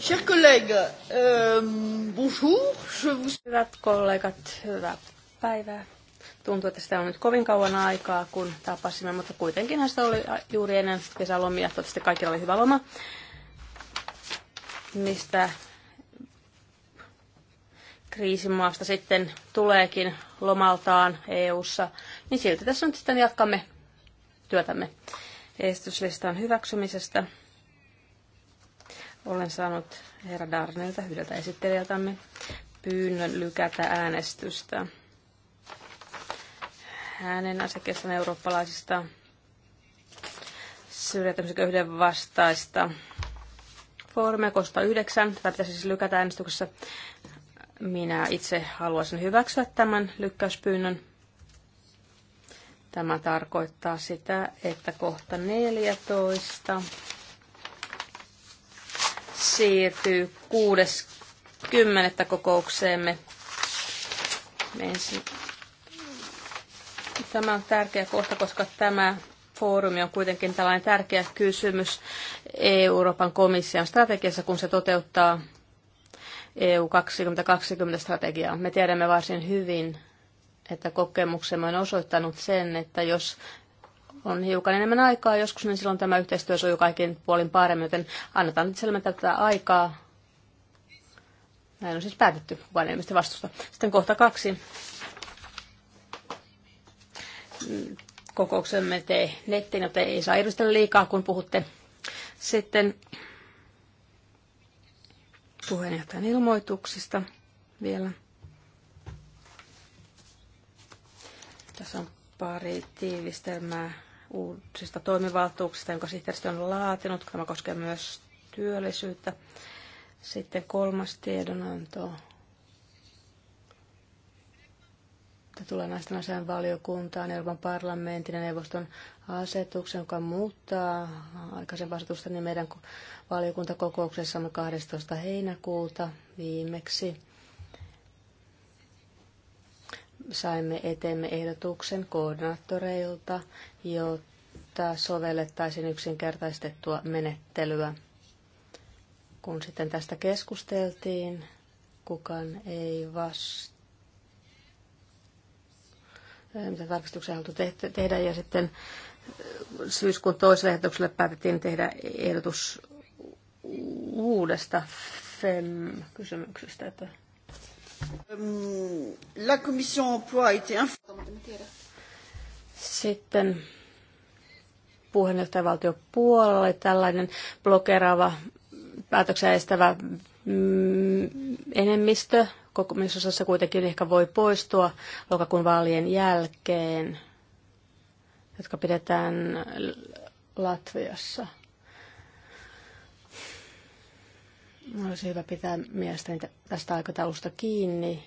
Chers collègues, euh, bonjour. Je vous... Hyvät kollegat, hyvää päivää. Tuntuu, että sitä on nyt kovin kauan aikaa, kun tapasimme, mutta kuitenkin sitä oli juuri ennen kesälomia. Toivottavasti kaikilla oli hyvä loma. Mistä kriisimaasta sitten tuleekin lomaltaan EU-ssa, niin silti tässä nyt sitten jatkamme työtämme esityslistan hyväksymisestä. Olen saanut herra Darnelta, yhdeltä esittelijältämme, pyynnön lykätä äänestystä. Hänen asiakirjassaan eurooppalaisista syrjäytymisen köyhyyden vastaista foorumia kosta yhdeksän. Tätä pitäisi siis lykätä äänestyksessä. Minä itse haluaisin hyväksyä tämän lykkäyspyynnön. Tämä tarkoittaa sitä, että kohta 14 siirtyy 6.10. kokoukseemme. Tämä on tärkeä kohta, koska tämä foorumi on kuitenkin tällainen tärkeä kysymys Euroopan komission strategiassa, kun se toteuttaa EU 2020-strategiaa. Me tiedämme varsin hyvin, että kokemuksemme on osoittanut sen, että jos on hiukan enemmän aikaa joskus, niin silloin tämä yhteistyö sujuu kaikin puolin paremmin, joten annetaan nyt tätä aikaa. Näin on siis päätetty, vain enemmistö vastusta. Sitten kohta kaksi. Kokouksemme tee nettiin, joten ei saa edustella liikaa, kun puhutte. Sitten puheenjohtajan ilmoituksista vielä. Tässä on pari tiivistelmää uusista toimivaltuuksista, jonka sihteeristö on laatinut. Tämä koskee myös työllisyyttä. Sitten kolmas tiedonanto. Tämä tulee naisten asian valiokuntaan Euroopan parlamentin ja neuvoston asetuksen, joka muuttaa aikaisempaa asetusta, niin meidän valiokuntakokouksessamme 12. heinäkuuta viimeksi saimme eteemme ehdotuksen koordinaattoreilta, jotta että sovellettaisiin yksinkertaistettua menettelyä. Kun sitten tästä keskusteltiin, kukaan ei vastaa. Mitä tarkistuksia haluttu tehdä ja sitten äh, syyskuun toiselle ehdotuksella päätettiin tehdä ehdotus uudesta FEM-kysymyksestä. Että La commission emploi a été Sitten puheenjohtajavaltio Puolalle tällainen blokeraava päätöksen estävä mm, enemmistö kokoomisosassa kuitenkin ehkä voi poistua lokakuun vaalien jälkeen, jotka pidetään Latviassa. Olisi hyvä pitää mielestäni tästä aikataulusta kiinni,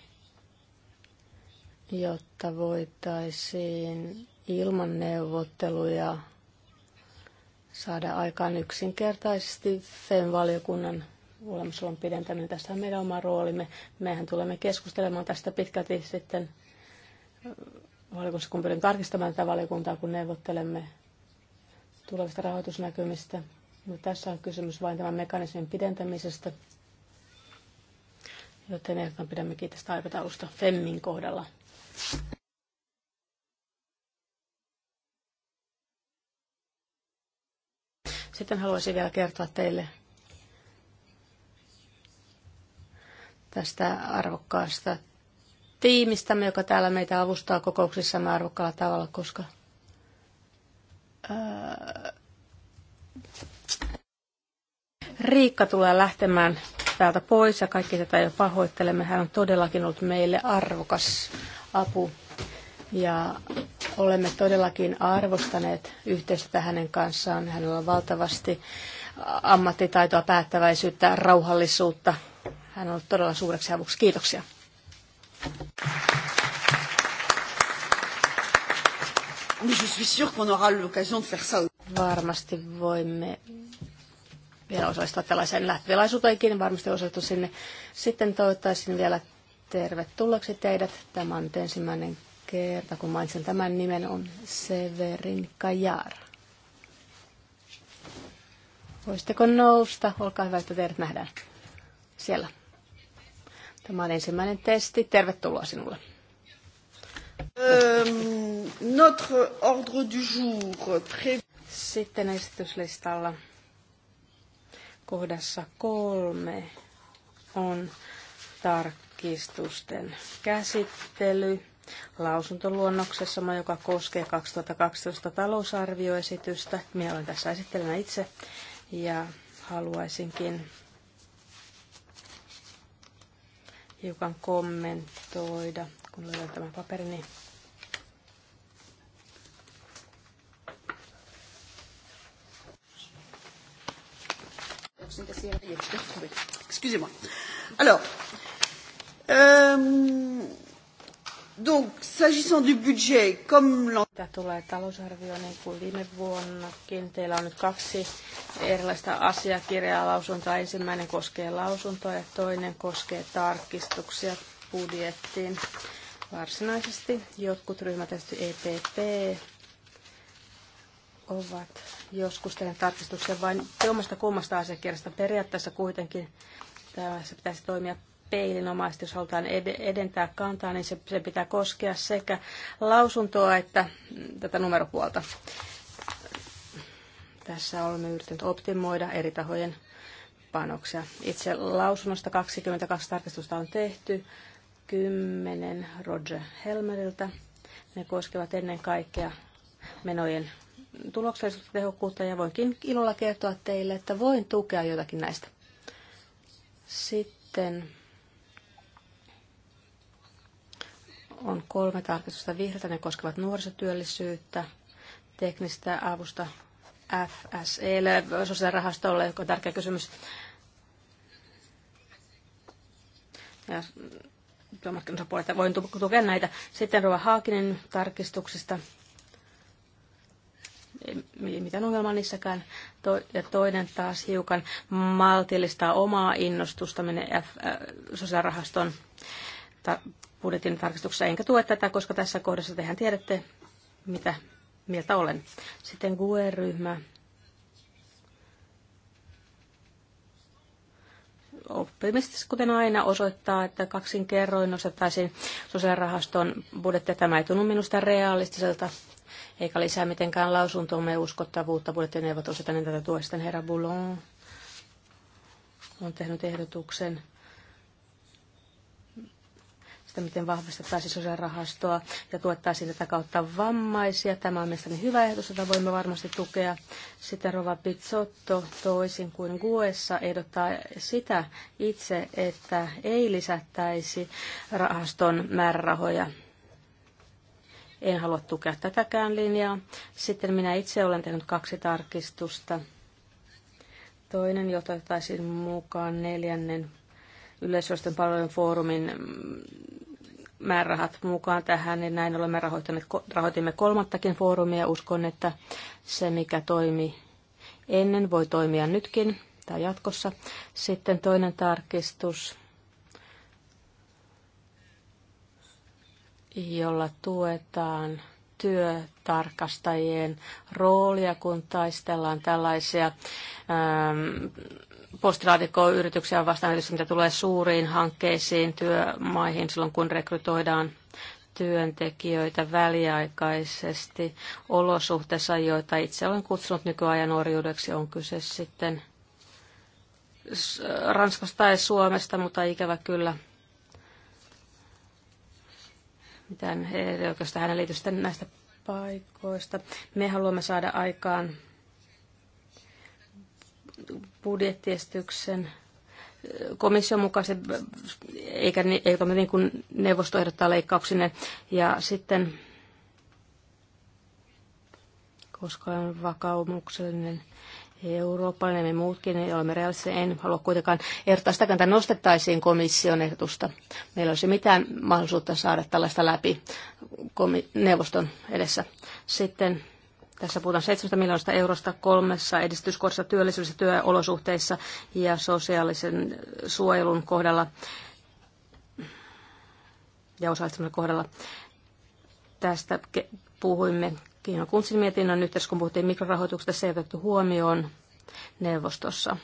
jotta voitaisiin ilman neuvotteluja saada aikaan yksinkertaisesti FEM-valiokunnan olemassaolon pidentäminen. Tästä on meidän oma roolimme. Mehän tulemme keskustelemaan tästä pitkälti sitten äh, valiokunnassa, kun pyrin tarkistamaan tätä valiokuntaa, kun neuvottelemme tulevista rahoitusnäkymistä. Mutta no, tässä on kysymys vain tämän mekanismin pidentämisestä, joten ehkä pidämme kiitosta aikataulusta FEMMin kohdalla. Sitten haluaisin vielä kertoa teille tästä arvokkaasta tiimistämme, joka täällä meitä avustaa kokouksissa arvokkaalla tavalla, koska ää, Riikka tulee lähtemään täältä pois ja kaikki tätä jo pahoittelemme. Hän on todellakin ollut meille arvokas apu ja olemme todellakin arvostaneet yhteistyötä hänen kanssaan. Hänellä on valtavasti ammattitaitoa, päättäväisyyttä, rauhallisuutta. Hän on ollut todella suureksi avuksi. Kiitoksia. Varmasti voimme vielä osallistua tällaiseen lähtötilaisuuteenkin. Varmasti osoitu sinne. Sitten toivottaisin vielä tervetulleeksi teidät. Tämä on nyt ensimmäinen kerta, kun mainitsen tämän nimen, on Severin Kajar. Voisitteko nousta? Olkaa hyvä, että teidät nähdään siellä. Tämä on ensimmäinen testi. Tervetuloa sinulle. Um, notre ordre du jour. Sitten esityslistalla kohdassa kolme on tarkistusten käsittely lausuntoluonnoksessa, joka koskee 2012 talousarvioesitystä. Minä olen tässä esittelemä itse ja haluaisinkin hiukan kommentoida, kun löydän tämän paperini. Excusez-moi. Alors, euh, Donc, s'agissant du budget, comme Mitä tulee talousarvioon, niin kuin viime vuonnakin, teillä on nyt kaksi erilaista asiakirjaa lausuntoa. Ensimmäinen koskee lausuntoa ja toinen koskee tarkistuksia budjettiin varsinaisesti. Jotkut ryhmät, tietysti EPP, ovat joskus tehneet tarkistuksia vain omasta kummasta asiakirjasta. Periaatteessa kuitenkin tässä pitäisi toimia peilinomaisesti, jos halutaan edentää kantaa, niin se, se pitää koskea sekä lausuntoa että tätä numeropuolta. Tässä olemme yrittäneet optimoida eri tahojen panoksia. Itse lausunnosta 22 tarkistusta on tehty, 10 Roger Helmeriltä. Ne koskevat ennen kaikkea menojen tuloksellisuutta, tehokkuutta ja voinkin ilolla kertoa teille, että voin tukea jotakin näistä. Sitten on kolme tarkistusta vihreitä Ne koskevat nuorisotyöllisyyttä, teknistä avusta FSElle, sosiaalirahastolle, joka on tärkeä kysymys. Ja työmarkkinoissa voin tukea näitä. Sitten Rova Haakinen tarkistuksista. Ei mitään ongelmaa niissäkään. To- ja toinen taas hiukan maltillistaa omaa innostusta menee F- äh, sosiaalirahaston budjetin tarkistuksessa. Enkä tue tätä, koska tässä kohdassa tehän tiedätte, mitä mieltä olen. Sitten GUE-ryhmä. optimistis, kuten aina, osoittaa, että kaksin kerroin nostettaisiin sosiaalirahaston budjettia. Tämä ei tunnu minusta realistiselta, eikä lisää mitenkään lausuntomme uskottavuutta Budjettineuvot osoittaneet tätä tuesta. herra Boulon on tehnyt ehdotuksen että miten vahvistettaisiin sosiaalirahastoa ja tuettaisiin tätä kautta vammaisia. Tämä on mielestäni hyvä ehdotus, jota voimme varmasti tukea. Sitten Rova Pizzotto toisin kuin Guessa ehdottaa sitä itse, että ei lisättäisi rahaston määrärahoja en halua tukea tätäkään linjaa. Sitten minä itse olen tehnyt kaksi tarkistusta. Toinen, jota taisin mukaan neljännen yleisöisten palvelujen foorumin määrärahat mukaan tähän, niin näin olemme rahoittaneet, rahoitimme kolmattakin foorumia. Uskon, että se mikä toimi ennen voi toimia nytkin tai jatkossa. Sitten toinen tarkistus, jolla tuetaan työtarkastajien roolia, kun taistellaan tällaisia ähm, postilaatikkoyrityksiä vastaan, eli mitä tulee suuriin hankkeisiin, työmaihin silloin, kun rekrytoidaan työntekijöitä väliaikaisesti olosuhteissa, joita itse olen kutsunut nykyajan orjuudeksi, on kyse sitten Ranskasta tai Suomesta, mutta ikävä kyllä mitään ei oikeastaan hänen liity näistä paikoista. Me haluamme saada aikaan budjettiestyksen komission mukaisen, eikä, eikä niin kuin neuvosto ehdottaa leikkauksine. Ja sitten, koska olen vakaumuksellinen eurooppalainen, me muutkin, niin olemme realistisia, en halua kuitenkaan ehdottaa sitä, että nostettaisiin komission ehdotusta. Meillä olisi mitään mahdollisuutta saada tällaista läpi neuvoston edessä. Sitten tässä puhutaan 7 miljoonasta eurosta kolmessa edistyskohdassa työllisyys- ja työolosuhteissa ja sosiaalisen suojelun kohdalla ja osallistumisen kohdalla. Tästä puhuimme Kiinan kuntsin mietinnön yhteydessä, kun puhuttiin mikrorahoituksesta, se otettu huomioon neuvostossa.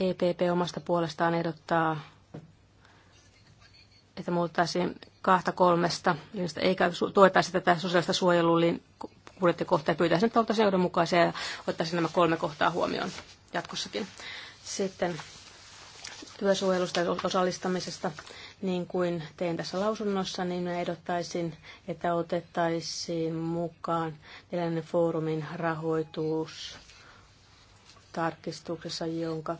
EPP omasta puolestaan ehdottaa, että muuttaisiin kahta kolmesta, eikä tuetaisi tätä sosiaalista suojelulin budjettikohtaa ja pyytäisin, että oltaisiin johdonmukaisia ja ottaisiin nämä kolme kohtaa huomioon jatkossakin. Sitten työsuojelusta ja osallistamisesta, niin kuin tein tässä lausunnossa, niin me ehdottaisin, että otettaisiin mukaan neljännen foorumin rahoitus tarkistuksessa, jonka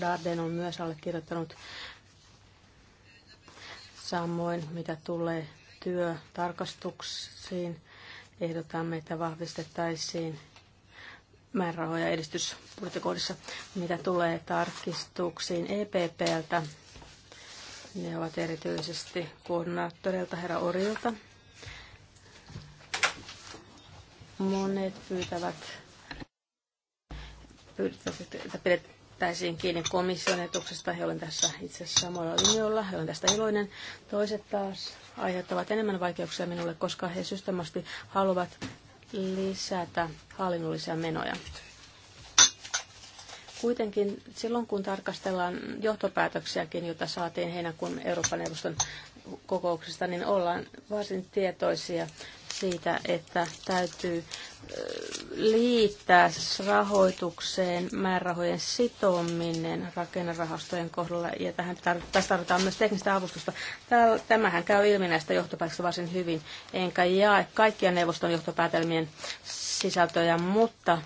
Darden on myös allekirjoittanut. Samoin mitä tulee työtarkastuksiin, ehdotamme, että vahvistettaisiin määrärahoja edistysbudjettikohdissa, mitä tulee tarkistuksiin EPPltä. Ne ovat erityisesti koordinaattorilta herra Orilta. Monet pyytävät, pyytävät että pidettäisiin kiinni komission etuksesta. He olen tässä itse asiassa samalla linjoilla. He olen tästä iloinen. Toiset taas aiheuttavat enemmän vaikeuksia minulle, koska he systemasti haluavat lisätä hallinnollisia menoja. Kuitenkin silloin, kun tarkastellaan johtopäätöksiäkin, joita saatiin heinäkuun Euroopan neuvoston kokouksesta, niin ollaan varsin tietoisia siitä, että täytyy liittää rahoitukseen määrärahojen sitominen rakennerahastojen kohdalla, ja tähän tässä tarvitaan myös teknistä avustusta. Tämähän käy ilmi näistä johtopäätöksistä varsin hyvin, enkä jae kaikkia neuvoston johtopäätelmien sisältöjä, mutta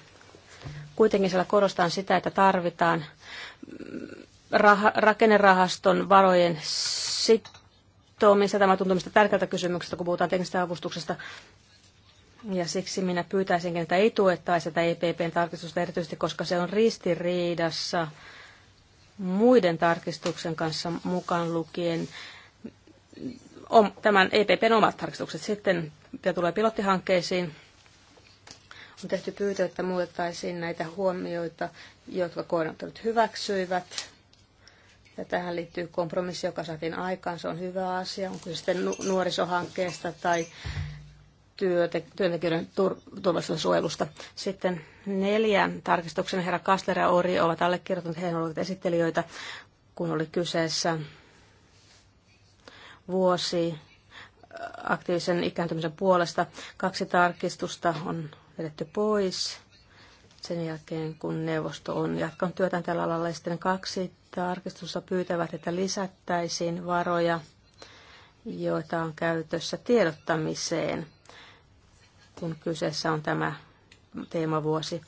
Kuitenkin siellä korostan sitä, että tarvitaan rah- rakennerahaston varojen sitomista. Tämä tuntuu mistä tärkeältä kysymyksestä, kun puhutaan teknisestä avustuksesta. Ja siksi minä pyytäisinkin, että ei tuettaisi tätä EPPn tarkistusta erityisesti, koska se on ristiriidassa muiden tarkistuksen kanssa mukaan lukien tämän EPPn omat tarkistukset. Sitten mitä tulee pilottihankkeisiin, on tehty pyytö, että muutettaisiin näitä huomioita, jotka koordinaattorit hyväksyivät. Ja tähän liittyy kompromissi, joka saatiin aikaan. Se on hyvä asia. Onko se sitten nuorisohankkeesta tai työte- työntekijöiden tur- turvallisuuden suojelusta. Sitten neljän tarkistuksen herra Kastler ja Ori ovat allekirjoittaneet, heidän olivat esittelijöitä, kun oli kyseessä vuosi äh, aktiivisen ikääntymisen puolesta. Kaksi tarkistusta on vedetty pois sen jälkeen, kun neuvosto on jatkanut työtään tällä alalla. Ja sitten kaksi tarkistusta pyytävät, että lisättäisiin varoja, joita on käytössä tiedottamiseen, kun kyseessä on tämä teemavuosi.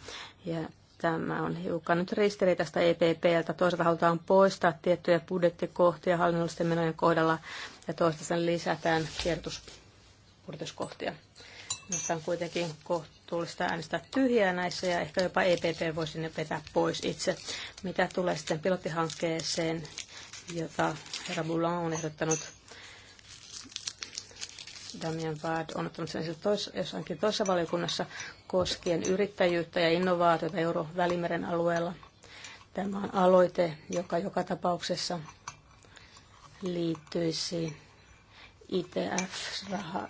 Ja tämä on hiukan nyt ristiriitaista EPPltä. Toisaalta halutaan poistaa tiettyjä budjettikohtia hallinnollisten menojen kohdalla ja toisaalta sen lisätään kierrätysbudjetuskohtia. Tämä on kuitenkin kohta vastuullista äänestää tyhjää näissä ja ehkä jopa EPP voisi ne vetää pois itse. Mitä tulee sitten pilottihankkeeseen, jota herra Boulan on ehdottanut Damian Ward on ottanut sen tois, jossakin toisessa valiokunnassa koskien yrittäjyyttä ja innovaatiota Euro-Välimeren alueella. Tämä on aloite, joka joka tapauksessa liittyisi itf rahaa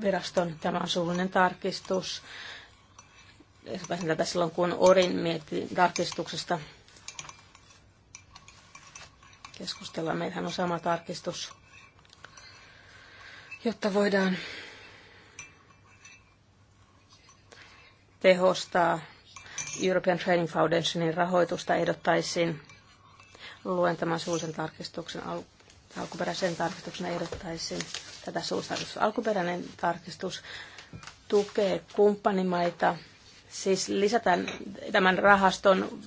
viraston. Tämä on suullinen tarkistus. Esimerkiksi tätä silloin, kun Orin mietti tarkistuksesta keskustellaan. Meillähän on sama tarkistus, jotta voidaan tehostaa European Training Foundationin rahoitusta ehdottaisin. Luen tämän suullisen tarkistuksen, alkuperäisen tarkistuksen ehdottaisin tätä suunnitelmaa. Alkuperäinen tarkistus tukee kumppanimaita, siis lisätään tämän rahaston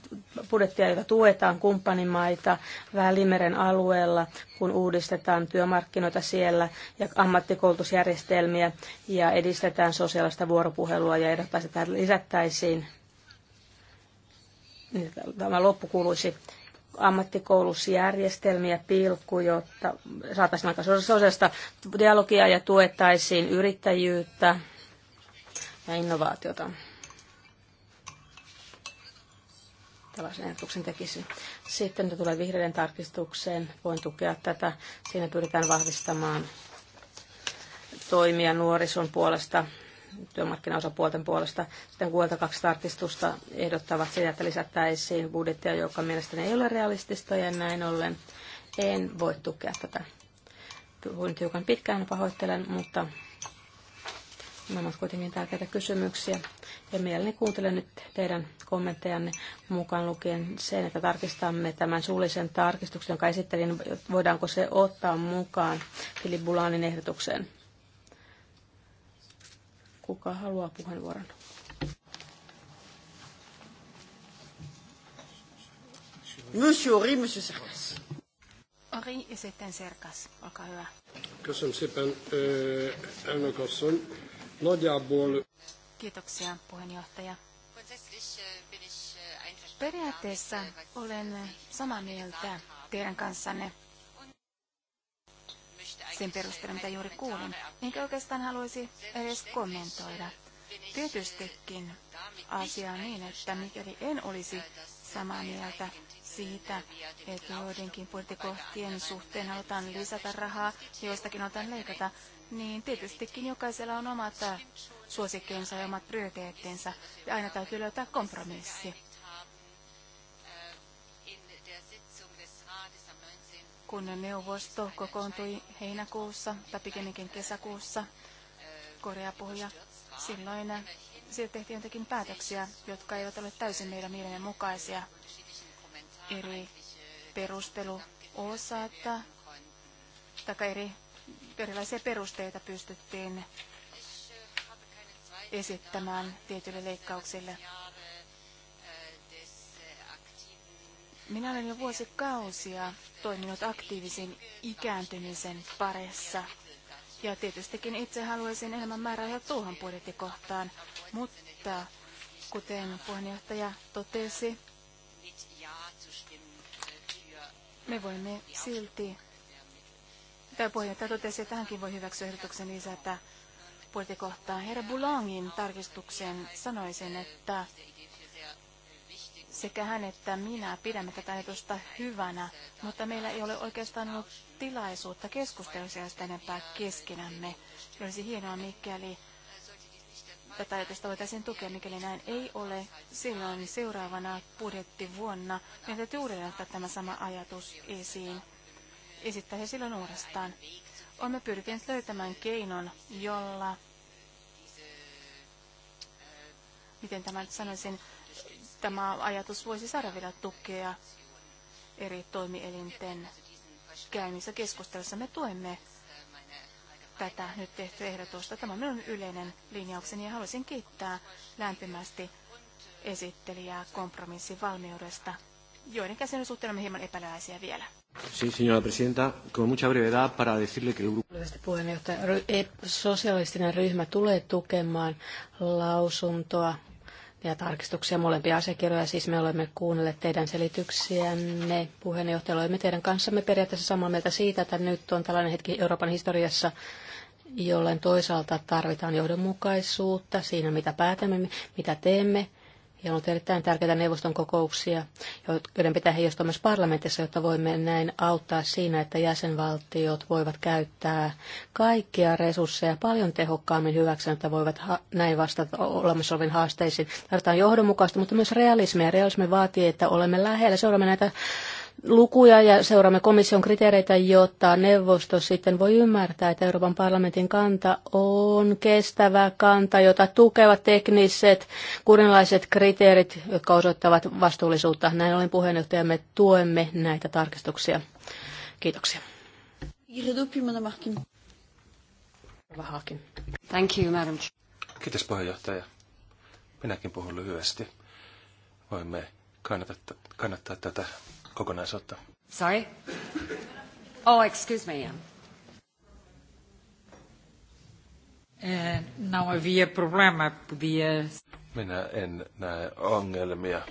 budjettia, jota tuetaan kumppanimaita Välimeren alueella, kun uudistetaan työmarkkinoita siellä ja ammattikoulutusjärjestelmiä ja edistetään sosiaalista vuoropuhelua ja ehdottaisiin, että lisättäisiin, niin tämä loppu kuuluisi järjestelmiä pilkku, jotta saataisiin aika sosiaalista dialogia ja tuettaisiin yrittäjyyttä ja innovaatiota. Tällaisen ehdotuksen tekisi. Sitten mitä tulee vihreiden tarkistukseen, voin tukea tätä. Siinä pyritään vahvistamaan toimia nuorison puolesta työmarkkinaosapuolten puolesta. Sitten kuolta kaksi tarkistusta ehdottavat sitä, että lisättäisiin budjettia, joka mielestäni ei ole realistista ja näin ollen en voi tukea tätä. Puhuin hiukan pitkään, pahoittelen, mutta nämä ovat kuitenkin tärkeitä kysymyksiä. Ja mielelläni kuuntelen nyt teidän kommenttejanne mukaan lukien sen, että tarkistamme tämän suullisen tarkistuksen, jonka esittelin, voidaanko se ottaa mukaan Filip Bulanin ehdotukseen. Kuka haluaa puheenvuoron? Monsieur Monsieur Serkas. Ori ja sitten Serkas, olkaa hyvä. Köszönöm szépen, elnök asszony. Kiitoksia, puheenjohtaja. Periaatteessa olen samaa mieltä teidän kanssanne sen perusteella, mitä juuri kuulin, enkä oikeastaan haluaisi edes kommentoida. Tietystikin asia on niin, että mikäli en olisi samaa mieltä siitä, että joidenkin budjettikohtien suhteen halutaan lisätä rahaa joistakin halutaan leikata, niin tietystikin jokaisella on omat suosikkeensa, ja omat prioriteettinsa ja aina täytyy löytää kompromissi. kun neuvosto kokoontui heinäkuussa tai pikemminkin kesäkuussa, Korea puhuja, silloin siitä tehtiin jotakin päätöksiä, jotka eivät ole täysin meidän mielemme mukaisia. Eri perustelu osa, että taikka eri, erilaisia perusteita pystyttiin esittämään tietyille leikkauksille. Minä olen jo vuosikausia toiminut aktiivisin ikääntymisen parissa. Ja tietystikin itse haluaisin enemmän määrää tuohon budjettikohtaan, mutta kuten puheenjohtaja totesi, me voimme silti, tai puheenjohtaja totesi, että hänkin voi hyväksyä ehdotuksen lisätä budjettikohtaa. Herra Boulangin tarkistuksen sanoisin, että sekä hän että minä pidämme tätä ajatusta hyvänä, mutta meillä ei ole oikeastaan ollut tilaisuutta keskustella sieltä enempää keskenämme. Olisi hienoa, mikäli tätä ajatusta voitaisiin tukea, mikäli näin ei ole. Silloin seuraavana budjettivuonna meidän täytyy uudelleen ottaa tämä sama ajatus esiin. Esittää he silloin uudestaan. Olemme pyrkineet löytämään keinon, jolla, miten tämän sanoisin, tämä ajatus voisi saada vielä tukea eri toimielinten käymissä keskustelussa. Me tuemme tätä nyt tehtyä ehdotusta. Tämä on minun yleinen linjaukseni ja haluaisin kiittää lämpimästi esittelijää valmiudesta, joiden käsin suhteen on hieman epäläisiä vielä. Sí, señora presidenta, con mucha brevedad para decirle que el grupo... Puheenjohtaja, e- sosialistinen ryhmä tulee tukemaan lausuntoa ja tarkistuksia molempia asiakirjoja. Siis me olemme kuunnelleet teidän selityksiänne puheenjohtajalla. Olemme teidän kanssamme periaatteessa samaa mieltä siitä, että nyt on tällainen hetki Euroopan historiassa, jolloin toisaalta tarvitaan johdonmukaisuutta siinä, mitä päätämme, mitä teemme, ja on ollut erittäin tärkeitä neuvoston kokouksia, joiden pitää heijastua myös parlamentissa, jotta voimme näin auttaa siinä, että jäsenvaltiot voivat käyttää kaikkia resursseja paljon tehokkaammin hyväksi, että voivat näin vastata olemassa oleviin haasteisiin. Tarvitaan johdonmukaista, mutta myös realismia. Realismi vaatii, että olemme lähellä, seuraamme näitä lukuja ja seuraamme komission kriteereitä, jotta neuvosto sitten voi ymmärtää, että Euroopan parlamentin kanta on kestävä kanta, jota tukevat tekniset kurinalaiset kriteerit, jotka osoittavat vastuullisuutta. Näin ollen me tuemme näitä tarkistuksia. Kiitoksia. Thank you, Madam Kiitos puheenjohtaja. Minäkin puhun lyhyesti. Voimme kannattaa tätä kokonaisuutta. Sorry? Oh, excuse me. Eh, Não havia problema, Minä en näe ongelmia.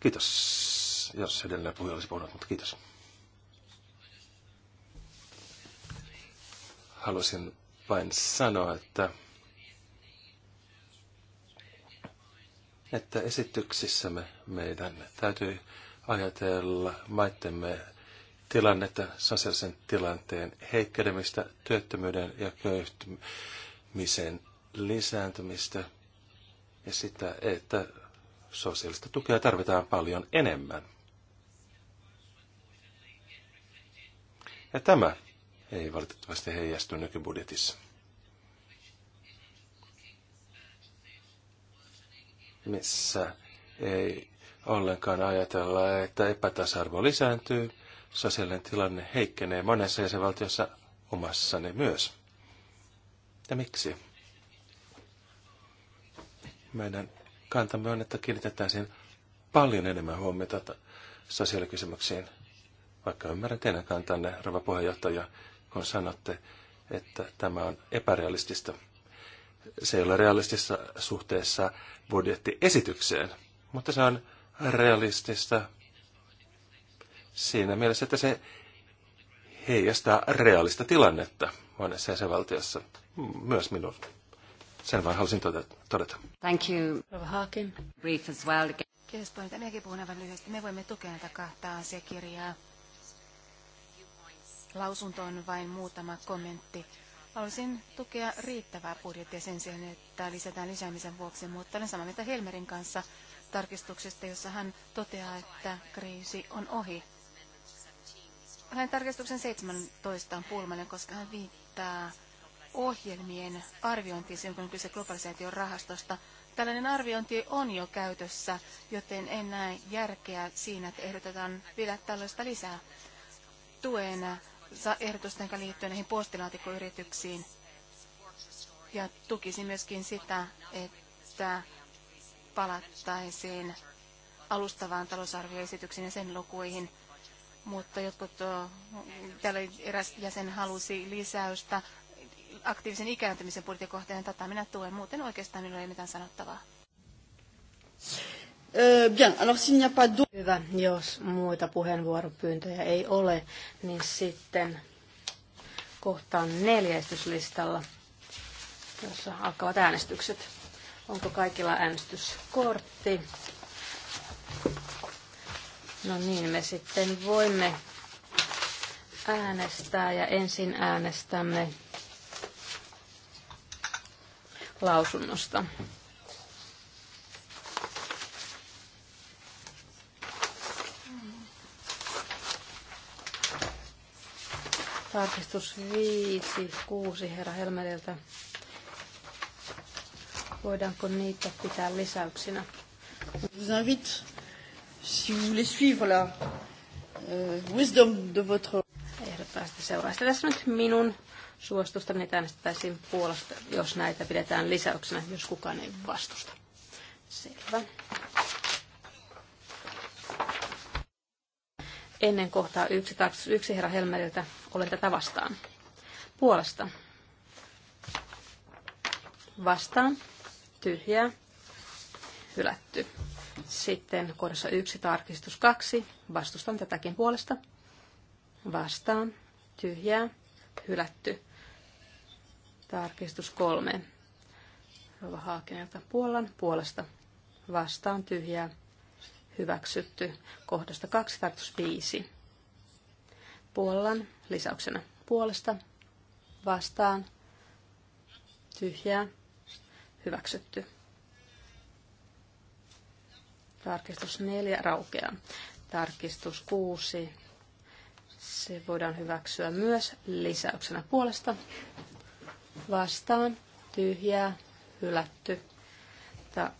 Kiitos, jos edelleen puhuja olisi puhunut, mutta kiitos. Haluaisin vain sanoa, että että esityksissämme meidän täytyy ajatella maittemme tilannetta, sosiaalisen tilanteen heikkenemistä, työttömyyden ja köyhtymisen lisääntymistä ja sitä, että sosiaalista tukea tarvitaan paljon enemmän. Ja tämä ei valitettavasti heijastu nykybudjetissa. missä ei ollenkaan ajatella, että epätasarvo lisääntyy, sosiaalinen tilanne heikkenee monessa jäsenvaltiossa omassani myös. Ja miksi? Meidän kantamme on, että siihen paljon enemmän huomiota sosiaalikysymyksiin, vaikka ymmärrän teidän kantanne, rouva puheenjohtaja, kun sanotte, että tämä on epärealistista se ei ole realistissa suhteessa budjettiesitykseen, mutta se on realistista siinä mielessä, että se heijastaa realista tilannetta monessa jäsenvaltiossa, myös minun. Sen vain halusin tota- todeta. Thank you. Haakin. Brief as well. Kespoin, minäkin puhun aivan lyhyesti. Me voimme tukea näitä kahta asiakirjaa. Lausunto on vain muutama kommentti. Haluaisin tukea riittävää budjettia sen sijaan, että lisätään lisäämisen vuoksi, mutta olen samaa mieltä Helmerin kanssa tarkistuksesta, jossa hän toteaa, että kriisi on ohi. Hänen tarkistuksen 17 on pulmanen, koska hän viittaa ohjelmien arviointiin silloin, kun on kyse globalisaation rahastosta. Tällainen arviointi on jo käytössä, joten en näe järkeä siinä, että ehdotetaan vielä tällaista lisää. tuena ehdotusten, joka liittyy näihin postilaatikkoyrityksiin. Ja tukisi myöskin sitä, että palattaisiin alustavaan talousarvioesityksiin ja sen lukuihin. Mutta jotkut, täällä eräs jäsen halusi lisäystä aktiivisen ikääntymisen budjettikohteen. Tätä minä tuen. Muuten oikeastaan minulla ei mitään sanottavaa. Eh, bien, alors s'il n'y a pas d'autres... Hyvä, jos muita puheenvuoropyyntöjä ei ole, niin sitten kohtaan neljästyslistalla, jossa alkavat äänestykset. Onko kaikilla äänestyskortti? No niin, me sitten voimme äänestää ja ensin äänestämme lausunnosta. Tarkistus 5, 6 herra Helmeriltä. Voidaanko niitä pitää lisäyksinä? Vous invite, si vous voulez suivre la euh, wisdom de votre... Ehdottomasti seuraa tässä nyt minun suostusta, niitä äänestettäisiin puolesta, jos näitä pidetään lisäyksenä, jos kukaan ei vastusta. Selvä. Ennen kohtaa yksi, yksi herra Helmeriltä olen tätä vastaan. Puolesta. Vastaan. tyhjä Hylätty. Sitten kohdassa 1, tarkistus 2. Vastustan tätäkin puolesta. Vastaan. Tyhjää. Hylätty. Tarkistus 3. Rova Haakenelta Puolan puolesta. Vastaan. Tyhjää. Hyväksytty. Kohdasta 2, tarkistus 5 Puollan lisäyksenä puolesta vastaan tyhjää hyväksytty. Tarkistus 4 raukeaa. Tarkistus 6. Se voidaan hyväksyä myös lisäyksenä puolesta. Vastaan, tyhjää, hylätty.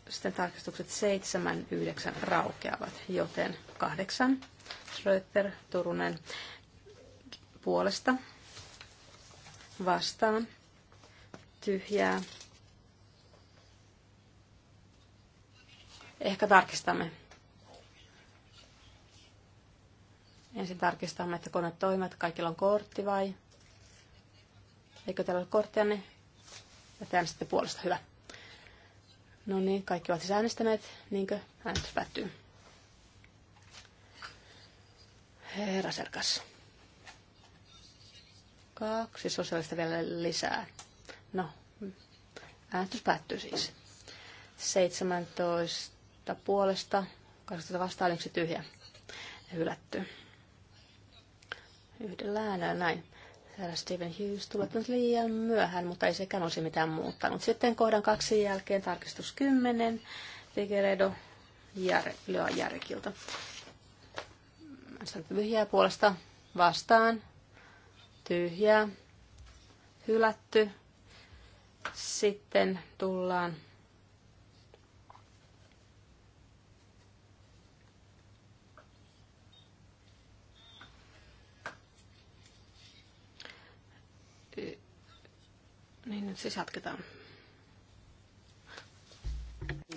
Sitten tarkistukset 7, 9 raukeavat, joten 8. Schröter, Turunen, puolesta vastaan tyhjää. Ehkä tarkistamme. Ensin tarkistamme, että kone toimii, että kaikilla on kortti vai? Eikö teillä ole ne? Ja te sitten puolesta, hyvä. No niin, kaikki ovat siis äänestäneet, niinkö? Äänestys päättyy. Herra Serkas. Kaksi sosiaalista vielä lisää. No, äänestys päättyy siis. 17 puolesta, 18 vastaan, yksi tyhjä. Hylätty. Yhdellä äänellä näin. Herra Stephen Hughes tulee nyt liian myöhään, mutta ei sekään olisi mitään muuttanut. Sitten kohdan kaksi jälkeen tarkistus 10. Figueredo jär, lyö järkiltä. Pyhiä puolesta vastaan tyhjää, hylätty. Sitten tullaan Niin nyt siis jatketaan.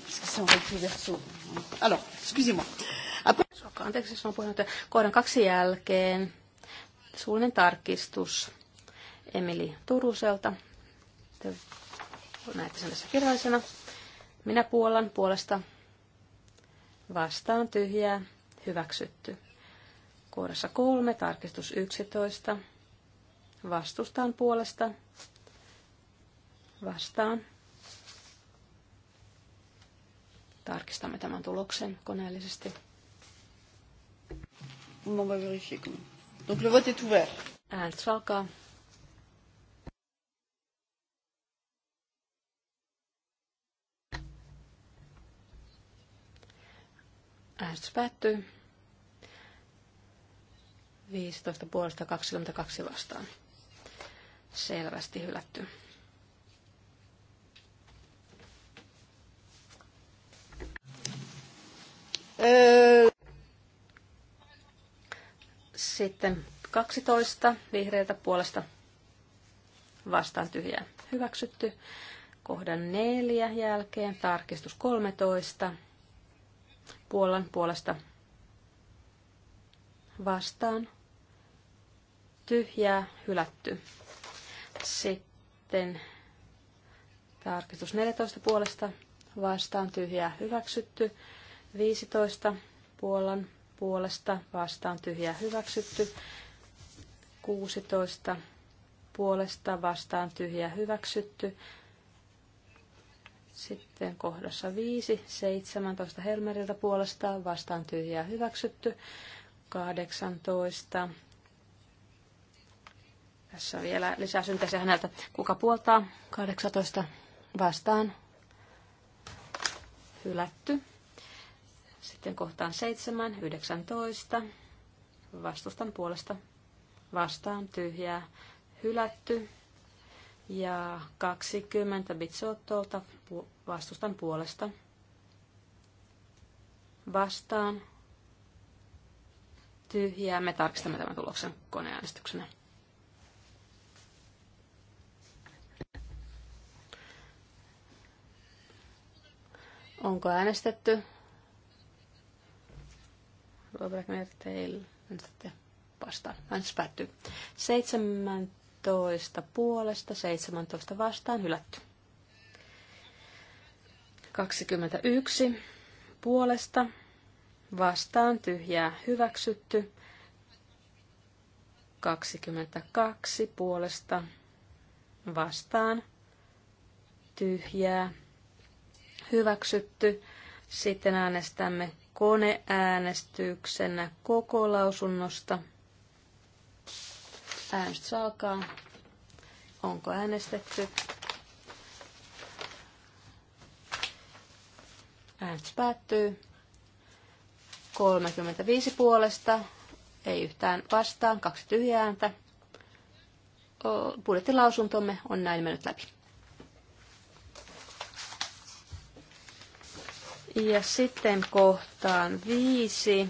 Se on excusez-moi. Anteeksi, jos on puheenjohtaja. Kohdan kaksi jälkeen Suullinen tarkistus Emili Turuselta. Te näette sen tässä kirjallisena. Minä puolan puolesta vastaan tyhjää hyväksytty. Kohdassa kolme, tarkistus 11. Vastustaan puolesta. Vastaan. Tarkistamme tämän tuloksen koneellisesti. Mä voin Donc le vote est ouvert. Äänestys päättyy. 15 puolesta 22 vastaan. Selvästi hylätty. Öö. Sitten 12 vihreältä puolesta vastaan tyhjää hyväksytty. Kohdan 4 jälkeen tarkistus 13 Puolan puolesta vastaan tyhjää hylätty. Sitten tarkistus 14 puolesta vastaan tyhjää hyväksytty. 15 Puolan puolesta vastaan tyhjä hyväksytty. 16 puolesta vastaan tyhjä hyväksytty. Sitten kohdassa 5, 17 Helmeriltä puolestaan vastaan tyhjää hyväksytty. 18. Tässä on vielä lisää syntäisiä häneltä. Kuka puoltaa? 18 vastaan. Hylätty. Sitten kohtaan 7, 19. Vastustan puolesta. Vastaan tyhjää. Hylätty. Ja 20 Bitsottolta vastustan puolesta. Vastaan tyhjää. Me tarkistamme tämän tuloksen koneäänestyksenä. Onko äänestetty? Voivatko ne teille sitten vastaan? Äänestys siis päättyy. 17 puolesta, 17 vastaan, hylätty. 21 puolesta, vastaan, tyhjää, hyväksytty. 22 puolesta, vastaan, tyhjää, hyväksytty. Sitten äänestämme koneäänestyksenä koko lausunnosta. Äänestys alkaa. Onko äänestetty? Äänestys päättyy. 35 puolesta, ei yhtään vastaan, kaksi tyhjääntä. Budjettilausuntomme on näin mennyt läpi. Ja sitten kohtaan viisi.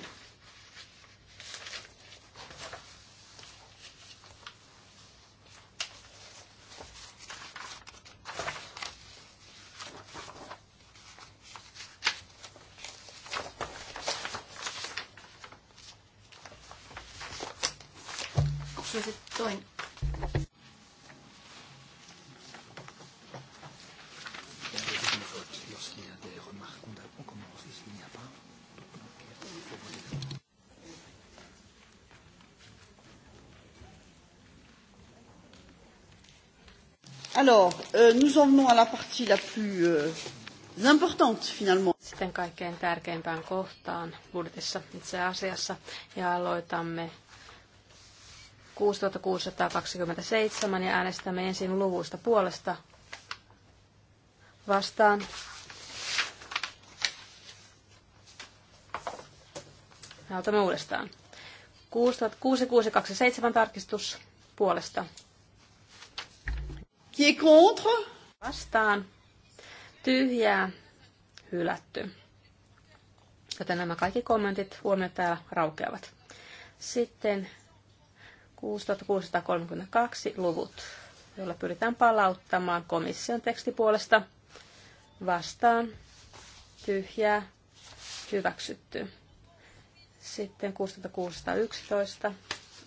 Euh, nous en venons à la partie la plus euh, importante finalement. Sitten kaikkein tärkeimpään kohtaan budjetissa itse asiassa ja aloitamme 6627 ja äänestämme ensin luvuista puolesta vastaan. Näytämme uudestaan. 6627 tarkistus puolesta Qui est contre? Vastaan. Tyhjää. Hylätty. Joten nämä kaikki kommentit huomioon täällä raukeavat. Sitten 6632 luvut, jolla pyritään palauttamaan komission tekstipuolesta vastaan tyhjää hyväksytty. Sitten 6611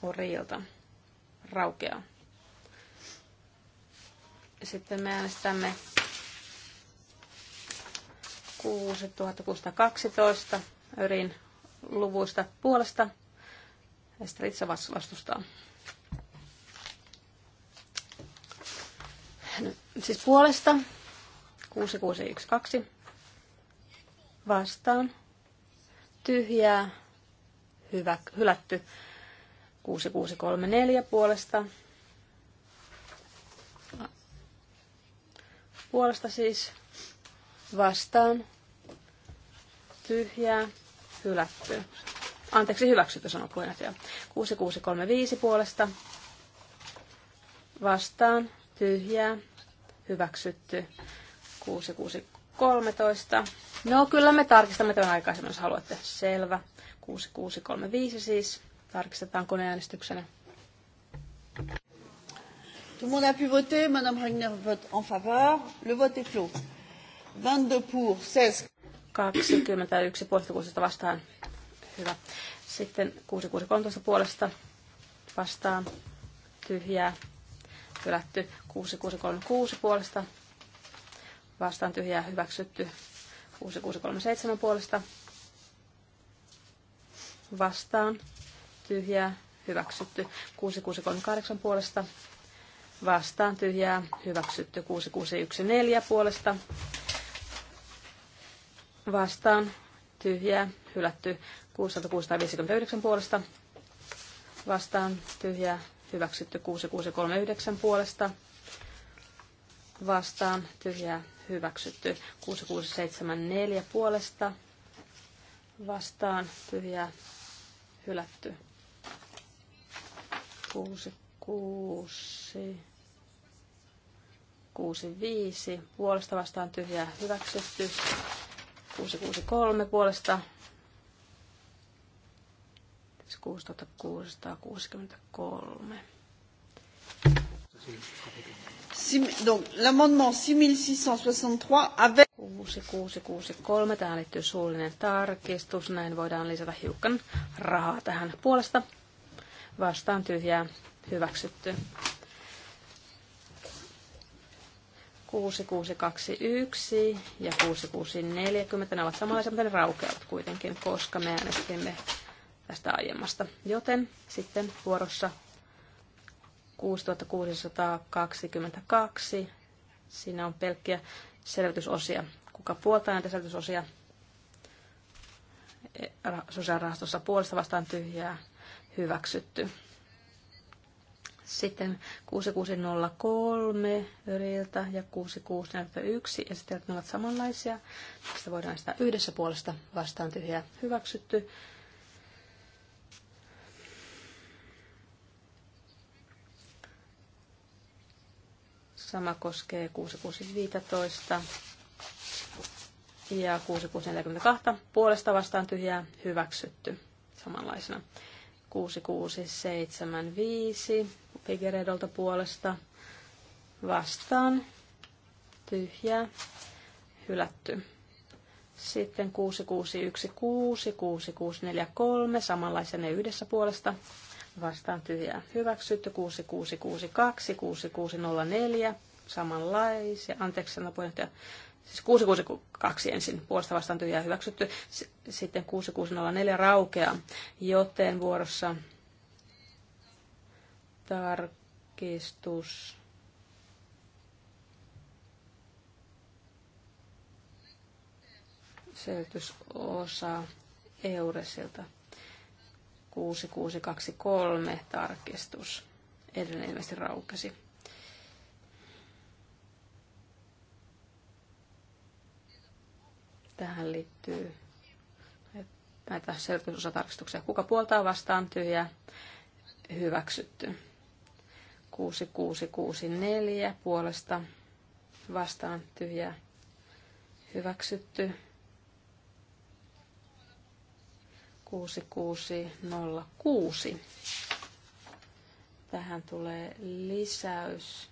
Orilta raukeaa. Sitten me äänestämme 6612 Örin luvuista puolesta. Ja Stritsa vastustaa. Siis puolesta 6612 vastaan tyhjää hyvä, hylätty 6634 puolesta puolesta siis vastaan tyhjää hylätty. Anteeksi, hyväksytty sanoo puheenjohtaja. 6635 puolesta vastaan tyhjää hyväksytty. 6613. No kyllä me tarkistamme tämän aikaisemmin, jos haluatte. Selvä. 6635 siis. Tarkistetaan koneäänestyksenä. Tout le monde a pu voter. Madame Regner vote en faveur. Le vote est clos. 22 pour, 16. 21 puolesta 16 vastaan. Hyvä. Sitten 6613 puolesta vastaan. Tyhjää. Hylätty. 6636 puolesta vastaan. Tyhjää. Hyväksytty. 6637 puolesta vastaan. Tyhjää. Hyväksytty. 6638 puolesta vastaan tyhjää hyväksytty 6614 puolesta vastaan tyhjää hylätty 6659 puolesta vastaan tyhjää hyväksytty 6639 puolesta vastaan tyhjää hyväksytty 6674 puolesta vastaan tyhjää hylätty 66 665 puolesta vastaan tyhjää hyväksytty. 663 puolesta 6663. Siis donc l'amendement 6663 avec 6663, tähän liittyy suullinen tarkistus, näin voidaan lisätä hiukan rahaa tähän puolesta. Vastaan tyhjää, hyväksytty. 6621 ja 6640, ne ovat samanlaisia, mutta ne raukeavat kuitenkin, koska me äänestimme tästä aiemmasta. Joten sitten vuorossa 6622, siinä on pelkkiä selvitysosia. Kuka puoltaa näitä selvitysosia? E, sosiaalirahastossa puolesta vastaan tyhjää hyväksytty. Sitten 6603 Yriltä ja 6641 ja sitten ne ovat samanlaisia. Tästä voidaan sitä yhdessä puolesta vastaan tyhjää hyväksytty. Sama koskee 6615 ja 6642 puolesta vastaan tyhjää hyväksytty samanlaisena. 6675 Figueredolta puolesta vastaan tyhjä hylätty. Sitten 6616, 6643, samanlaisen yhdessä puolesta vastaan tyhjää hyväksytty. 6662, 6604, samanlaisia, anteeksi puheenjohtaja. siis 662 ensin puolesta vastaan tyhjää hyväksytty, sitten 6604 raukeaa joten vuorossa tarkistus. Selitysosa Euresilta 6623 tarkistus. Edellinen ilmeisesti raukesi. Tähän liittyy näitä selitysosatarkistuksia. Kuka puoltaa vastaan Tyhjä. Hyväksytty. 6664 puolesta vastaan tyhjää hyväksytty. 6606. Tähän tulee lisäys.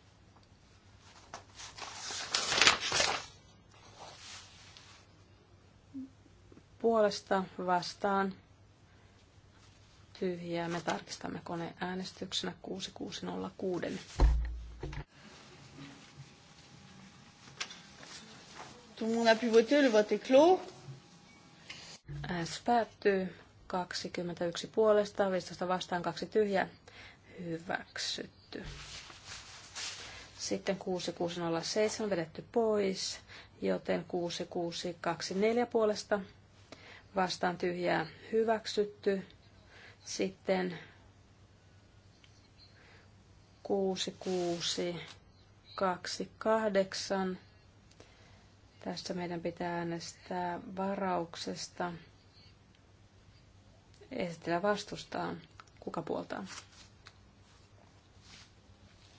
Puolesta vastaan tyhjää. Me tarkistamme koneen äänestyksenä 6606. Tout le monde a pu voter, le vote est clos. Äänestys päättyy 21 puolesta, 15 vastaan, 2 tyhjää. Hyväksytty. Sitten 6607 on vedetty pois, joten 6624 puolesta vastaan tyhjää hyväksytty. Sitten kahdeksan Tässä meidän pitää äänestää varauksesta. Esitellä vastustaa. Kuka puoltaa?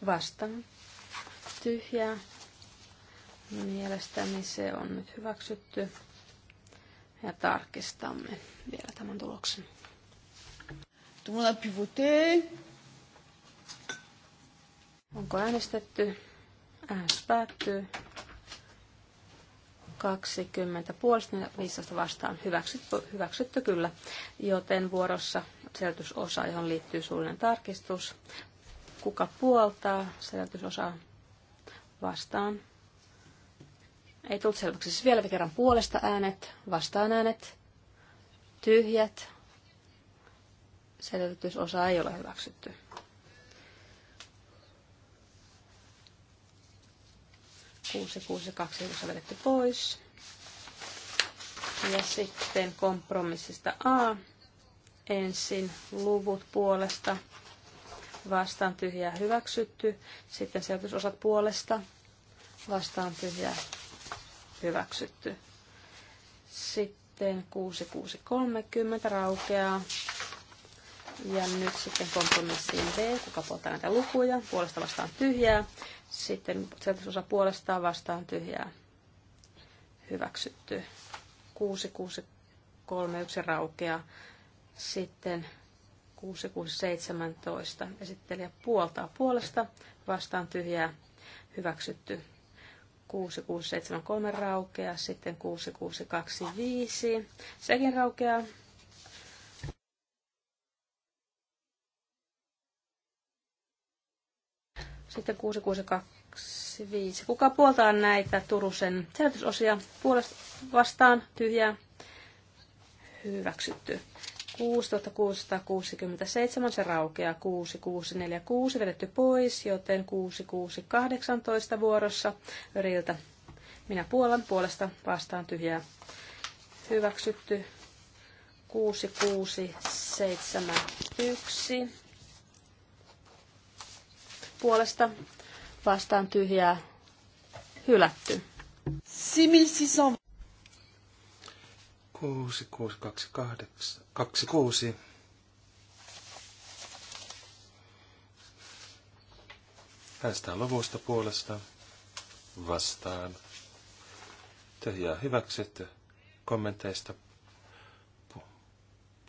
Vastaan. tyhjä Mielestäni se on nyt hyväksytty. Ja tarkistamme vielä tämän tuloksen. Tout le monde a pu voter. Onko äänestetty? Äänestys 20 puolesta 15 vastaan hyväksytty, hyväksytty kyllä, joten vuorossa selitysosa, johon liittyy suullinen tarkistus. Kuka puoltaa selitysosaa vastaan? Ei tullut selväksi. Siis vielä kerran puolesta äänet, vastaan äänet, tyhjät, selvitysosa ei ole hyväksytty. Kuusi, kuusi, kaksi, on vedetty pois. Ja sitten kompromissista A. Ensin luvut puolesta vastaan tyhjää hyväksytty. Sitten selvitysosat puolesta vastaan tyhjää hyväksytty. Sitten 6630 raukeaa. Ja nyt sitten kompromissiin B, kuka puoltaa näitä lukuja, puolesta vastaan tyhjää, sitten osa puolestaan vastaan tyhjää, hyväksytty. 1 raukea, sitten 17. esittelijä puoltaa puolesta, vastaan tyhjää, hyväksytty. 3 raukea, sitten 5. sekin raukeaa, Sitten 6625. Kuka puoltaa näitä Turusen selitysosia? Puolesta vastaan tyhjää hyväksytty. 6667 se raukeaa 6646 vedetty pois, joten 6618 vuorossa Öriltä. Minä puolan puolesta vastaan tyhjää hyväksytty 6671 puolesta vastaan tyhjää hylätty. 6628 Päästään luvusta puolesta vastaan. Tyhjää hyväksytty kommenteista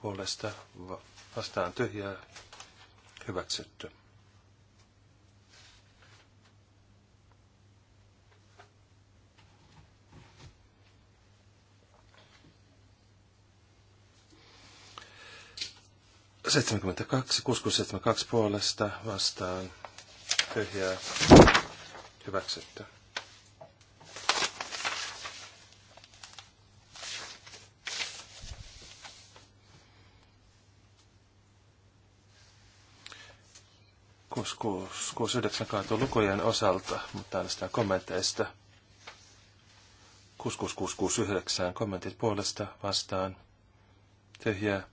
puolesta vastaan tyhjää hyväksytty. 72, 6672 puolesta vastaan tyhjää hyväksyttä. Kuusi, yhdeksän kaatuu lukujen osalta, mutta äänestetään kommenteista. 66669 kommentit puolesta vastaan. Tyhjää.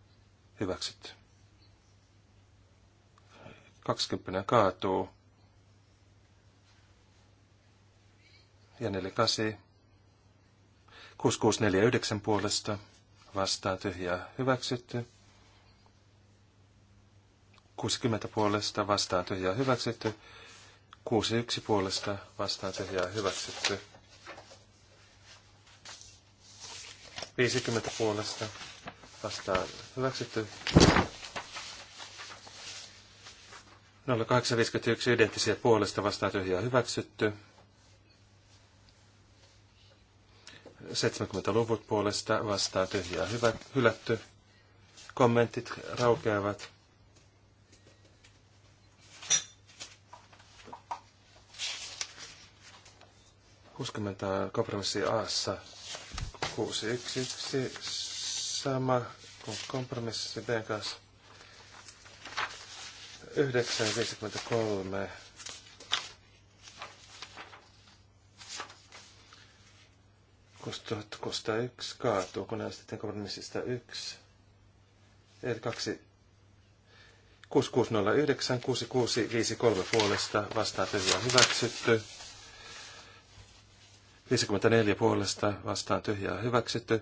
Hyväksytty kaksikymppinen kaatuu. Ja neljä kasi. neljä yhdeksän puolesta vastaan tyhjää hyväksytty. 60 puolesta vastaan tyhjää hyväksytty. 61 puolesta vastaan tyhjää hyväksytty. 50 puolesta vastaan hyväksytty. 0851 identtisiä puolesta vastaa tyhjää hyväksytty. 70-luvut puolesta vastaa tyhjää hyvä, hylätty. Kommentit raukeavat. Uskomentaa kompromissi Aassa 611 sama kuin kompromissi B kanssa. 9.53. Kosta yksi kaatuu, kun äänestettiin kompromissista yksi. Eli kaksi 6609 6653 puolesta vastaa tyhjää hyväksytty. 54 puolesta vastaan tyhjää hyväksytty.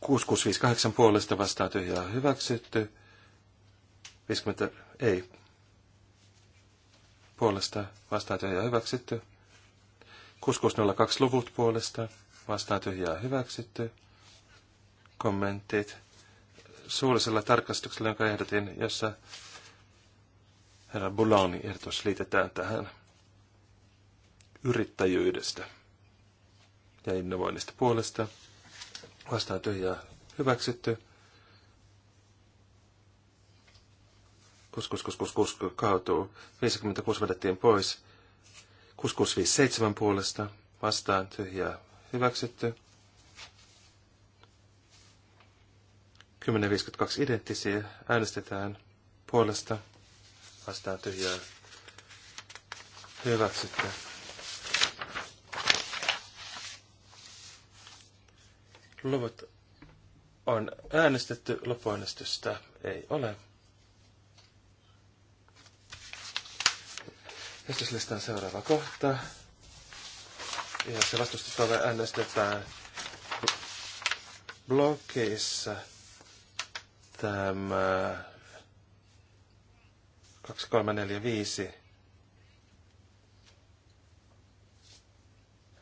6658 puolesta vastaan tyhjää hyväksytty. 50 ei. Puolesta vastaa tyhjää hyväksytty. 6602 luvut puolesta vastaa tyhjää hyväksytty. Kommentit suullisella tarkastuksella, jonka ehdotin, jossa herra Bulani ehdotus liitetään tähän yrittäjyydestä ja innovoinnista puolesta. Vastaan tyhjää hyväksytty. Kuskus, kuskus, kuskus, kaatuu. 56 vedettiin pois. Kuskus 57 puolesta. Vastaan tyhjää. Hyväksytty. 10.52 identtisiä. Äänestetään puolesta. Vastaan tyhjää. Hyväksytty. Luvut on äänestetty, lopuäänestystä ei ole. Esityslistan seuraava kohta. Ja se vastustettava äänestetään blokeissa tämä 2345.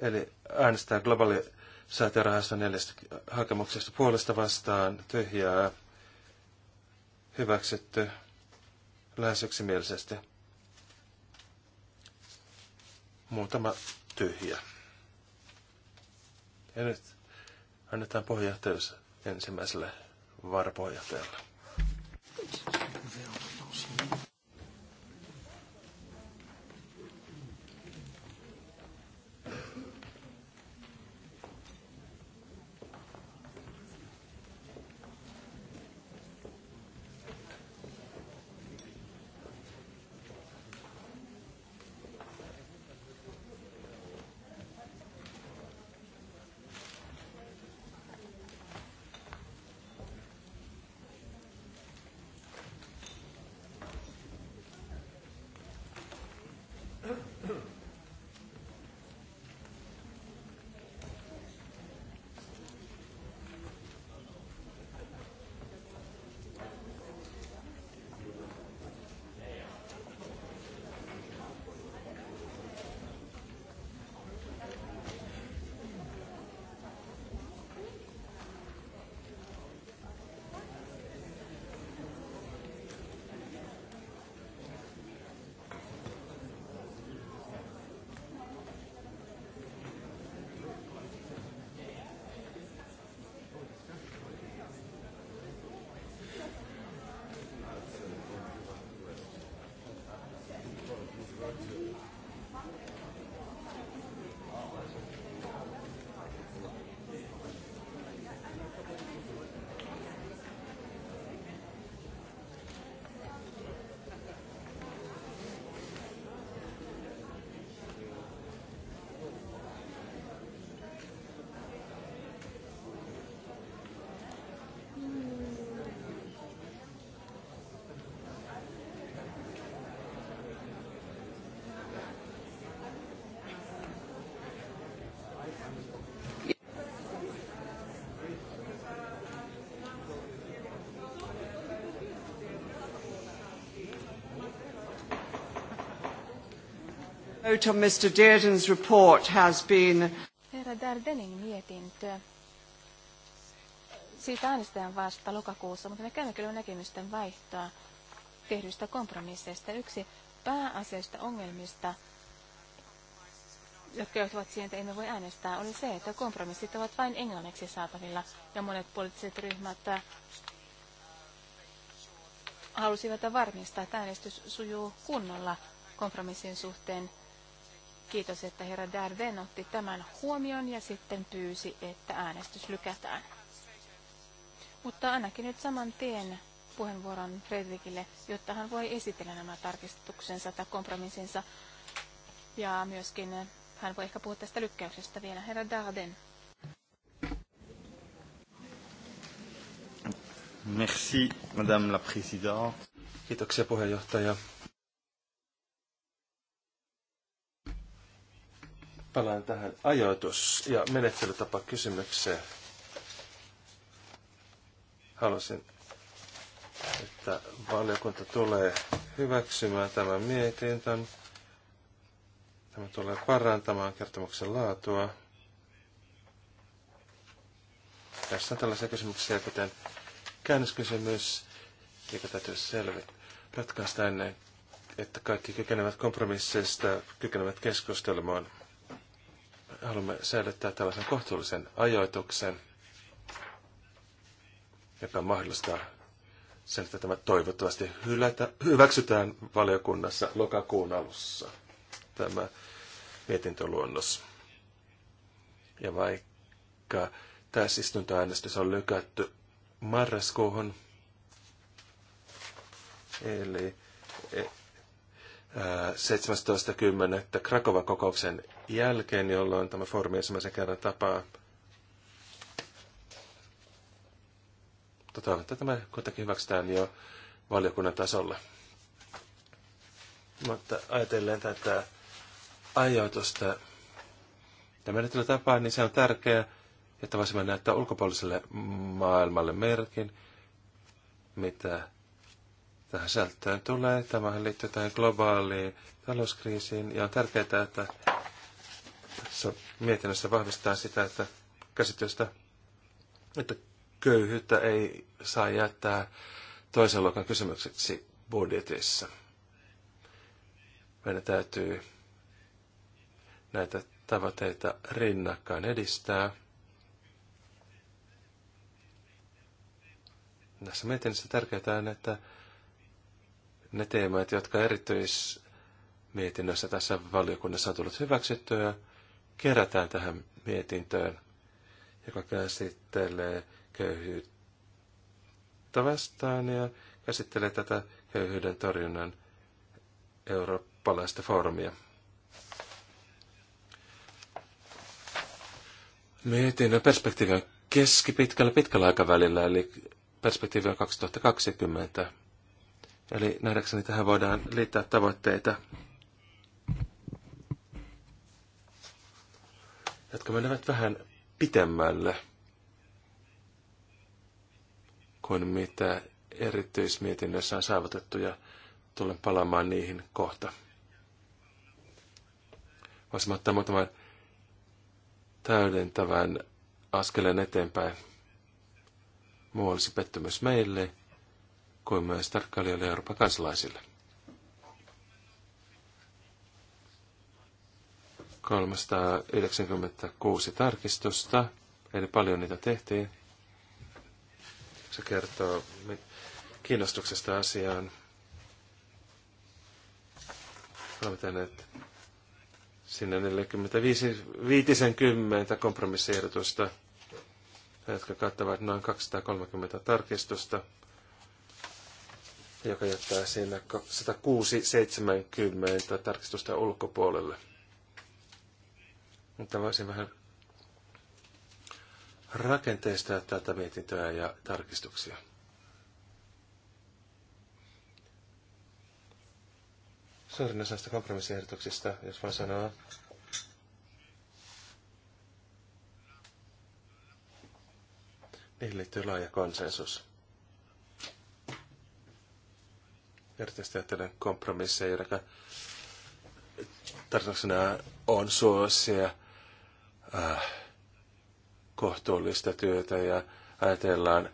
Eli äänestää globaali säätörahasta neljästä hakemuksesta puolesta vastaan tyhjää hyväksytty lähes yksimielisesti muutama tyhjä. Ja nyt annetaan pohjohtajuus ensimmäiselle varapuheenjohtajalle. Note on Mr. Dearden's report has been... Herra Dardenin mietintö. Siitä äänestäjän vasta lokakuussa, mutta me käymme kyllä näkemysten vaihtoa tehdyistä kompromisseista. Yksi pääasiasta ongelmista, jotka johtuvat siihen, että emme voi äänestää, oli se, että kompromissit ovat vain englanniksi saatavilla ja monet poliittiset ryhmät halusivat varmistaa, että äänestys sujuu kunnolla kompromissin suhteen Kiitos, että herra Darven otti tämän huomion ja sitten pyysi, että äänestys lykätään. Mutta ainakin nyt saman tien puheenvuoron Fredrikille, jotta hän voi esitellä nämä tarkistuksensa tai kompromissinsa. Ja myöskin hän voi ehkä puhua tästä lykkäyksestä vielä. Herra Darden. Merci, Madame la Présidente. Kiitoksia puheenjohtaja. Palaan tähän ajoitus- ja menettelytapa kysymykseen. Haluaisin, että valiokunta tulee hyväksymään tämän mietintön. Tämä tulee parantamaan kertomuksen laatua. Tässä on tällaisia kysymyksiä, kuten käännöskysymys, joka täytyy selvittää ratkaista ennen, että kaikki kykenevät kompromisseista, kykenevät keskustelemaan haluamme säilyttää tällaisen kohtuullisen ajoituksen, joka mahdollistaa sen, että tämä toivottavasti hylätä, hyväksytään valiokunnassa lokakuun alussa tämä mietintöluonnos. Ja vaikka istuntoäänestys on lykätty marraskuuhun, eli 17.10. Krakova-kokouksen jälkeen, jolloin tämä foorumi ensimmäisen kerran tapaa. Toivon, että tämä kuitenkin hyväksytään jo valiokunnan tasolla. Mutta ajatellen tätä ajoitusta ja menettelytapaa, niin se on tärkeää, että voisimme näyttää ulkopuoliselle maailmalle merkin, mitä tähän sältöön tulee. Tämä liittyy tähän globaaliin talouskriisiin ja on tärkeää, että tässä mietinnössä vahvistaa sitä, että käsitystä, että köyhyyttä ei saa jättää toisen luokan kysymykseksi budjetissa. Meidän täytyy näitä tavoitteita rinnakkain edistää. Tässä mietinnössä tärkeää on, että ne teemat, jotka erityismietinnössä tässä valiokunnassa on tullut hyväksyttyä, kerätään tähän mietintöön, joka käsittelee köyhyyttä vastaan ja käsittelee tätä köyhyyden torjunnan eurooppalaista foorumia. Mietinnön perspektiivi on keskipitkällä pitkällä aikavälillä, eli perspektiivi on 2020. Eli nähdäkseni tähän voidaan liittää tavoitteita, jotka menevät vähän pitemmälle kuin mitä erityismietinnössä on saavutettu ja tulen palaamaan niihin kohta. Voisimme ottaa muutaman täydentävän askeleen eteenpäin. Muu olisi pettymys meille kuin myös tarkkailijoille ja Euroopan kansalaisille. Kolmesta 96 tarkistusta, eli paljon niitä tehtiin. Se kertoo kiinnostuksesta asiaan. Olemme tehneet sinne 45 50 kompromissiehdotusta, jotka kattavat noin 230 tarkistusta joka jättää siinä 106-70 tarkistusta ulkopuolelle. Mutta voisin vähän rakenteista tätä mietintöä ja tarkistuksia. Suurin osa näistä kompromissiehdotuksista, jos voin sanoa, niihin liittyy laaja konsensus. erityisesti ajattelen kompromisseja, joka tarkoituksena on suosia äh, kohtuullista työtä ja ajatellaan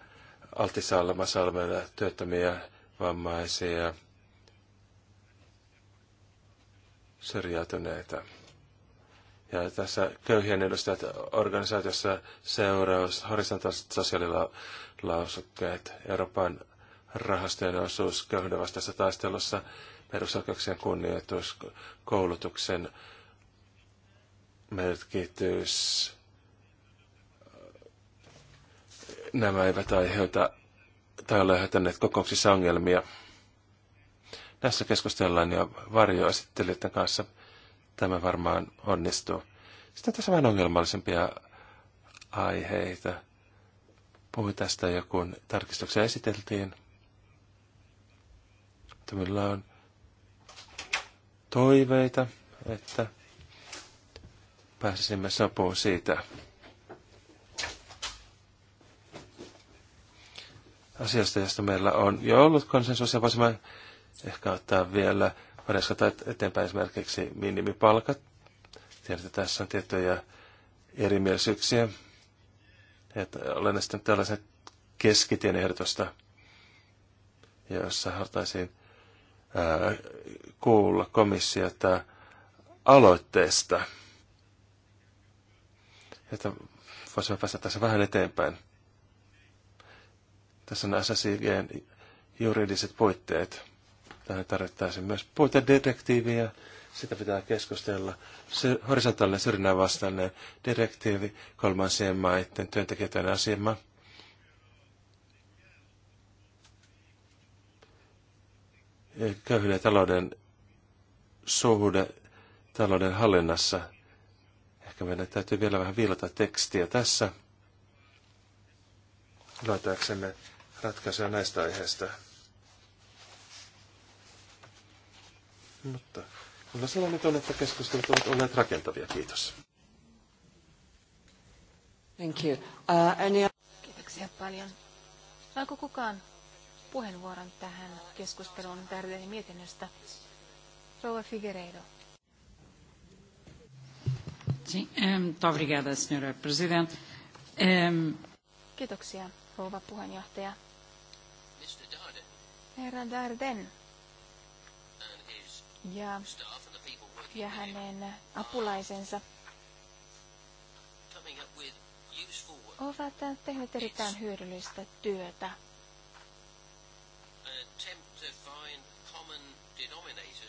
Altisalmasalmella työttömiä vammaisia syrjäytyneitä. Ja tässä köyhien edustajat organisaatiossa seuraus, horisontaaliset sosiaalilausukkeet, Euroopan rahastojen osuus köyhyyden vastaisessa taistelussa, perusoikeuksien kunnioitus, koulutuksen merkitys. Nämä eivät aiheuta tai ole aiheuttaneet kokouksissa ongelmia. Tässä keskustellaan jo varjoesittelijöiden kanssa. Tämä varmaan onnistuu. Sitten tässä vähän ongelmallisempia aiheita. Puhuin tästä jo, kun tarkistuksia esiteltiin. Työttömillä on toiveita, että pääsisimme sapoon siitä. Asiasta, josta meillä on jo ollut konsensus ja voisimme ehkä ottaa vielä varjassa eteenpäin esimerkiksi minimipalkat. Tiedätte, tässä on tiettyjä erimielisyyksiä. Että olen sitten tällaisen keskitien ehdotusta, jossa haluttaisiin Äh, kuulla komissiota aloitteesta, että voisimme päästä tässä vähän eteenpäin. Tässä on SSIGn juridiset puitteet. Tähän tarvittaisiin myös puitedirektiiviä. Sitä pitää keskustella. Se horisontaalinen syrjinnän vastainen direktiivi, kolmansien maiden työntekijöiden asema – köyhyyden talouden suhde talouden hallinnassa. Ehkä meidän täytyy vielä vähän viilata tekstiä tässä löytääksemme ratkaisuja näistä aiheista. Mutta Mulla sellainen on, että keskustelut ovat olleet rakentavia. Kiitos. Thank you. Uh, any... Kiitoksia paljon. Saako kukaan puheenvuoron tähän keskusteluun tärkeiden mietinnöstä. Rouva Figueiredo. Kiitoksia, rouva puheenjohtaja. Herra Darden ja, ja hänen apulaisensa ovat tehneet erittäin hyödyllistä työtä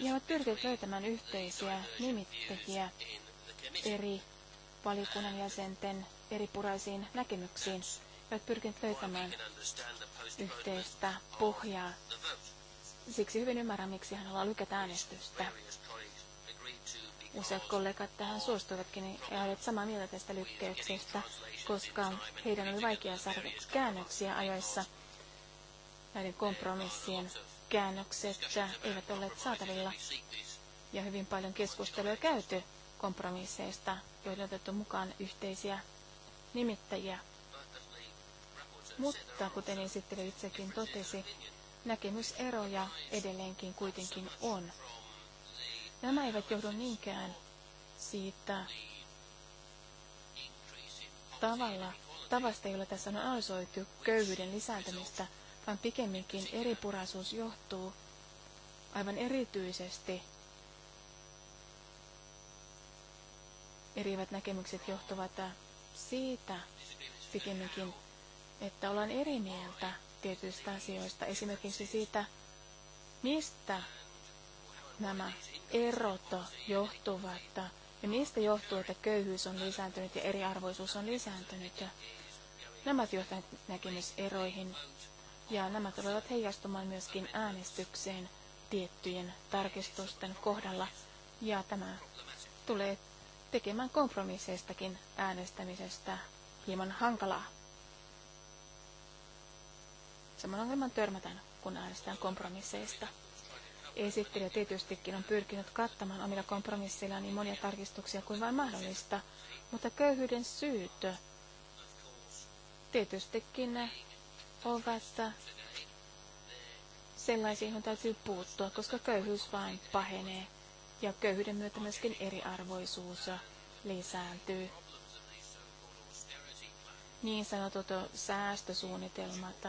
ja ovat pyrkineet löytämään yhteisiä nimittäjiä eri valiokunnan jäsenten eripuraisiin näkemyksiin ja ovat pyrkineet löytämään yhteistä pohjaa. Siksi hyvin ymmärrän, miksi hän haluaa lykätä äänestystä. Useat kollegat tähän suostuivatkin ja olivat samaa mieltä tästä lykkäyksestä, koska heidän oli vaikea saada käännöksiä ajoissa näiden kompromissien käännökset eivät olleet saatavilla. Ja hyvin paljon keskustelua käyty kompromisseista, joiden on otettu mukaan yhteisiä nimittäjiä. Mutta kuten esittely itsekin totesi, näkemyseroja edelleenkin kuitenkin on. Nämä eivät johdu niinkään siitä tavalla, tavasta, jolla tässä on analysoitu köyhyyden lisääntymistä – vaan pikemminkin eripuraisuus johtuu aivan erityisesti erivät näkemykset johtuvat siitä pikemminkin, että ollaan eri mieltä tietyistä asioista, esimerkiksi siitä, mistä nämä erot johtuvat ja mistä johtuu, että köyhyys on lisääntynyt ja eriarvoisuus on lisääntynyt. Nämä johtavat johtaneet näkemyseroihin ja nämä tulevat heijastumaan myöskin äänestykseen tiettyjen tarkistusten kohdalla. Ja tämä tulee tekemään kompromisseistakin äänestämisestä hieman hankalaa. Saman ongelman törmätään, kun äänestetään kompromisseista. Esittelijä tietystikin on pyrkinyt kattamaan omilla kompromisseillaan niin monia tarkistuksia kuin vain mahdollista, mutta köyhyyden syyt tietystikin vasta sellaisia, joihin täytyy puuttua, koska köyhyys vain pahenee ja köyhyyden myötä myöskin eriarvoisuus lisääntyy. Niin sanotut säästösuunnitelmat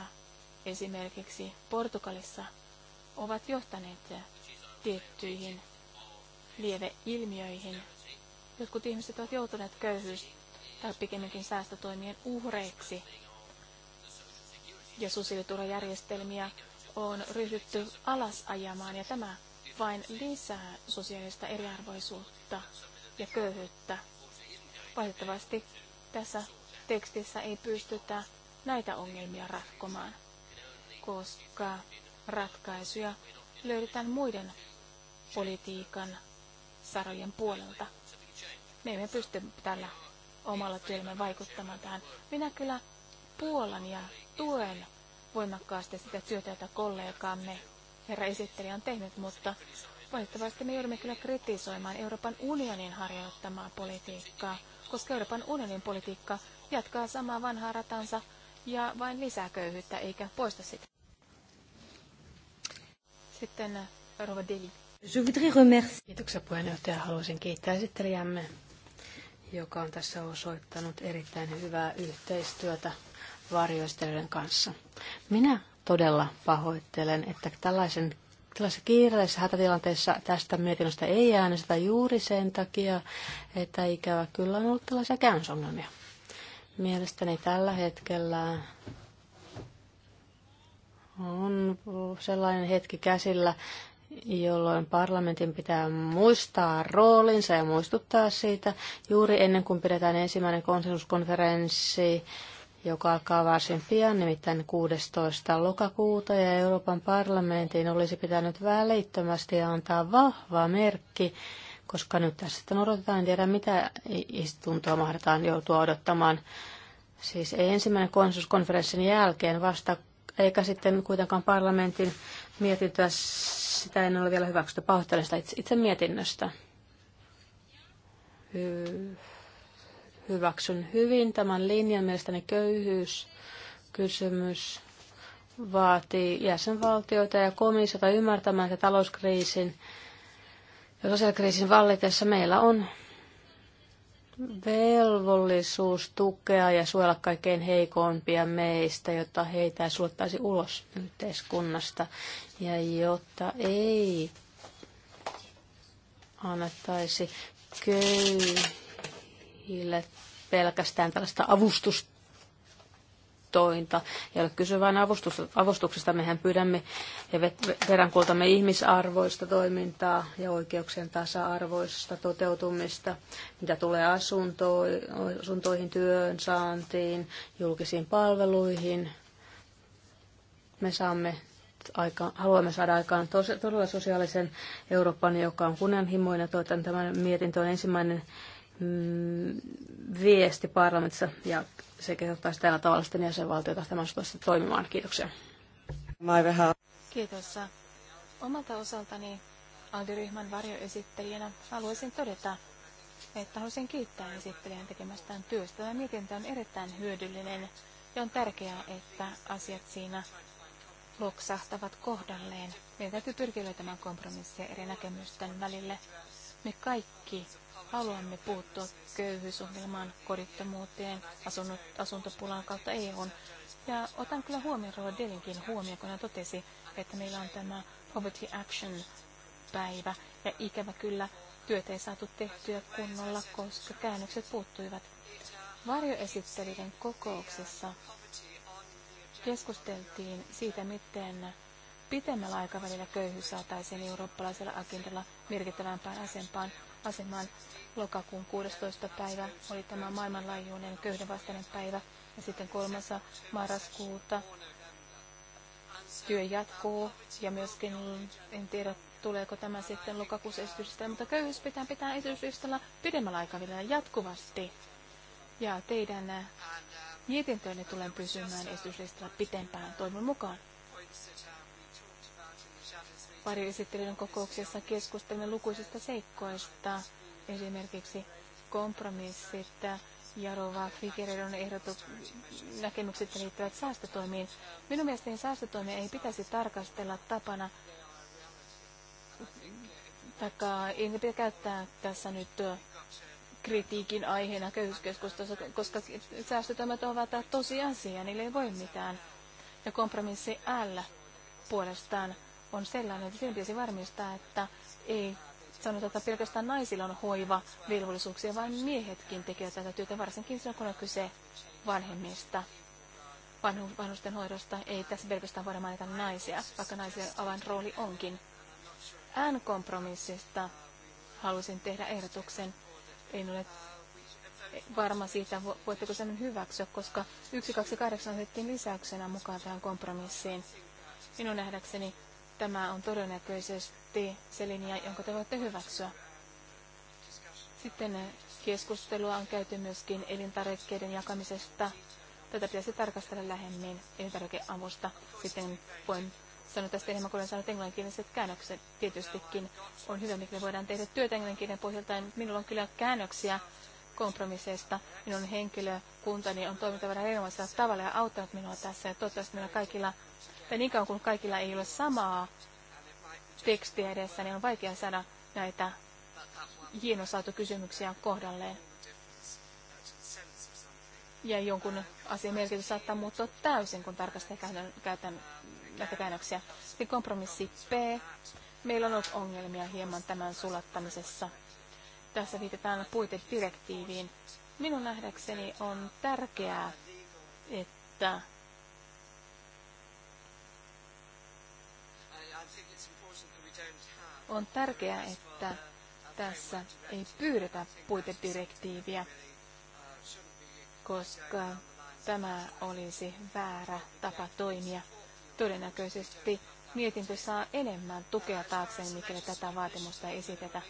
esimerkiksi Portugalissa ovat johtaneet tiettyihin lieveilmiöihin. Jotkut ihmiset ovat joutuneet köyhyys- tai pikemminkin säästötoimien uhreiksi ja sosiaaliturvajärjestelmiä on ryhdytty alasajamaan ja tämä vain lisää sosiaalista eriarvoisuutta ja köyhyyttä. Valitettavasti tässä tekstissä ei pystytä näitä ongelmia ratkomaan, koska ratkaisuja löydetään muiden politiikan sarojen puolelta. Me emme pysty tällä omalla työllämme vaikuttamaan tähän. Minä kyllä puolan ja tuen voimakkaasti sitä työtä, jota kollegaamme herra esittelijä on tehnyt, mutta valitettavasti me joudumme kyllä kritisoimaan Euroopan unionin harjoittamaa politiikkaa, koska Euroopan unionin politiikka jatkaa samaa vanhaa ratansa ja vain lisää köyhyyttä eikä poista sitä. Sitten äh, Rova Deli. Je voudrais remercier. Kiitoksia puheenjohtaja. Haluaisin kiittää esittelijämme, joka on tässä osoittanut erittäin hyvää yhteistyötä varjoistelijoiden kanssa. Minä todella pahoittelen, että tällaisen tällaisessa kiireellisessä hätätilanteessa tästä mietinnöstä ei äänestä juuri sen takia, että ikävä kyllä on ollut tällaisia käännösongelmia. Mielestäni tällä hetkellä on sellainen hetki käsillä, jolloin parlamentin pitää muistaa roolinsa ja muistuttaa siitä juuri ennen kuin pidetään ensimmäinen konsensuskonferenssi joka alkaa varsin pian, nimittäin 16. lokakuuta, ja Euroopan parlamentin olisi pitänyt välittömästi antaa vahva merkki, koska nyt tässä sitten odotetaan, en tiedä mitä istuntoa mahdetaan joutua odottamaan. Siis ei ensimmäinen konsensuskonferenssin jälkeen vasta, eikä sitten kuitenkaan parlamentin mietintöä, sitä en ole vielä hyväksytty, pahoittelen sitä itse, itse mietinnöstä. Hyy hyväksyn hyvin tämän linjan. Mielestäni köyhyyskysymys vaatii jäsenvaltioita ja komissiota ymmärtämään, että talouskriisin ja sosiaalikriisin vallitessa meillä on velvollisuus tukea ja suojella kaikkein heikoimpia meistä, jotta heitä ei suottaisi ulos yhteiskunnasta ja jotta ei annettaisi köyhiä heille pelkästään tällaista avustustointa. ja ole kyse vain avustuksesta. Mehän pyydämme ja peräänkuultamme ihmisarvoista toimintaa ja oikeuksien tasa-arvoista toteutumista, mitä tulee asuntoihin, työn saantiin, julkisiin palveluihin. Me saamme aika, haluamme saada aikaan tos, todella sosiaalisen Euroopan, joka on kunnianhimoinen. Toivotan tämän mietintö on ensimmäinen Mm, viesti parlamentissa ja se kehottaisi tällä tavalla sitten jäsenvaltiota tämän suhteessa toimimaan. Kiitoksia. Kiitos. Omalta osaltani Aldi-ryhmän varjoesittelijänä haluaisin todeta, että haluaisin kiittää esittelijän tekemästään työstä. Tämä mietintö on erittäin hyödyllinen ja on tärkeää, että asiat siinä loksahtavat kohdalleen. Meidän täytyy pyrkiä löytämään kompromisseja eri näkemysten välille. Me kaikki haluamme puuttua köyhyysongelmaan, kodittomuuteen, asuntopulaan kautta EUn. Ja otan kyllä huomioon Rova Delinkin huomioon, kun hän totesi, että meillä on tämä Poverty Action päivä. Ja ikävä kyllä työtä ei saatu tehtyä kunnolla, koska käännökset puuttuivat. Varjoesittelijän kokouksessa keskusteltiin siitä, miten pitemmällä aikavälillä köyhyys saataisiin eurooppalaisella agendalla merkittävämpään asempaan, asemaan lokakuun 16. päivä oli tämä maailmanlaajuinen köyhdenvastainen päivä ja sitten 3. marraskuuta työ jatkuu ja myöskin en tiedä tuleeko tämä sitten lokakuussa esityksestä, mutta köyhyys pitää pitää esityslistalla pidemmällä aikavälillä jatkuvasti. Ja teidän mietintöönne tulee pysymään esityslistalla pitempään toivon mukaan. Pari esittelyiden kokouksessa keskustelimme lukuisista seikkoista, Esimerkiksi kompromissit Jarova Figueredon ehdotus näkemykset liittyvät säästötoimiin. Minun mielestäni säästötoimia ei pitäisi tarkastella tapana, taikka ei ne pidä käyttää tässä nyt kritiikin aiheena köyhyyskeskustossa, koska säästötoimet ovat tosiasia, niille ei voi mitään. Ja kompromissi L puolestaan on sellainen, että sen pitäisi varmistaa, että ei sanonut, että pelkästään naisilla on hoiva velvollisuuksia, vaan miehetkin tekevät tätä työtä, varsinkin silloin kun on kyse vanhemmista vanhusten hoidosta. Ei tässä pelkästään voida mainita naisia, vaikka naisen avainrooli onkin. Ään kompromissista halusin tehdä ehdotuksen. En ole varma siitä, voitteko sen hyväksyä, koska 128 otettiin lisäyksenä mukaan tähän kompromissiin. Minun nähdäkseni tämä on todennäköisesti varmasti se linja, jonka te voitte hyväksyä. Sitten keskustelua on käyty myöskin elintarvikkeiden jakamisesta. Tätä pitäisi tarkastella lähemmin elintarvikeavusta. Sitten voin sanoa tästä enemmän, kun olen saanut englanninkieliset käännökset. Tietystikin on hyvä, mikä voidaan tehdä työtä englanninkielen pohjalta. Minulla on kyllä käännöksiä kompromisseista. Minun henkilökuntani on toimittava erilaisella tavalla ja auttanut minua tässä. Ja toivottavasti meillä kaikilla, tai niin kauan kuin kaikilla ei ole samaa tekstiä edessä, niin on vaikea saada näitä hienosaatu kysymyksiä kohdalleen. Ja jonkun asian merkitys saattaa muuttua täysin, kun tarkastaa käytän näitä käännöksiä. Sitten kompromissi P. Meillä on ollut ongelmia hieman tämän sulattamisessa. Tässä viitataan puitedirektiiviin. Minun nähdäkseni on tärkeää, että On tärkeää, että tässä ei pyydetä puitedirektiiviä, koska tämä olisi väärä tapa toimia. Todennäköisesti mietintö saa enemmän tukea taakseen, mikäli tätä vaatimusta ei esitetä.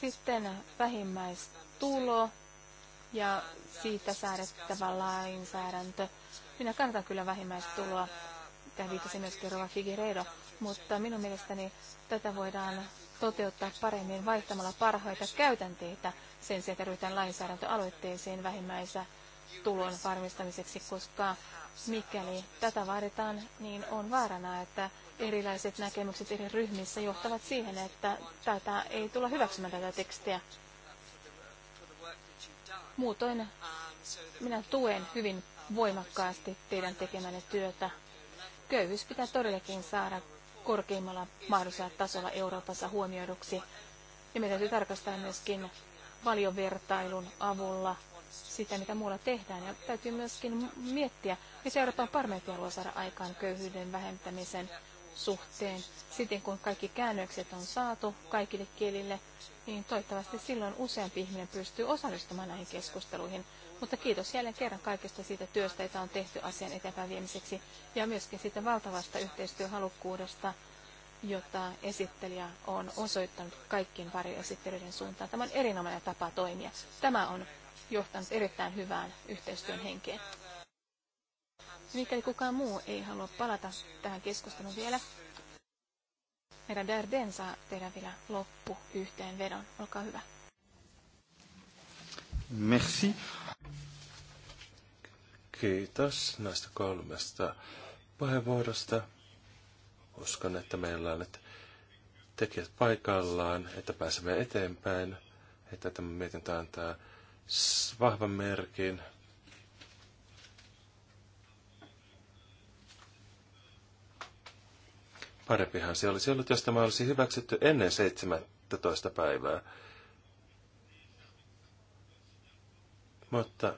Sitten vähimmäistulo ja siitä säädettävä lainsäädäntö. Minä kannatan kyllä vähimmäistuloa. Tämä viittasi myös Rova Figueiredo mutta minun mielestäni tätä voidaan toteuttaa paremmin vaihtamalla parhaita käytänteitä sen sijaan, että ryhdytään lainsäädäntöaloitteeseen vähimmäisä tulon varmistamiseksi, koska mikäli tätä vaaditaan, niin on vaarana, että erilaiset näkemykset eri ryhmissä johtavat siihen, että tätä ei tulla hyväksymään tätä tekstiä. Muutoin minä tuen hyvin voimakkaasti teidän tekemänne työtä. Köyhyys pitää todellakin saada korkeimmalla mahdollisella tasolla Euroopassa huomioiduksi. Ja me täytyy tarkastaa myöskin valiovertailun avulla sitä, mitä muulla tehdään. Ja täytyy myöskin miettiä, missä Euroopan parlamentti haluaa saada aikaan köyhyyden vähentämisen suhteen. Siten kun kaikki käännökset on saatu kaikille kielille, niin toivottavasti silloin useampi ihminen pystyy osallistumaan näihin keskusteluihin. Mutta kiitos jälleen kerran kaikesta siitä työstä, jota on tehty asian eteenpäin viemiseksi ja myöskin siitä valtavasta yhteistyöhalukkuudesta, jota esittelijä on osoittanut kaikkiin varjoesittelyiden suuntaan. Tämä on erinomainen tapa toimia. Tämä on johtanut erittäin hyvään yhteistyön henkeen. Mikäli kukaan muu ei halua palata tähän keskusteluun vielä, meidän Darden saa tehdä vielä loppu yhteenvedon. Olkaa hyvä. Merci. Kiitos näistä kolmesta puheenvuorosta. Uskon, että meillä on nyt tekijät paikallaan, että pääsemme eteenpäin, että tämä mietintö antaa vahvan merkin. Parempihan se olisi ollut, jos tämä olisi hyväksytty ennen 17. päivää. Mutta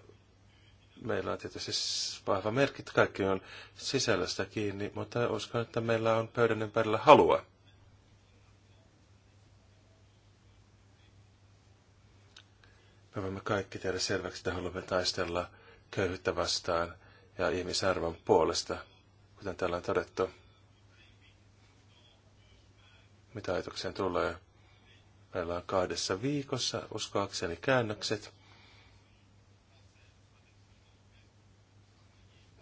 meillä on tietysti vahva merkit, kaikki on sisällöstä kiinni, mutta uskon, että meillä on pöydän ympärillä halua. Me voimme kaikki tehdä selväksi, että haluamme taistella köyhyyttä vastaan ja ihmisarvon puolesta, kuten täällä on todettu. Mitä ajatukseen tulee? Meillä on kahdessa viikossa uskoakseni käännökset.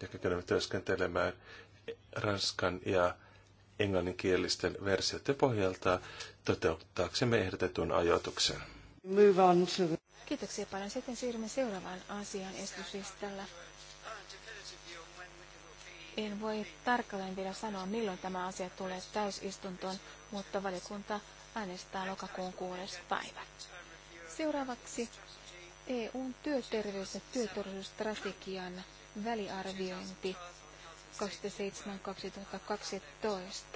ja kykenemme työskentelemään ranskan ja englanninkielisten versioiden pohjalta toteuttaaksemme ehdotetun ajoituksen. Kiitoksia paljon. Sitten siirrymme seuraavaan asiaan esityslistalla. En voi tarkalleen vielä sanoa, milloin tämä asia tulee täysistuntoon, mutta valiokunta äänestää lokakuun kuudes päivä. Seuraavaksi EUn työterveys- ja työturvallisuusstrategian väliarviointi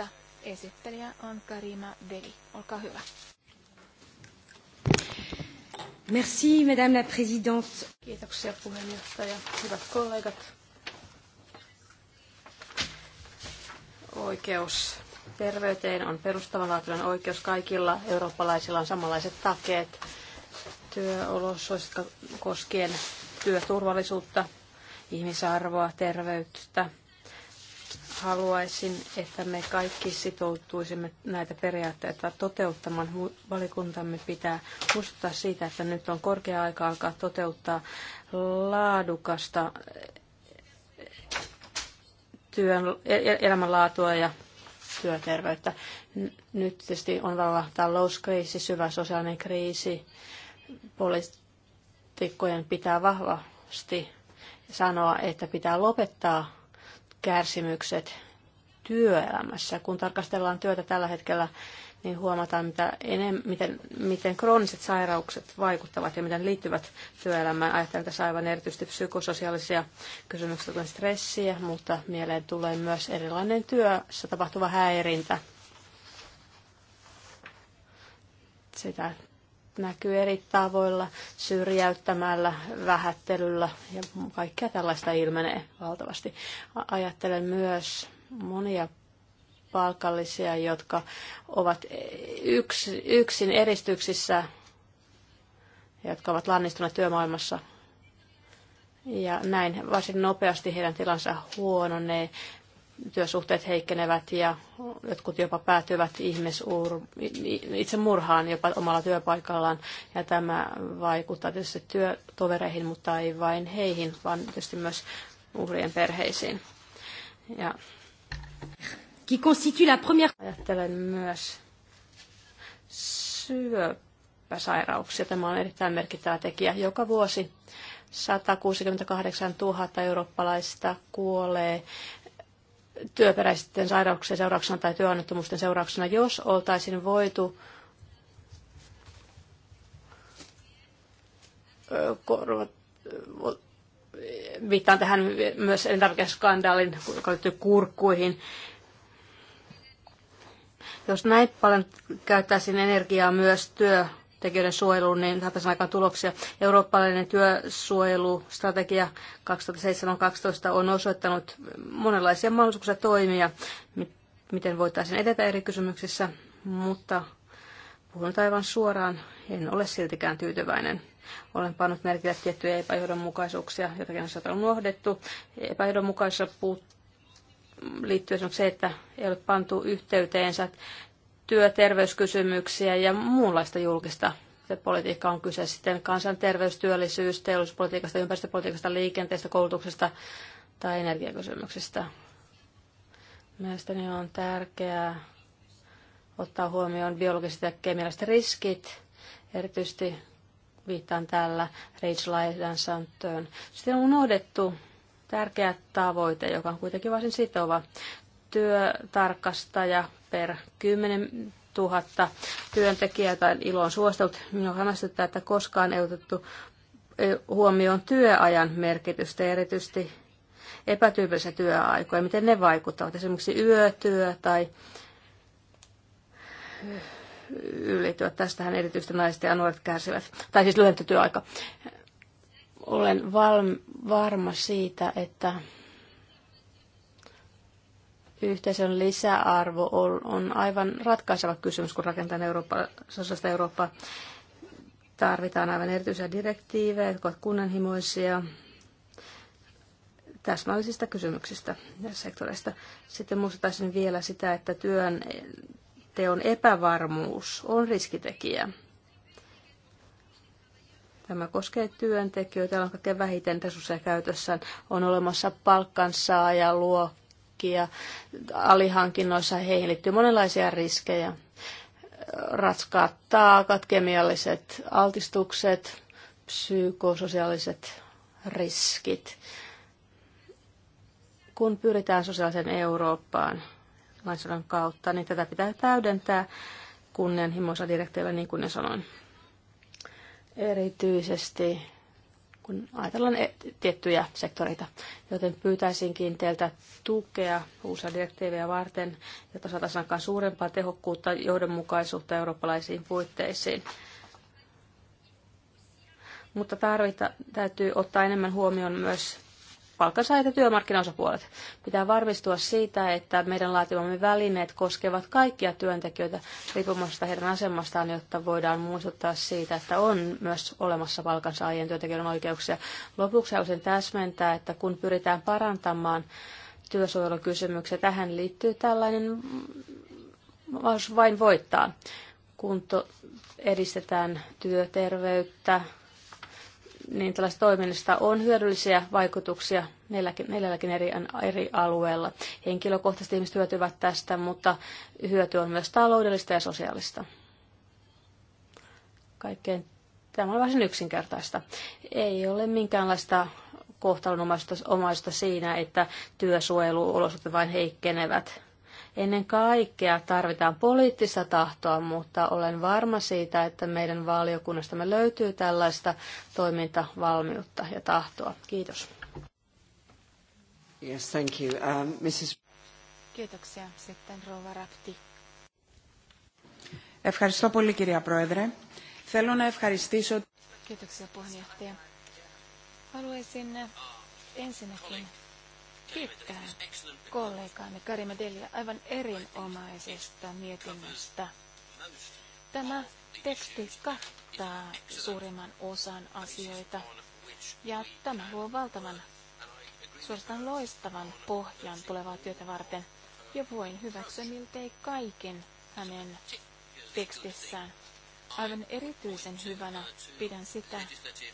27.2012. Esittelijä on Karima Deli. Olkaa hyvä. Merci, Madame la Présidente. Kiitoksia puheenjohtaja. Hyvät kollegat. Oikeus terveyteen on perustavanlaatuinen oikeus kaikilla. Eurooppalaisilla on samanlaiset takeet työolosuhteista koskien työturvallisuutta, ihmisarvoa, terveyttä. Haluaisin, että me kaikki sitoutuisimme näitä periaatteita toteuttamaan. Valikuntamme pitää muistuttaa siitä, että nyt on korkea aika alkaa toteuttaa laadukasta eh, työn, e- e- elämänlaatua ja työterveyttä. Nyt tietysti on vallan talouskriisi, syvä sosiaalinen kriisi. Poliitikkojen pitää vahvasti sanoa, että pitää lopettaa kärsimykset työelämässä. Kun tarkastellaan työtä tällä hetkellä, niin huomataan, mitä enem, miten, miten krooniset sairaukset vaikuttavat ja miten liittyvät työelämään. Ajattelen tässä aivan erityisesti psykososiaalisia kysymyksiä, kuten stressiä, mutta mieleen tulee myös erilainen työssä tapahtuva häirintä. Sitä näkyy eri tavoilla, syrjäyttämällä, vähättelyllä ja kaikkea tällaista ilmenee valtavasti. Ajattelen myös monia palkallisia, jotka ovat yks, yksin eristyksissä, jotka ovat lannistuneet työmaailmassa. Ja näin varsin nopeasti heidän tilansa huononee työsuhteet heikkenevät ja jotkut jopa päätyvät ihmisuur, itse murhaan jopa omalla työpaikallaan. Ja tämä vaikuttaa tietysti työtovereihin, mutta ei vain heihin, vaan tietysti myös uhrien perheisiin. Ja qui constitue la première... Ajattelen myös syöpäsairauksia. Tämä on erittäin merkittävä tekijä. Joka vuosi 168 000 eurooppalaista kuolee työperäisten sairauksien seurauksena tai työonnettomuusten seurauksena, jos oltaisiin voitu viittaan tähän myös elintarvikeskandaalin, joka liittyy kurkkuihin. Jos näin paljon käyttäisiin energiaa myös työ työntekijöiden suojeluun, niin saataisiin aikaan tuloksia. Eurooppalainen työsuojelustrategia 2007-2012 on osoittanut monenlaisia mahdollisuuksia toimia, miten voitaisiin edetä eri kysymyksissä, mutta puhun aivan suoraan, en ole siltikään tyytyväinen. Olen pannut merkille tiettyjä epäjohdonmukaisuuksia, jotakin on unohdettu. Epäjohdonmukaisuus liittyy esimerkiksi se, että ei ole pantu yhteyteensä työterveyskysymyksiä ja muunlaista julkista se politiikka on kyse sitten kansanterveystyöllisyys, teollisuuspolitiikasta, ympäristöpolitiikasta, liikenteestä, koulutuksesta tai energiakysymyksistä. Mielestäni on tärkeää ottaa huomioon biologiset ja kemialliset riskit, erityisesti viittaan tällä REACH-lainsäädäntöön. Sitten on unohdettu tärkeä tavoite, joka on kuitenkin varsin sitova työtarkastaja per 10 000 työntekijää tai ilo on suostellut. Minua hämmästyttää, että koskaan ei otettu huomioon työajan merkitystä, erityisesti epätyypillisiä työaikoja, miten ne vaikuttavat, esimerkiksi yötyö tai ylityö. Tästähän erityisesti naiset ja nuoret kärsivät, tai siis lyhenty työaika. Olen valm, varma siitä, että yhteisön lisäarvo on, on aivan ratkaiseva kysymys, kun rakentaa Eurooppa, sosiaalista Eurooppaa. Tarvitaan aivan erityisiä direktiivejä, jotka ovat kunnanhimoisia täsmällisistä kysymyksistä ja sektoreista. Sitten muistaisin vielä sitä, että työn teon epävarmuus on riskitekijä. Tämä koskee työntekijöitä, joilla kaikkein vähiten resursseja käytössään. On olemassa palkkansaajaluokka ja Alihankinnoissa heihin liittyy monenlaisia riskejä. Ratskaat taakat, kemialliset altistukset, psykososiaaliset riskit. Kun pyritään sosiaaliseen Eurooppaan lainsäädännön kautta, niin tätä pitää täydentää kunnianhimoisella direktiivillä, niin kuin ne sanoin. Erityisesti kun ajatellaan e- tiettyjä sektoreita. Joten pyytäisinkin teiltä tukea uusia direktiivejä varten, jotta saataisiin suurempaa tehokkuutta ja johdonmukaisuutta eurooppalaisiin puitteisiin. Mutta tarvita, täytyy ottaa enemmän huomioon myös palkansaajat ja työmarkkinaosapuolet. Pitää varmistua siitä, että meidän laatimamme välineet koskevat kaikkia työntekijöitä riippumatta heidän asemastaan, jotta voidaan muistuttaa siitä, että on myös olemassa palkansaajien työntekijöiden oikeuksia. Lopuksi haluaisin täsmentää, että kun pyritään parantamaan työsuojelukysymyksiä, tähän liittyy tällainen vain voittaa kun edistetään työterveyttä, niin tällaista toiminnasta on hyödyllisiä vaikutuksia neljälläkin, eri, eri alueella. Henkilökohtaisesti ihmiset hyötyvät tästä, mutta hyöty on myös taloudellista ja sosiaalista. Kaikkein tämä on varsin yksinkertaista. Ei ole minkäänlaista kohtalonomaisuutta siinä, että työsuojeluolosuhteet vain heikkenevät. Ennen kaikkea tarvitaan poliittista tahtoa, mutta olen varma siitä, että meidän valiokunnastamme löytyy tällaista toimintavalmiutta ja tahtoa. Kiitos. Yes, thank you. Um, Mrs. Kiitoksia. Sitten Rova Rapti. Ευχαριστώ πολύ κυρία Πρόεδρε. Θέλω να ευχαριστήσω... Kiitoksia puheenjohtaja. Haluaisin äh, ensinnäkin kiittää kollegaamme Karima Delia aivan erinomaisesta mietinnöstä. Tämä teksti kattaa suurimman osan asioita ja tämä luo valtavan, suorastaan loistavan pohjan tulevaa työtä varten. Ja voin hyväksyä miltei kaiken hänen tekstissään. Aivan erityisen hyvänä pidän sitä,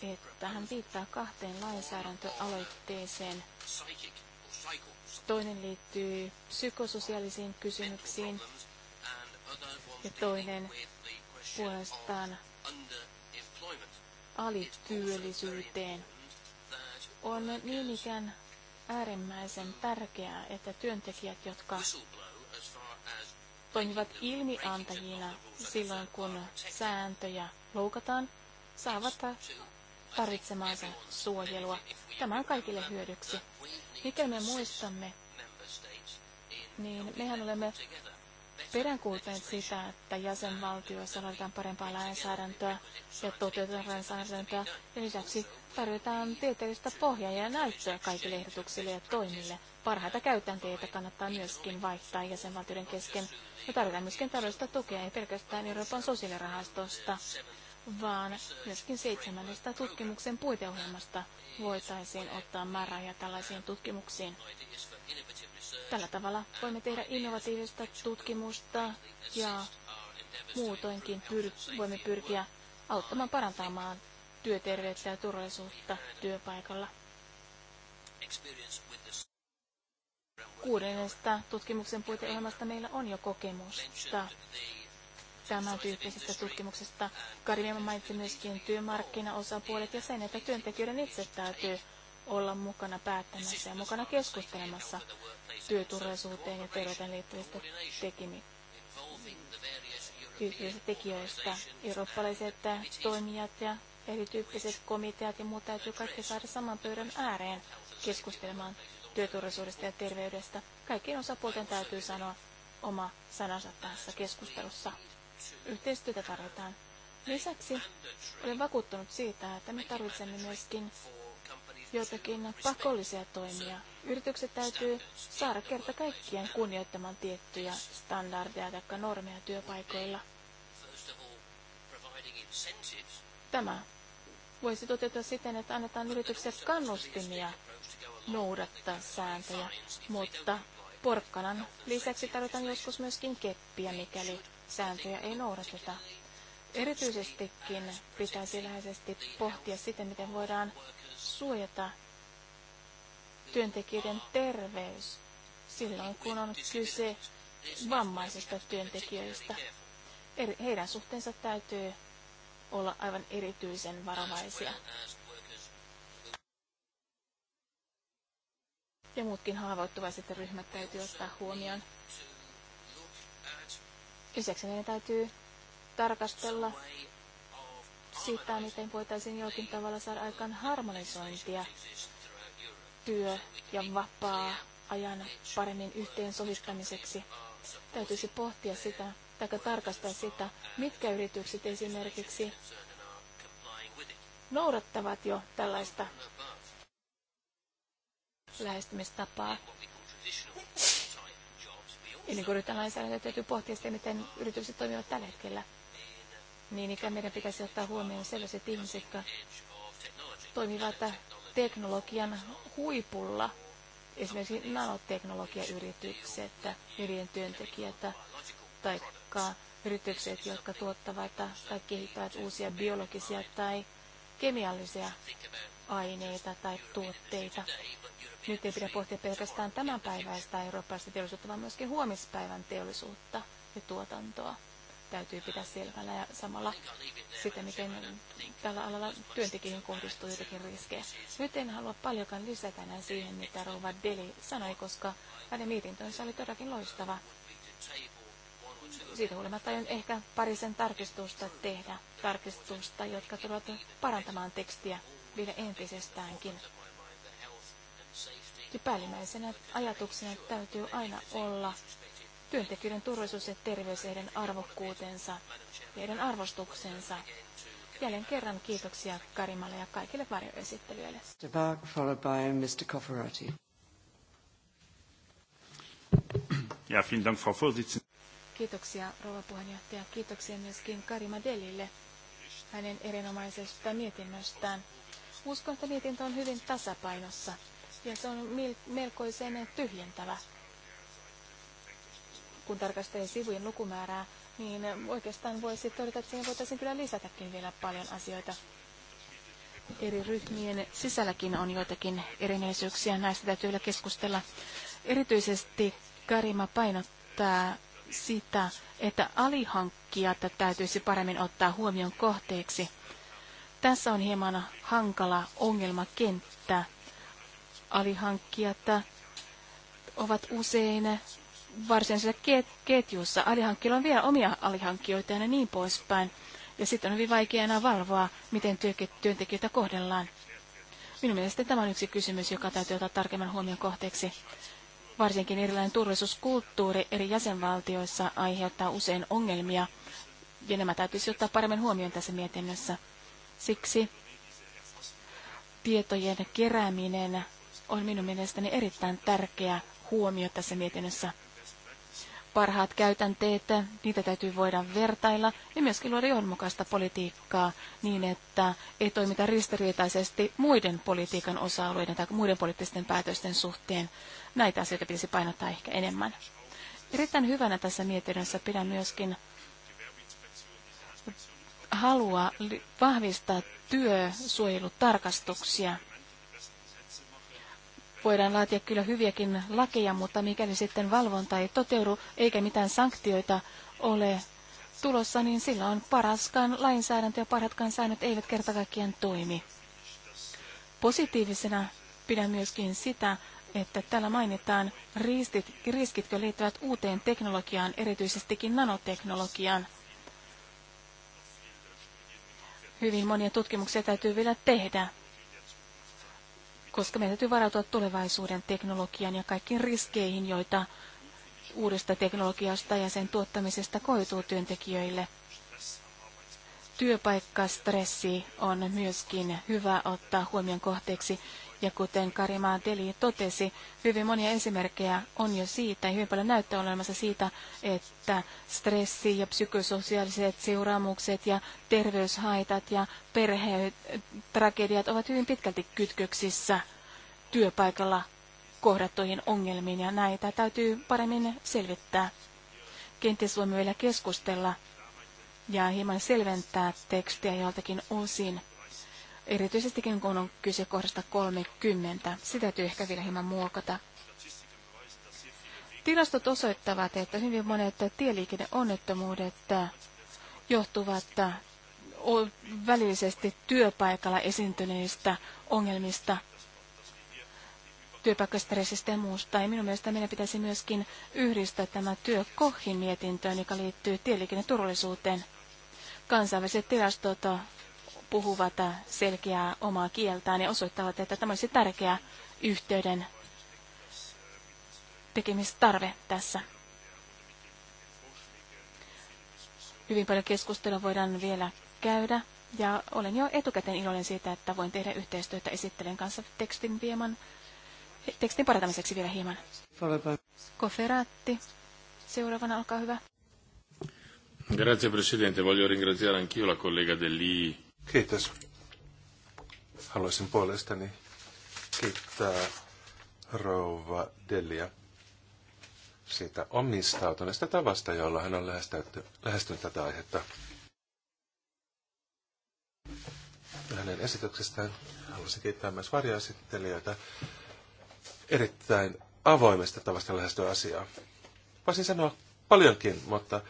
että hän viittaa kahteen lainsäädäntöaloitteeseen, toinen liittyy psykososiaalisiin kysymyksiin ja toinen puolestaan alityöllisyyteen. On niin ikään äärimmäisen tärkeää, että työntekijät, jotka toimivat ilmiantajina silloin, kun sääntöjä loukataan, saavat tarvitsemaansa suojelua. Tämä on kaikille hyödyksi. Mikä me muistamme, niin mehän olemme peräänkuultaneet sitä, että jäsenvaltioissa laitetaan parempaa lainsäädäntöä ja toteutetaan lainsäädäntöä. Ja lisäksi tarvitaan tieteellistä pohjaa ja näyttöä kaikille ehdotuksille ja toimille. Parhaita käytänteitä kannattaa myöskin vaihtaa jäsenvaltioiden kesken. Me tarvitaan myöskin taloudellista tukea, ei pelkästään Euroopan sosiaalirahastosta, vaan myöskin seitsemännestä tutkimuksen puiteohjelmasta voitaisiin ottaa määräajat tällaisiin tutkimuksiin. Tällä tavalla voimme tehdä innovatiivista tutkimusta ja muutoinkin pyr- voimme pyrkiä auttamaan parantamaan työterveyttä ja turvallisuutta työpaikalla. Kuudennesta tutkimuksen puiteohjelmasta meillä on jo kokemusta tämän tyyppisestä tutkimuksesta. Karimia mainitsi myöskin työmarkkinaosapuolet ja sen, että työntekijöiden itse täytyy olla mukana päättämässä ja mukana keskustelemassa työturvallisuuteen ja terveyteen liittyvistä tekimi- tekijöistä. Eurooppalaiset toimijat ja erityyppiset komiteat ja muut täytyy kaikki saada saman pöydän ääreen keskustelemaan työturvallisuudesta ja terveydestä. Kaikkien osapuolten täytyy sanoa oma sanansa tässä keskustelussa. Yhteistyötä tarvitaan. Lisäksi olen vakuuttunut siitä, että me tarvitsemme myöskin joitakin pakollisia toimia. Yritykset täytyy saada kerta kaikkien kunnioittamaan tiettyjä standardeja tai normeja työpaikoilla. Tämä voisi toteutua siten, että annetaan yritykset kannustimia noudattaa sääntöjä, mutta porkkanan lisäksi tarvitaan joskus myöskin keppiä, mikäli sääntöjä ei noudateta. Erityisestikin pitäisi läheisesti pohtia sitä, miten voidaan suojata työntekijöiden terveys silloin, kun on kyse vammaisista työntekijöistä. Heidän suhteensa täytyy olla aivan erityisen varovaisia. Ja muutkin haavoittuvaiset ryhmät täytyy ottaa huomioon. Lisäksi meidän täytyy tarkastella sitä, miten voitaisiin jokin tavalla saada aikaan harmonisointia työ- ja vapaa-ajan paremmin yhteensovittamiseksi. Täytyisi pohtia sitä, tai tarkastaa sitä, mitkä yritykset esimerkiksi noudattavat jo tällaista lähestymistapaa. Ennen kuin ryhdytään lainsäädäntöä, täytyy pohtia sitä, miten yritykset toimivat tällä hetkellä. Niin ikään meidän pitäisi ottaa huomioon sellaiset ihmiset, jotka toimivat teknologian huipulla. Esimerkiksi nanoteknologiayritykset, yrien työntekijät tai yritykset, jotka tuottavat tai kehittävät uusia biologisia tai kemiallisia aineita tai tuotteita. Nyt ei pidä pohtia pelkästään tämänpäiväistä eurooppalaista teollisuutta, vaan myöskin huomispäivän teollisuutta ja tuotantoa täytyy pitää selvänä ja samalla sitä, miten tällä alalla työntekijöihin kohdistuu jotakin riskejä. Nyt en halua paljonkaan lisätä näin siihen, mitä Rouva Deli sanoi, koska hänen mietintönsä oli todellakin loistava. Siitä huolimatta on ehkä parisen tarkistusta tehdä, tarkistusta, jotka tulevat parantamaan tekstiä vielä entisestäänkin. Ja päällimmäisenä ajatuksena täytyy aina olla työntekijöiden turvallisuus ja terveys heidän arvokkuutensa ja heidän arvostuksensa. Jälleen kerran kiitoksia Karimalle ja kaikille varjoesittelijöille. Ja, Kiitoksia rouva puheenjohtaja. Kiitoksia myöskin Karima Delille hänen erinomaisesta mietinnöstään. Uskon, että mietintö on hyvin tasapainossa ja se on melkoisen tyhjentävä. Kun tarkastelen sivujen lukumäärää, niin oikeastaan voisi todeta, että siihen voitaisiin kyllä lisätäkin vielä paljon asioita. Eri ryhmien sisälläkin on joitakin erinäisyyksiä. näistä täytyy vielä keskustella. Erityisesti Karima painottaa sitä, että alihankkijat täytyisi paremmin ottaa huomion kohteeksi. Tässä on hieman hankala ongelmakenttä alihankkijat ovat usein varsinaisessa ketjussa. Alihankkijoilla on vielä omia alihankkijoita ja niin poispäin. Ja sitten on hyvin vaikea enää valvoa, miten työntekijöitä kohdellaan. Minun mielestäni tämä on yksi kysymys, joka täytyy ottaa tarkemman huomion kohteeksi. Varsinkin erilainen turvallisuuskulttuuri eri jäsenvaltioissa aiheuttaa usein ongelmia, ja nämä täytyisi ottaa paremmin huomioon tässä mietinnössä. Siksi tietojen kerääminen on minun mielestäni erittäin tärkeä huomio tässä mietinnössä. Parhaat käytänteet, niitä täytyy voida vertailla ja myöskin luoda johdonmukaista politiikkaa niin, että ei toimita ristiriitaisesti muiden politiikan osa-alueiden tai muiden poliittisten päätösten suhteen. Näitä asioita pitäisi painottaa ehkä enemmän. Erittäin hyvänä tässä mietinnössä pidän myöskin halua vahvistaa työsuojelutarkastuksia voidaan laatia kyllä hyviäkin lakeja, mutta mikäli sitten valvonta ei toteudu eikä mitään sanktioita ole tulossa, niin sillä on paraskaan lainsäädäntö ja parhatkaan säännöt eivät kertakaikkiaan toimi. Positiivisena pidän myöskin sitä, että täällä mainitaan riskit, riskitkö liittyvät uuteen teknologiaan, erityisestikin nanoteknologiaan. Hyvin monia tutkimuksia täytyy vielä tehdä koska meidän täytyy varautua tulevaisuuden teknologian ja kaikkiin riskeihin, joita uudesta teknologiasta ja sen tuottamisesta koituu työntekijöille. Työpaikkastressi on myöskin hyvä ottaa huomion kohteeksi ja kuten Karimaan Deli totesi, hyvin monia esimerkkejä on jo siitä, ja hyvin paljon näyttöä on olemassa siitä, että stressi ja psykososiaaliset seuraamukset ja terveyshaitat ja perhetragediat ovat hyvin pitkälti kytköksissä työpaikalla kohdattuihin ongelmiin, ja näitä täytyy paremmin selvittää. Kenties voimme vielä keskustella ja hieman selventää tekstiä joltakin osin erityisestikin kun on kyse kohdasta 30. Sitä täytyy ehkä vielä hieman muokata. Tilastot osoittavat, että hyvin monet tieliikenneonnettomuudet johtuvat välillisesti työpaikalla esiintyneistä ongelmista, työpaikkastressistä ja muusta. Ja minun mielestä meidän pitäisi myöskin yhdistää tämä työkohin mietintöön, joka liittyy tieliikenneturvallisuuteen. Kansainväliset tilastot puhuvat selkeää omaa kieltään ja osoittavat, että tämä olisi tärkeä yhteyden tekemistarve tässä. Hyvin paljon keskustelua voidaan vielä käydä ja olen jo etukäteen iloinen siitä, että voin tehdä yhteistyötä esittelen kanssa tekstin vieman, tekstin parantamiseksi vielä hieman. Koferaatti, seuraavana olkaa hyvä. Grazie Presidente, voglio ringraziare anch'io la collega Dell'I Kiitos. Haluaisin puolestani kiittää rouva Delia siitä omistautuneesta tavasta, jolla hän on lähestynyt tätä aihetta. Hänen esityksestään haluaisin kiittää myös varjoesittelijöitä erittäin avoimesta tavasta lähestyä asiaa. Voisin sanoa paljonkin, mutta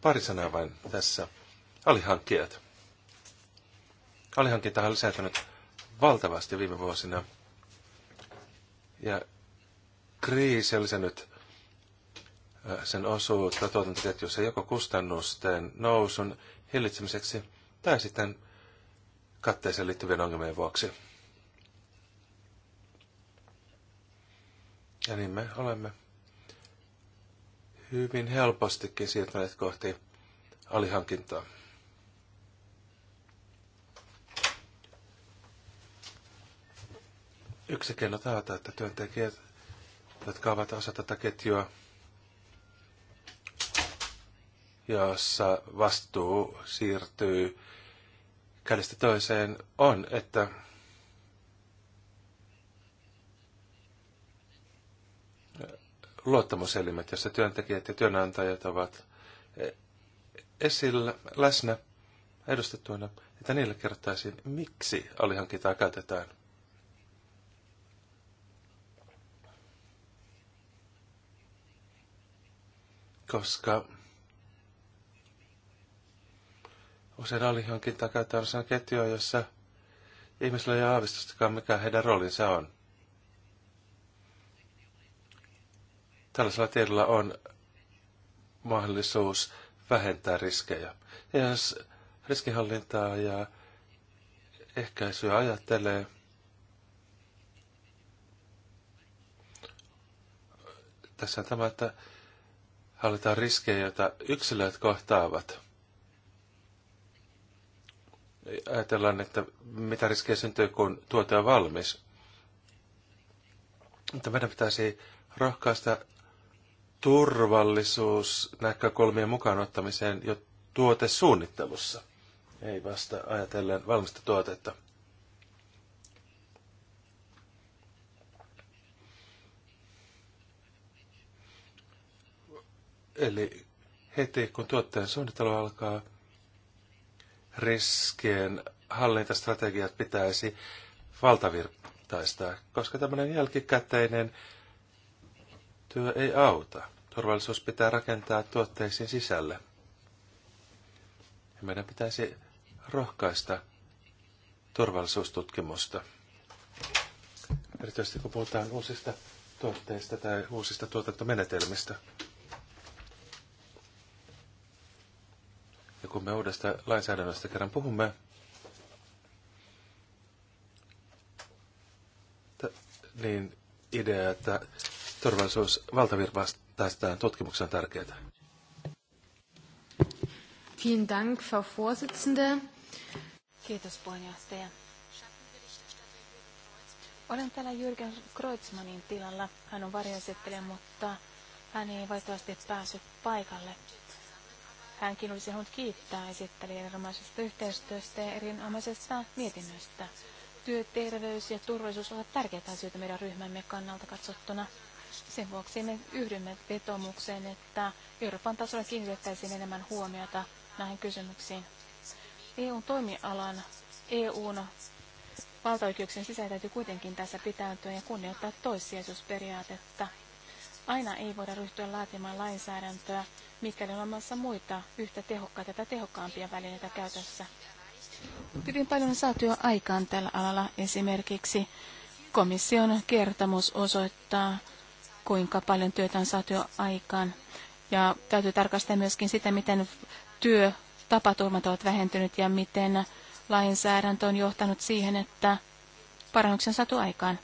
pari sanaa vain tässä. Alihankkijat. Alihankinta on lisääntynyt valtavasti viime vuosina. Ja kriisi on lisännyt sen osuutta tuotantoketjussa joko kustannusten nousun hillitsemiseksi tai sitten katteeseen liittyvien ongelmien vuoksi. Ja niin me olemme hyvin helpostikin siirtyneet kohti alihankintaa. Yksi keino taata, että työntekijät, jotka ovat osa tätä ketjua, jossa vastuu siirtyy kädestä toiseen, on, että luottamuselimet, jossa työntekijät ja työnantajat ovat esillä, läsnä, edustettuina, että niille kerrottaisiin, miksi alihankintaa käytetään. koska usein alihankintaa käytetään osana ketjua, jossa ihmisillä ei ole aavistustakaan, mikä heidän roolinsa on. Tällaisella tiedolla on mahdollisuus vähentää riskejä. Ja jos riskihallintaa ja ehkäisyä ajattelee, tässä on tämä, että Hallitaan riskejä, joita yksilöt kohtaavat. Ajatellaan, että mitä riskejä syntyy, kun tuote on valmis. Mutta meidän pitäisi rohkaista turvallisuusnäkökulmien mukaan ottamiseen jo tuotesuunnittelussa, ei vasta ajatellen valmista tuotetta. Eli heti kun tuottajan suunnittelu alkaa, riskien hallintastrategiat pitäisi valtavirtaistaa, koska tämmöinen jälkikäteinen työ ei auta. Turvallisuus pitää rakentaa tuotteisiin sisälle. Ja meidän pitäisi rohkaista turvallisuustutkimusta. Erityisesti kun puhutaan uusista tuotteista tai uusista tuotantomenetelmistä. kun me uudesta lainsäädännöstä kerran puhumme, niin idea, että turvallisuus valtavirtaistaan tutkimuksen on tärkeää. Vielen Dank, Frau Vorsitzende. Kiitos puheenjohtaja. Olen täällä Jürgen Kreutzmannin tilalla. Hän on varjoisettelija, mutta hän ei vaihtoehtoisesti päässyt paikalle. Hänkin olisi halunnut kiittää esittelijän erinomaisesta yhteistyöstä ja erinomaisesta mietinnöstä. Työ, terveys ja turvallisuus ovat tärkeitä asioita meidän ryhmämme kannalta katsottuna. Sen vuoksi me yhdymme vetomukseen, että Euroopan tasolla kiinnitettäisiin enemmän huomiota näihin kysymyksiin. EUn toimialan, EUn valtaoikeuksien sisällä täytyy kuitenkin tässä pitäytyä ja kunnioittaa toissijaisuusperiaatetta. Aina ei voida ryhtyä laatimaan lainsäädäntöä, mikäli on olemassa muita yhtä tehokkaita tai tehokkaampia välineitä käytössä. Hyvin paljon on saatu jo aikaan tällä alalla. Esimerkiksi komission kertomus osoittaa, kuinka paljon työtä on saatu jo aikaan. Ja täytyy tarkastaa myöskin sitä, miten työtapaturmat ovat vähentyneet ja miten lainsäädäntö on johtanut siihen, että parannuksen saatu aikaan.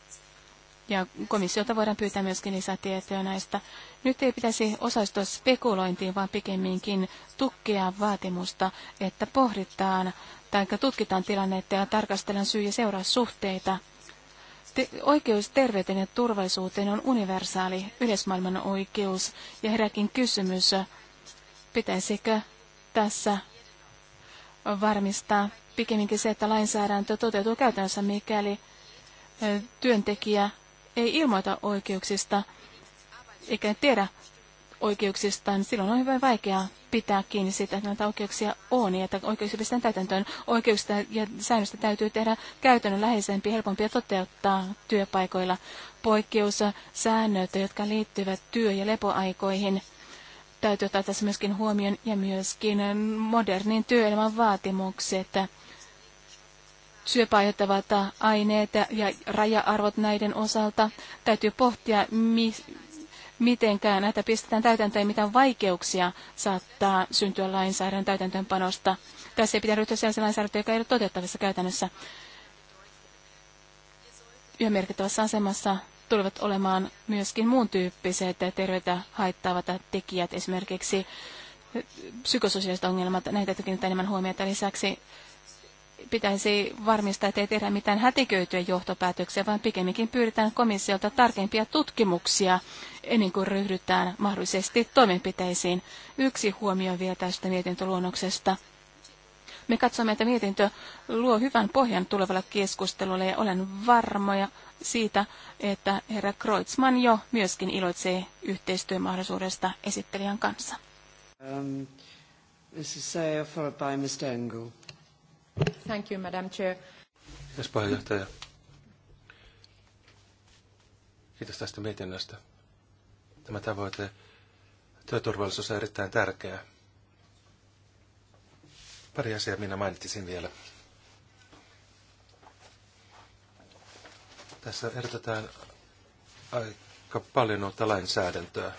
Ja komissiota voidaan pyytää myöskin lisätietoja näistä. Nyt ei pitäisi osallistua spekulointiin, vaan pikemminkin tukkia vaatimusta, että pohditaan tai tutkitaan tilannetta ja tarkastellaan syy- ja seuraussuhteita. Te- oikeus terveyteen ja turvallisuuteen on universaali yleismaailman oikeus, ja heräkin kysymys, pitäisikö tässä varmistaa pikemminkin se, että lainsäädäntö toteutuu käytännössä, mikäli työntekijä ei ilmoita oikeuksista eikä tiedä oikeuksista. niin silloin on hyvin vaikeaa pitää kiinni siitä, että näitä oikeuksia on ja että oikeuksia täytäntöön. Oikeuksista ja säännöstä täytyy tehdä käytännönläheisempiä, helpompia toteuttaa työpaikoilla. Poikkeus, säännöt, jotka liittyvät työ- ja lepoaikoihin, täytyy ottaa tässä myöskin huomioon ja myöskin modernin työelämän vaatimukset syöpäaiheuttavat aineet ja raja-arvot näiden osalta. Täytyy pohtia, mi- mitenkään näitä pistetään täytäntöön, mitä vaikeuksia saattaa syntyä lainsäädännön täytäntöönpanosta. Tässä ei pitää ryhtyä sellaisen lainsäädäntöön, joka ei ole toteuttavissa käytännössä. Ja merkittävässä asemassa tulevat olemaan myöskin muun tyyppiset terveyttä haittaavat tekijät, esimerkiksi psykososiaaliset ongelmat, näitä kiinnittää enemmän huomiota lisäksi pitäisi varmistaa, että ei tehdä mitään hätiköityjä johtopäätöksiä, vaan pikemminkin pyydetään komissiolta tarkempia tutkimuksia ennen kuin ryhdytään mahdollisesti toimenpiteisiin. Yksi huomio vielä tästä mietintöluonnoksesta. Me katsomme, että mietintö luo hyvän pohjan tulevalle keskustelulle ja olen varmoja siitä, että herra Kreutzmann jo myöskin iloitsee yhteistyömahdollisuudesta esittelijän kanssa. Um, Thank you, Madam Chair. Kiitos puheenjohtaja. Kiitos tästä mietinnöstä. Tämä tavoite työturvallisuus on erittäin tärkeä. Pari asiaa minä mainitsisin vielä. Tässä ehdotetaan aika paljon uutta lainsäädäntöä.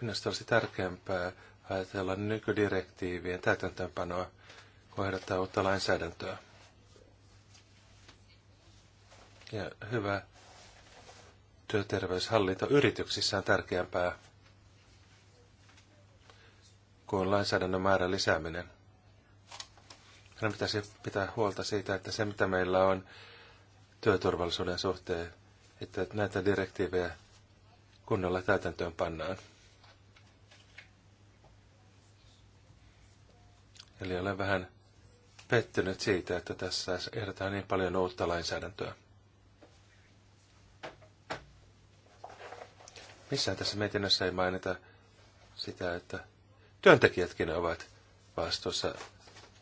Minusta olisi tärkeämpää ajatella nykydirektiivien täytäntöönpanoa, kun ehdottaa uutta lainsäädäntöä. Ja hyvä työterveyshallinto yrityksissä on tärkeämpää kuin lainsäädännön määrän lisääminen. Meidän pitäisi pitää huolta siitä, että se mitä meillä on työturvallisuuden suhteen, että näitä direktiivejä kunnolla täytäntöön pannaan. Eli olen vähän pettynyt siitä, että tässä ehdotetaan niin paljon uutta lainsäädäntöä. Missään tässä mietinnössä ei mainita sitä, että työntekijätkin ovat vastuussa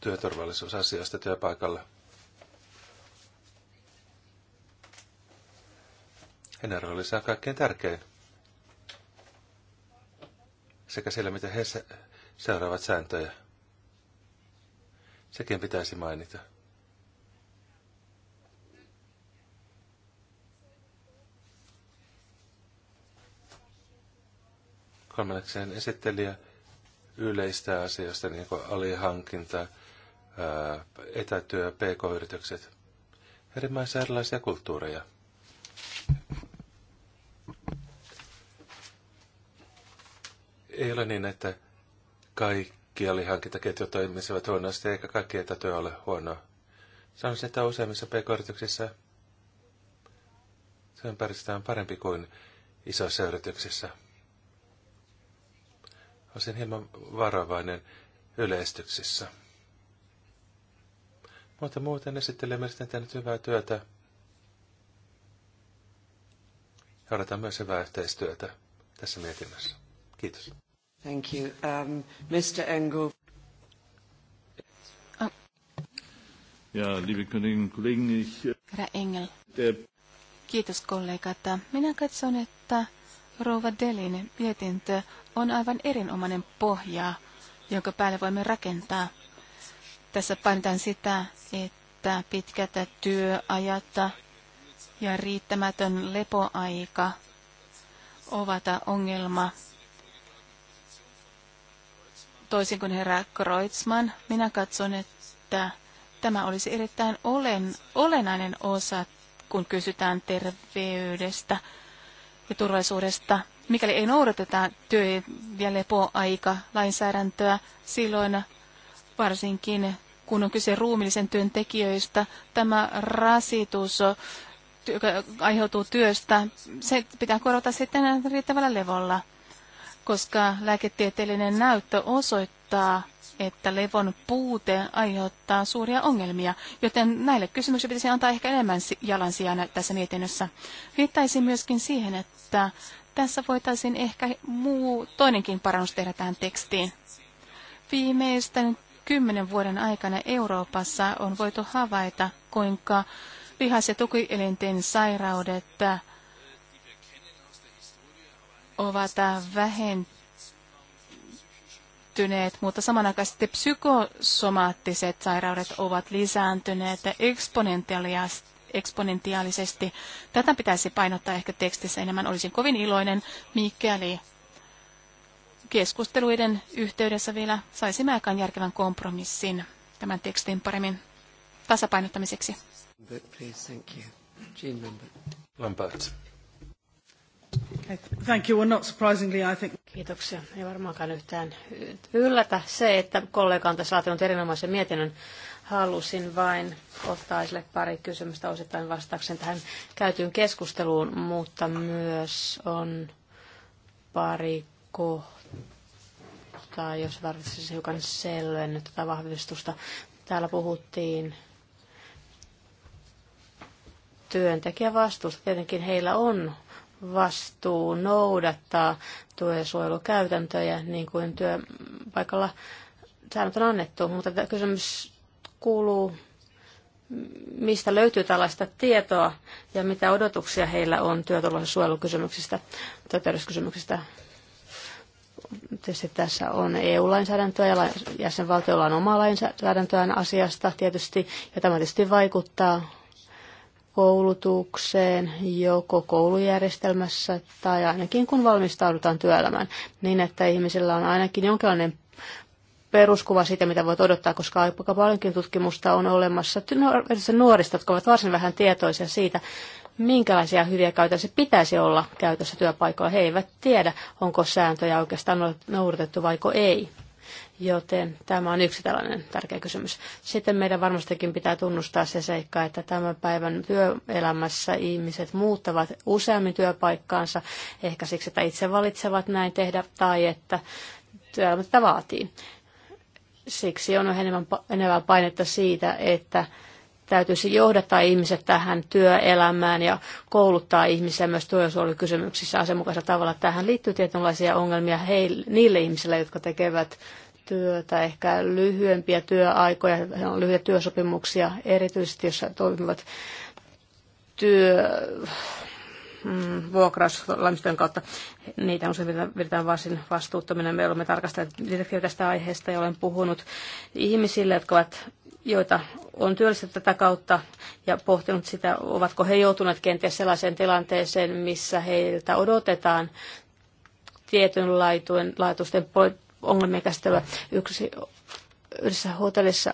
työturvallisuusasioista työpaikalla. Heidän roolinsa on kaikkein tärkein. Sekä sillä, miten he seuraavat sääntöjä. Sekin pitäisi mainita. Kolmanneksen esittelijä yleistä asioista, niin kuin alihankinta, etätyö, pk-yritykset. Eri maissa erilaisia kulttuureja. Ei ole niin, että kaikki kaikki alihankintaketjut toimisivat huonosti, eikä kaikki etätyö ole huonoa. Sanoisin, että useimmissa pk-yrityksissä se ympäristö on parempi kuin isoissa yrityksissä. Olisin hieman varovainen yleistyksissä. Mutta muuten esittelee mielestäni tehnyt hyvää työtä. Ja odotan myös hyvää yhteistyötä tässä mietinnössä. Kiitos. Thank you. Um, Mr. Engel. Oh. Ja, liebe Kolleginnen Kollegen, ich... Äh, Engel. Der... Kiitos kollegat. Minä katson, että Rouva Delin mietintö on aivan erinomainen pohja, jonka päälle voimme rakentaa. Tässä painetaan sitä, että pitkät työajat ja riittämätön lepoaika ovat ongelma toisin kuin herra Kreutzmann, minä katson, että tämä olisi erittäin olen, olennainen osa, kun kysytään terveydestä ja turvallisuudesta. Mikäli ei noudateta työ- ja lepoaika lainsäädäntöä, silloin varsinkin kun on kyse ruumillisen työn tekijöistä, tämä rasitus, joka aiheutuu työstä, se pitää korvata sitten riittävällä levolla koska lääketieteellinen näyttö osoittaa, että levon puute aiheuttaa suuria ongelmia, joten näille kysymyksille pitäisi antaa ehkä enemmän jalansijana tässä mietinnössä. Viittaisin myöskin siihen, että tässä voitaisiin ehkä muu toinenkin parannus tehdä tähän tekstiin. Viimeisten kymmenen vuoden aikana Euroopassa on voitu havaita, kuinka lihas- ja tukielinten sairaudet ovat vähentyneet, mutta samanaikaisesti psykosomaattiset sairaudet ovat lisääntyneet eksponentiaalisesti. Tätä pitäisi painottaa ehkä tekstissä enemmän. Olisin kovin iloinen, mikäli keskusteluiden yhteydessä vielä saisimme aikaan järkevän kompromissin tämän tekstin paremmin tasapainottamiseksi. Please, thank you. Jean Lambert. Thank you. Well, not surprisingly, I think... Kiitoksia. Ei varmaankaan yhtään yllätä se, että kollega on tässä laatinut erinomaisen mietinnön. Halusin vain ottaa esille pari kysymystä osittain vastauksen tähän käytyyn keskusteluun, mutta myös on pari kohtaa, jos tarvitsisi hiukan selvennyttä tai vahvistusta. Täällä puhuttiin työntekijävastuusta. Tietenkin heillä on vastuu noudattaa työsuojelukäytäntöjä niin kuin työpaikalla säännöt on annettu, mutta kysymys kuuluu, mistä löytyy tällaista tietoa ja mitä odotuksia heillä on työturvallisuus- suojelukysymyksistä, terveyskysymyksistä. Tietysti tässä on EU-lainsäädäntöä ja jäsenvaltiolla on omaa lainsäädäntöä asiasta tietysti, ja tämä tietysti vaikuttaa koulutukseen joko koulujärjestelmässä tai ainakin kun valmistaudutaan työelämään, niin että ihmisillä on ainakin jonkinlainen peruskuva siitä, mitä voit odottaa, koska aika paljonkin tutkimusta on olemassa nuorista, jotka ovat varsin vähän tietoisia siitä, minkälaisia hyviä käytännössä pitäisi olla käytössä työpaikoilla. He eivät tiedä, onko sääntöjä oikeastaan noudatettu vaiko ei. Joten tämä on yksi tällainen tärkeä kysymys. Sitten meidän varmastikin pitää tunnustaa se seikka, että tämän päivän työelämässä ihmiset muuttavat useammin työpaikkaansa, ehkä siksi, että itse valitsevat näin tehdä tai että työelämä tätä vaatii. Siksi on enemmän, enemmän painetta siitä, että täytyisi johdattaa ihmiset tähän työelämään ja kouluttaa ihmisiä myös työsuojelukysymyksissä asianmukaisella tavalla. Tähän liittyy tietynlaisia ongelmia heille, niille ihmisille, jotka tekevät työtä, ehkä lyhyempiä työaikoja, on lyhyitä työsopimuksia, erityisesti jos toimivat työ, mm, vuokrauslaimistojen kautta. Niitä on se varsin vastuuttomina. Me olemme tarkastaneet direktiiviä tästä aiheesta ja olen puhunut ihmisille, jotka ovat joita on työllistetty tätä kautta ja pohtinut sitä, ovatko he joutuneet kenties sellaiseen tilanteeseen, missä heiltä odotetaan tietynlaatuisten ongelmia käsitellä. Yksi, yhdessä hotellissa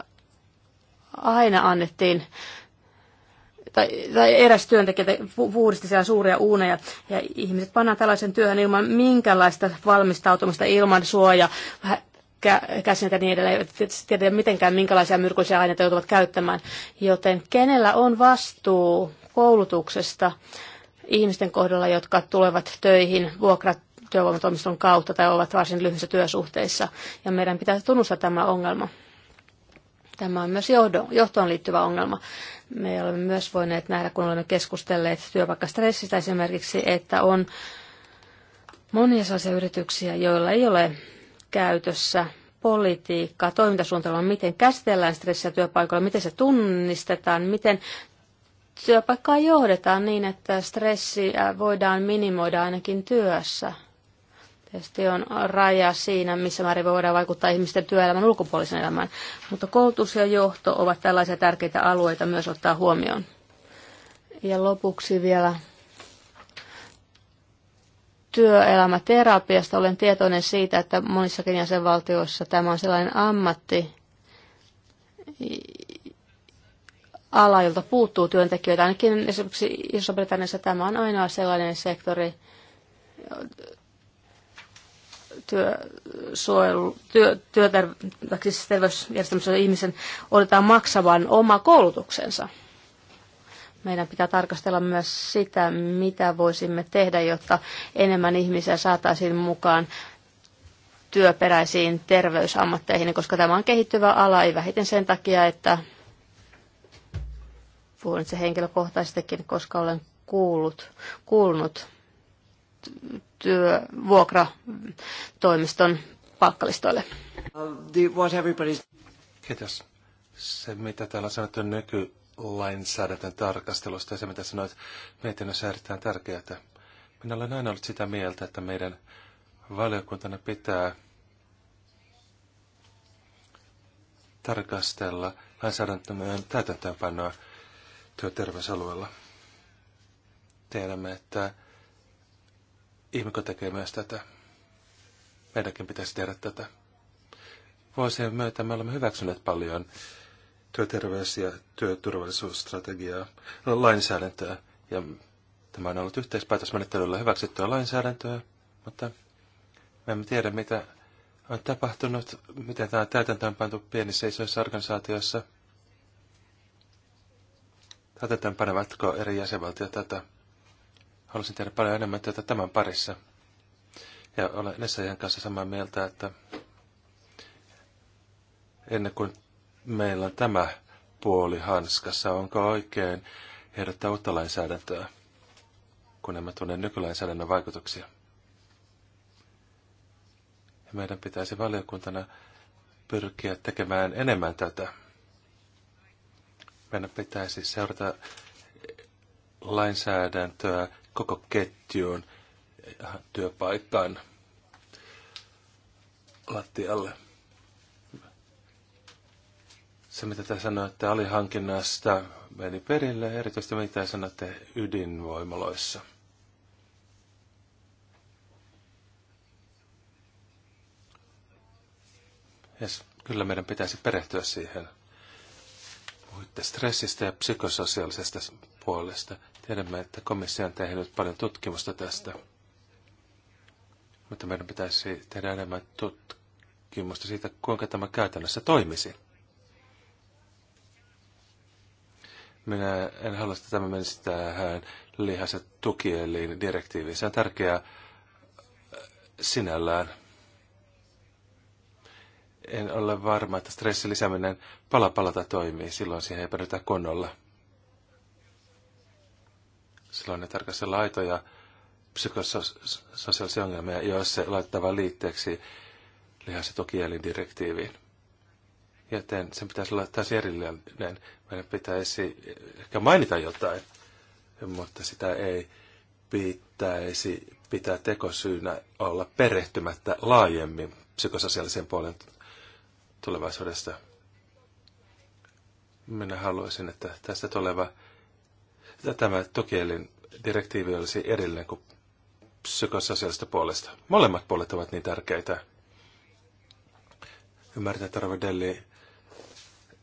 aina annettiin tai, tai eräs työntekijä puhdisti siellä suuria uuneja, ja ihmiset pannaan tällaisen työhön ilman minkäänlaista valmistautumista, ilman suoja, käsin ja niin edelleen, että tiedä mitenkään minkälaisia myrkyllisiä aineita joutuvat käyttämään. Joten kenellä on vastuu koulutuksesta ihmisten kohdalla, jotka tulevat töihin vuokrat työvoimatoimiston kautta tai ovat varsin lyhyissä työsuhteissa. Ja meidän pitää tunnustaa tämä ongelma. Tämä on myös johtoon liittyvä ongelma. Me olemme myös voineet nähdä, kun olemme keskustelleet työpaikkastressistä esimerkiksi, että on monia sellaisia yrityksiä, joilla ei ole käytössä politiikkaa, toimintasuunnitelmaa, miten käsitellään stressiä työpaikalla, miten se tunnistetaan, miten työpaikkaa johdetaan niin, että stressiä voidaan minimoida ainakin työssä. Ja on raja siinä, missä määrin voidaan vaikuttaa ihmisten työelämän ulkopuolisen elämään. Mutta koulutus ja johto ovat tällaisia tärkeitä alueita myös ottaa huomioon. Ja lopuksi vielä työelämäterapiasta. Olen tietoinen siitä, että monissakin jäsenvaltioissa tämä on sellainen ammatti, ala, jolta puuttuu työntekijöitä. Ainakin esimerkiksi Iso-Britanniassa tämä on ainoa sellainen sektori, työsuojelu, työ, työter, siis terveysjärjestelmässä ihmisen odotetaan maksavan oma koulutuksensa. Meidän pitää tarkastella myös sitä, mitä voisimme tehdä, jotta enemmän ihmisiä saataisiin mukaan työperäisiin terveysammatteihin, koska tämä on kehittyvä ala, ei vähiten sen takia, että puhun se henkilökohtaisestikin, koska olen kuullut, kuulunut työ, vuokratoimiston palkkalistoille. Kiitos. Se, mitä täällä on sanottu nykylainsäädäntön tarkastelusta ja se, mitä sanoit mietinnössä erittäin tärkeää. Minä olen aina ollut sitä mieltä, että meidän valiokuntana pitää tarkastella lainsäädäntömyön täytäntöönpanoa työterveysalueella. Tiedämme, että IMCO tekee myös tätä. Meidänkin pitäisi tehdä tätä. Vuosien myötä me olemme hyväksyneet paljon työterveys- ja työturvallisuusstrategiaa, lainsäädäntöä, ja tämä on ollut yhteispäätösmenettelyllä hyväksyttyä lainsäädäntöä, mutta me emme tiedä, mitä on tapahtunut, miten tämä on täytäntöönpantu pienissä isoissa organisaatioissa. Täytäntöönpanevatko eri jäsenvaltiot tätä? Haluaisin tehdä paljon enemmän työtä tämän parissa. Ja olen Essayan kanssa samaa mieltä, että ennen kuin meillä on tämä puoli hanskassa, onko oikein ehdottaa uutta lainsäädäntöä, kun emme tunne nykylainsäädännön vaikutuksia. Ja meidän pitäisi valiokuntana pyrkiä tekemään enemmän tätä. Meidän pitäisi seurata lainsäädäntöä koko ketjuun äh, työpaikan lattialle. Se, mitä te sanoitte alihankinnasta, meni perille, erityisesti mitä sanotte ydinvoimaloissa. Yes, kyllä meidän pitäisi perehtyä siihen. Puhuitte stressistä ja psykososiaalisesta puolesta. Tiedämme, että komissio on tehnyt paljon tutkimusta tästä, mutta meidän pitäisi tehdä enemmän tutkimusta siitä, kuinka tämä käytännössä toimisi. Minä en halua, että tämä menisi tähän lihaset tukieliin direktiiviin. Se on tärkeää äh, sinällään. En ole varma, että stressin lisääminen pala palata toimii. Silloin siihen ei pärjätä kunnolla. Silloin ne tarkastellaan aitoja psykososiaalisia ongelmia, jos se laittaa liitteeksi lihas- ja tukielin direktiiviin. Joten sen pitäisi olla taas erillinen. Meidän pitäisi ehkä mainita jotain, mutta sitä ei pitäisi pitää tekosyynä olla perehtymättä laajemmin psykososiaalisen puolen tulevaisuudesta. Minä haluaisin, että tästä tuleva tämä Tokielin direktiivi olisi erillinen kuin psykososiaalista puolesta. Molemmat puolet ovat niin tärkeitä. Ymmärrän, että Rovedelli,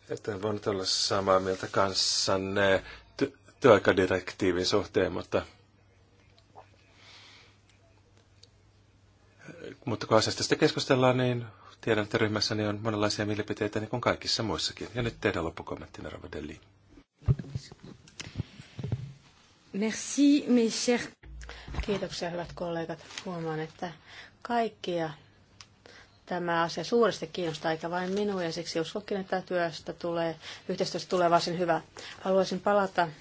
että en voinut olla samaa mieltä kanssanne ty- työaikadirektiivin suhteen, mutta, mutta kun asiasta sitä keskustellaan, niin tiedän, että ryhmässäni on monenlaisia mielipiteitä niin kuin kaikissa muissakin. Ja nyt teidän loppukommenttinne, Rovedelli. Merci, mes chers... Kiitoksia, hyvät kollegat. Huomaan, että kaikkia tämä asia suuresti kiinnostaa, eikä vain minua, ja siksi uskonkin, että työstä tulee, yhteistyöstä tulee varsin hyvä. Haluaisin palata mm,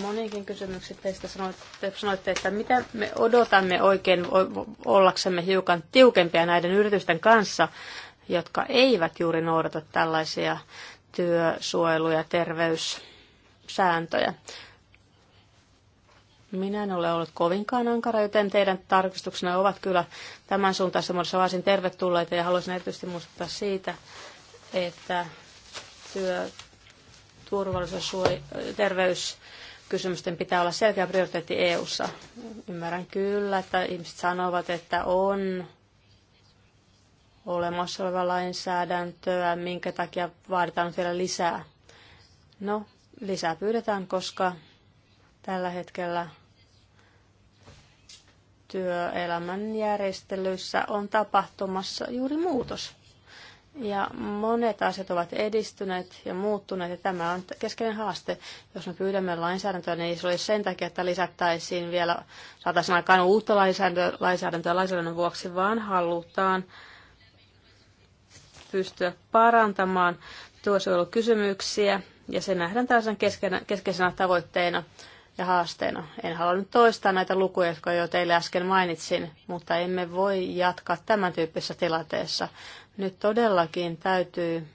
moniinkin kysymyksiin teistä sanoitte, sanoitte, että mitä me odotamme oikein ollaksemme hiukan tiukempia näiden yritysten kanssa, jotka eivät juuri noudata tällaisia työsuojelu- ja terveyssääntöjä. Minä en ole ollut kovinkaan ankara, joten teidän tarkistuksena ovat kyllä tämän suuntaisessa muodossa varsin tervetulleita ja haluaisin erityisesti muistuttaa siitä, että työ, turvallisuus, suoj- terveys, kysymysten pitää olla selkeä prioriteetti EU:ssa. Ymmärrän kyllä, että ihmiset sanovat, että on olemassa oleva lainsäädäntöä, minkä takia vaaditaan vielä lisää. No, lisää pyydetään, koska tällä hetkellä työelämän järjestelyissä on tapahtumassa juuri muutos. Ja monet asiat ovat edistyneet ja muuttuneet, ja tämä on keskeinen haaste. Jos me pyydämme lainsäädäntöä, niin se olisi sen takia, että lisättäisiin vielä, saataisiin aikaan uutta lainsäädäntöä, lainsäädäntöä lainsäädännön vuoksi, vaan halutaan pystyä parantamaan tuosuojelukysymyksiä, ja se nähdään tällaisena keskeisenä tavoitteena ja haasteena. En halua nyt toistaa näitä lukuja, jotka jo teille äsken mainitsin, mutta emme voi jatkaa tämän tyyppisessä tilanteessa. Nyt todellakin täytyy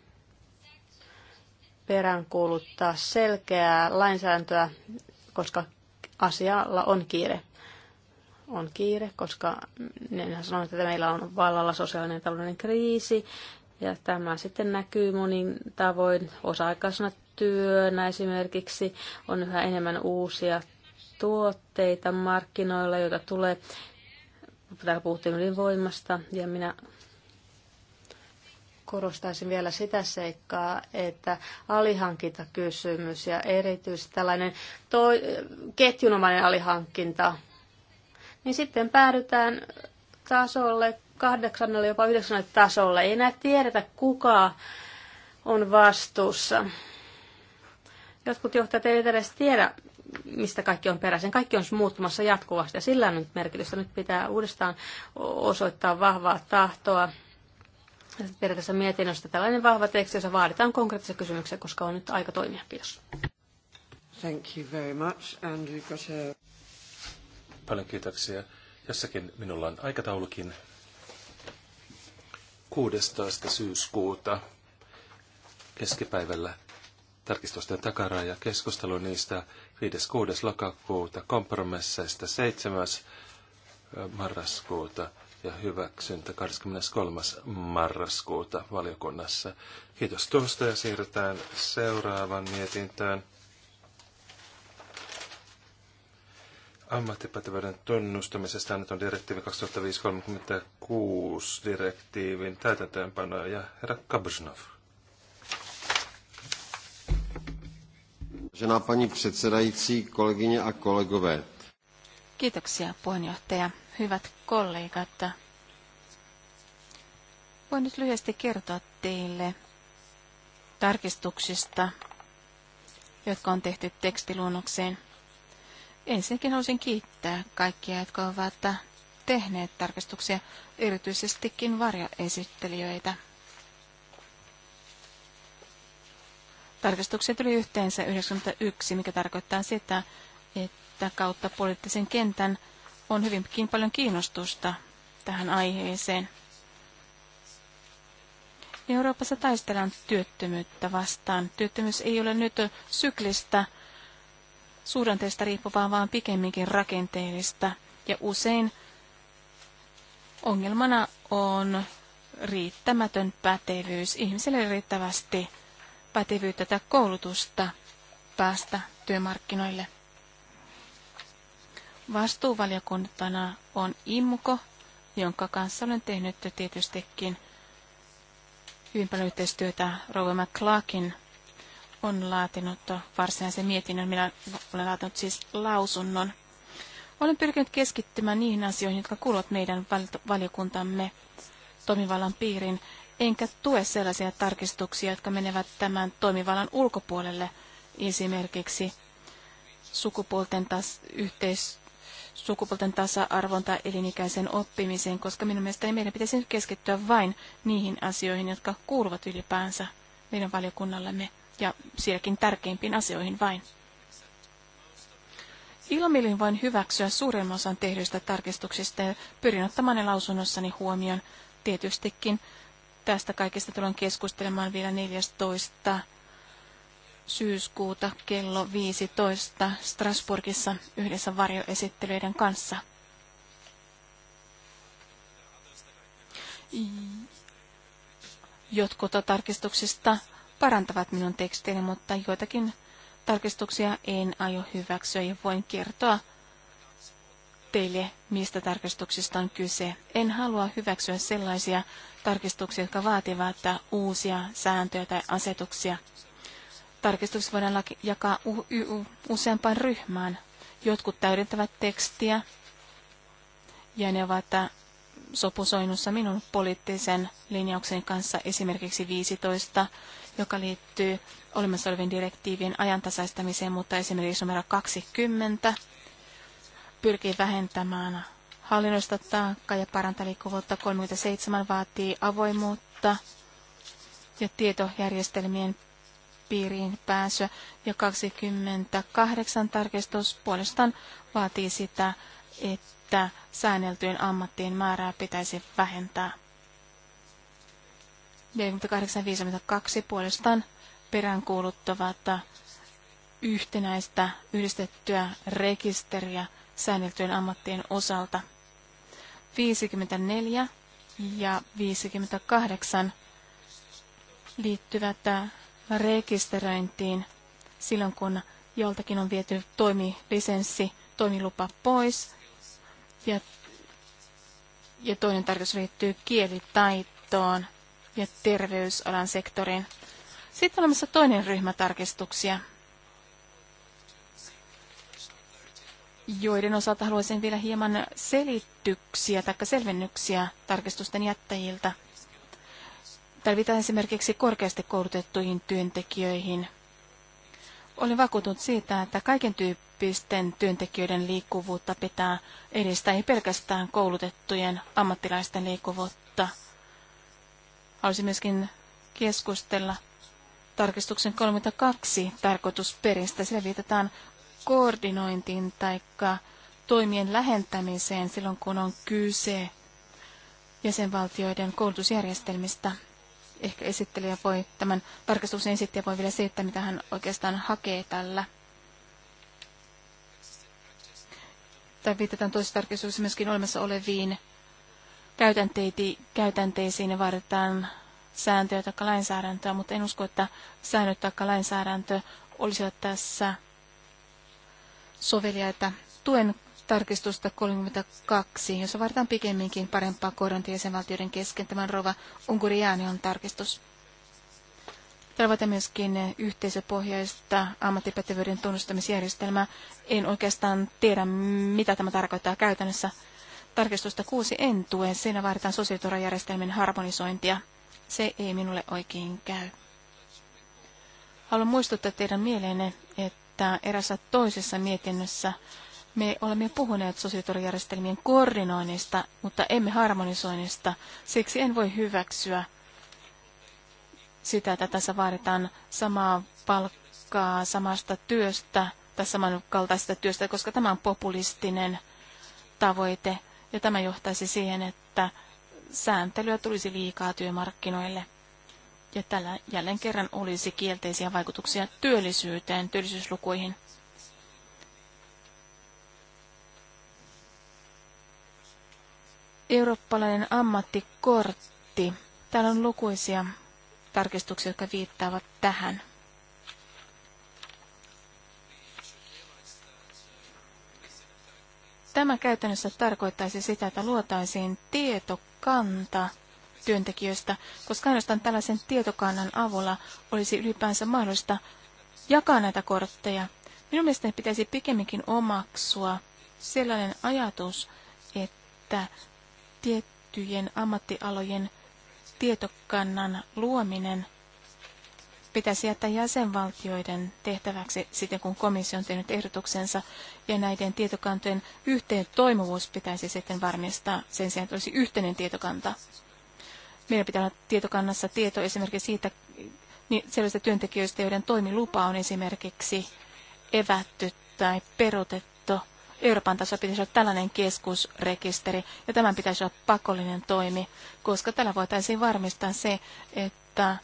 peräänkuuluttaa selkeää lainsäädäntöä, koska asialla on kiire. On kiire, koska niin sanoin, että meillä on vallalla sosiaalinen ja taloudellinen kriisi, ja tämä sitten näkyy monin tavoin osa-aikaisena työnä esimerkiksi on yhä enemmän uusia tuotteita markkinoilla, joita tulee. Täällä puhuttiin ydinvoimasta ja minä korostaisin vielä sitä seikkaa, että alihankintakysymys ja erityisesti tällainen toi, ketjunomainen alihankinta, niin sitten päädytään tasolle, kahdeksannelle jopa yhdeksännelle tasolle. Ei enää tiedetä, kuka on vastuussa Jotkut johtajat eivät edes tiedä, mistä kaikki on peräisin. Kaikki on muuttumassa jatkuvasti ja sillä on nyt merkitystä. Nyt pitää uudestaan osoittaa vahvaa tahtoa. Tiedä tässä mietinnöstä tällainen vahva teksti, jossa vaaditaan konkreettisia kysymyksiä, koska on nyt aika toimia. Kiitos. Thank you very much. And we've got a... Paljon kiitoksia. Jossakin minulla on aikataulukin 16. syyskuuta keskipäivällä tarkistusten takaraja. Keskustelu niistä 5.6. lokakuuta, kompromisseista 7. marraskuuta ja hyväksyntä 23. marraskuuta valiokunnassa. Kiitos tuosta ja siirrytään seuraavan mietintään. ammattipätevyyden tunnustamisesta annetun direktiivin 2005-36 direktiivin täytäntöönpanoa ja herra Kabusnov. Vážená paní předsedající, kolegyně a kolegové. Kiitoksia puheenjohtaja. Hyvät kollegat. Voin nyt lyhyesti kertoa teille tarkistuksista, jotka on tehty tekstiluonnokseen. Ensinnäkin haluaisin kiittää kaikkia, jotka ovat tehneet tarkistuksia, erityisestikin varjoesittelijöitä. Tarkastuksia tuli yhteensä 91, mikä tarkoittaa sitä, että kautta poliittisen kentän on hyvinkin paljon kiinnostusta tähän aiheeseen. Euroopassa taistellaan työttömyyttä vastaan. Työttömyys ei ole nyt syklistä suhdanteesta riippuvaa, vaan pikemminkin rakenteellista. Ja usein ongelmana on riittämätön pätevyys. Ihmiselle riittävästi pätevyyttä tai koulutusta päästä työmarkkinoille. Vastuuvaliokuntana on IMMUKO, jonka kanssa olen tehnyt tietystikin hyvin paljon yhteistyötä. Rova McClarkin on laatinut varsinaisen mietinnön. Minä olen laatinut siis lausunnon. Olen pyrkinyt keskittymään niihin asioihin, jotka kuuluvat meidän valiokuntamme toimivallan piirin enkä tue sellaisia tarkistuksia, jotka menevät tämän toimivallan ulkopuolelle, esimerkiksi sukupuolten, tas, yhteis, sukupuolten tasa-arvon tai elinikäisen oppimiseen, koska minun mielestäni meidän pitäisi nyt keskittyä vain niihin asioihin, jotka kuuluvat ylipäänsä meidän valiokunnallemme ja sielläkin tärkeimpiin asioihin vain. Ilmielin voin hyväksyä suurimman osan tehdyistä tarkistuksista ja pyrin ottamaan ne lausunnossani huomioon. Tietystikin Tästä kaikesta tullaan keskustelemaan vielä 14. syyskuuta kello 15 Strasburgissa yhdessä varjoesittelyiden kanssa. Jotkut tarkistuksista parantavat minun tekstini, mutta joitakin tarkistuksia en aio hyväksyä ja voin kertoa teille, mistä tarkistuksista on kyse. En halua hyväksyä sellaisia tarkistuksia, jotka vaativat uusia sääntöjä tai asetuksia. Tarkistukset voidaan jakaa useampaan ryhmään. Jotkut täydentävät tekstiä ja ne ovat sopusoinnussa minun poliittisen linjaukseni kanssa esimerkiksi 15, joka liittyy olemassa olevien direktiivien ajantasaistamiseen, mutta esimerkiksi numero 20, pyrkii vähentämään hallinnollista taakkaa ja parantaa liikkuvuutta. 37 vaatii avoimuutta ja tietojärjestelmien piiriin pääsyä ja 28 tarkistus puolestaan vaatii sitä, että säänneltyjen ammattien määrää pitäisi vähentää. 48.52 puolestaan peräänkuuluttavat yhtenäistä yhdistettyä rekisteriä säänneltyjen ammattien osalta. 54 ja 58 liittyvät äh, rekisteröintiin silloin, kun joltakin on viety toimilisenssi, toimilupa pois. Ja, ja toinen tarkoitus liittyy kielitaitoon ja terveysalan sektoriin. Sitten olemassa toinen ryhmä tarkistuksia. joiden osalta haluaisin vielä hieman selityksiä tai selvennyksiä tarkistusten jättäjiltä. Täällä esimerkiksi korkeasti koulutettuihin työntekijöihin. Olin vakuutunut siitä, että kaiken tyyppisten työntekijöiden liikkuvuutta pitää edistää, ei pelkästään koulutettujen ammattilaisten liikkuvuutta. Haluaisin myöskin keskustella tarkistuksen 32 tarkoitusperistä. Sillä viitataan koordinointiin tai toimien lähentämiseen silloin, kun on kyse jäsenvaltioiden koulutusjärjestelmistä. Ehkä esittelijä voi, tämän tarkastuksen esittäjä voi vielä selittää, mitä hän oikeastaan hakee tällä. Tai viitataan toisessa tarkastuksessa myöskin olemassa oleviin käytänteisiin ja vaaditaan sääntöjä tai lainsäädäntöä, mutta en usko, että säännöt tai lainsäädäntö olisivat tässä soveliaita. Tuen tarkistusta 32, jossa vartaan pikemminkin parempaa koordinointia jäsenvaltioiden kesken. Tämän rova Unguriaani on tarkistus. Tarvitaan myöskin yhteisöpohjaista ammattipätevyyden tunnustamisjärjestelmää. En oikeastaan tiedä, mitä tämä tarkoittaa käytännössä. Tarkistusta 6 en tue. Siinä vaaditaan sosiaaliturvajärjestelmien harmonisointia. Se ei minulle oikein käy. Haluan muistuttaa teidän mieleenne, että että erässä toisessa mietinnössä me olemme puhuneet sosiaaliturvajärjestelmien koordinoinnista, mutta emme harmonisoinnista. Siksi en voi hyväksyä sitä, että tässä vaaditaan samaa palkkaa samasta työstä tai samankaltaisesta työstä, koska tämä on populistinen tavoite ja tämä johtaisi siihen, että sääntelyä tulisi liikaa työmarkkinoille ja tällä jälleen kerran olisi kielteisiä vaikutuksia työllisyyteen, työllisyyslukuihin. Eurooppalainen ammattikortti. Täällä on lukuisia tarkistuksia, jotka viittaavat tähän. Tämä käytännössä tarkoittaisi sitä, että luotaisiin tietokanta – työntekijöistä, koska ainoastaan tällaisen tietokannan avulla olisi ylipäänsä mahdollista jakaa näitä kortteja. Minun mielestäni pitäisi pikemminkin omaksua sellainen ajatus, että tiettyjen ammattialojen tietokannan luominen pitäisi jättää jäsenvaltioiden tehtäväksi sitten, kun komissio on tehnyt ehdotuksensa, ja näiden tietokantojen yhteen toimivuus pitäisi sitten varmistaa sen sijaan, että olisi yhteinen tietokanta. Meidän pitää olla tietokannassa tieto esimerkiksi siitä niin sellaisista työntekijöistä, joiden toimilupa on esimerkiksi evätty tai perutettu. Euroopan tasolla pitäisi olla tällainen keskusrekisteri, ja tämän pitäisi olla pakollinen toimi, koska tällä voitaisiin varmistaa se, että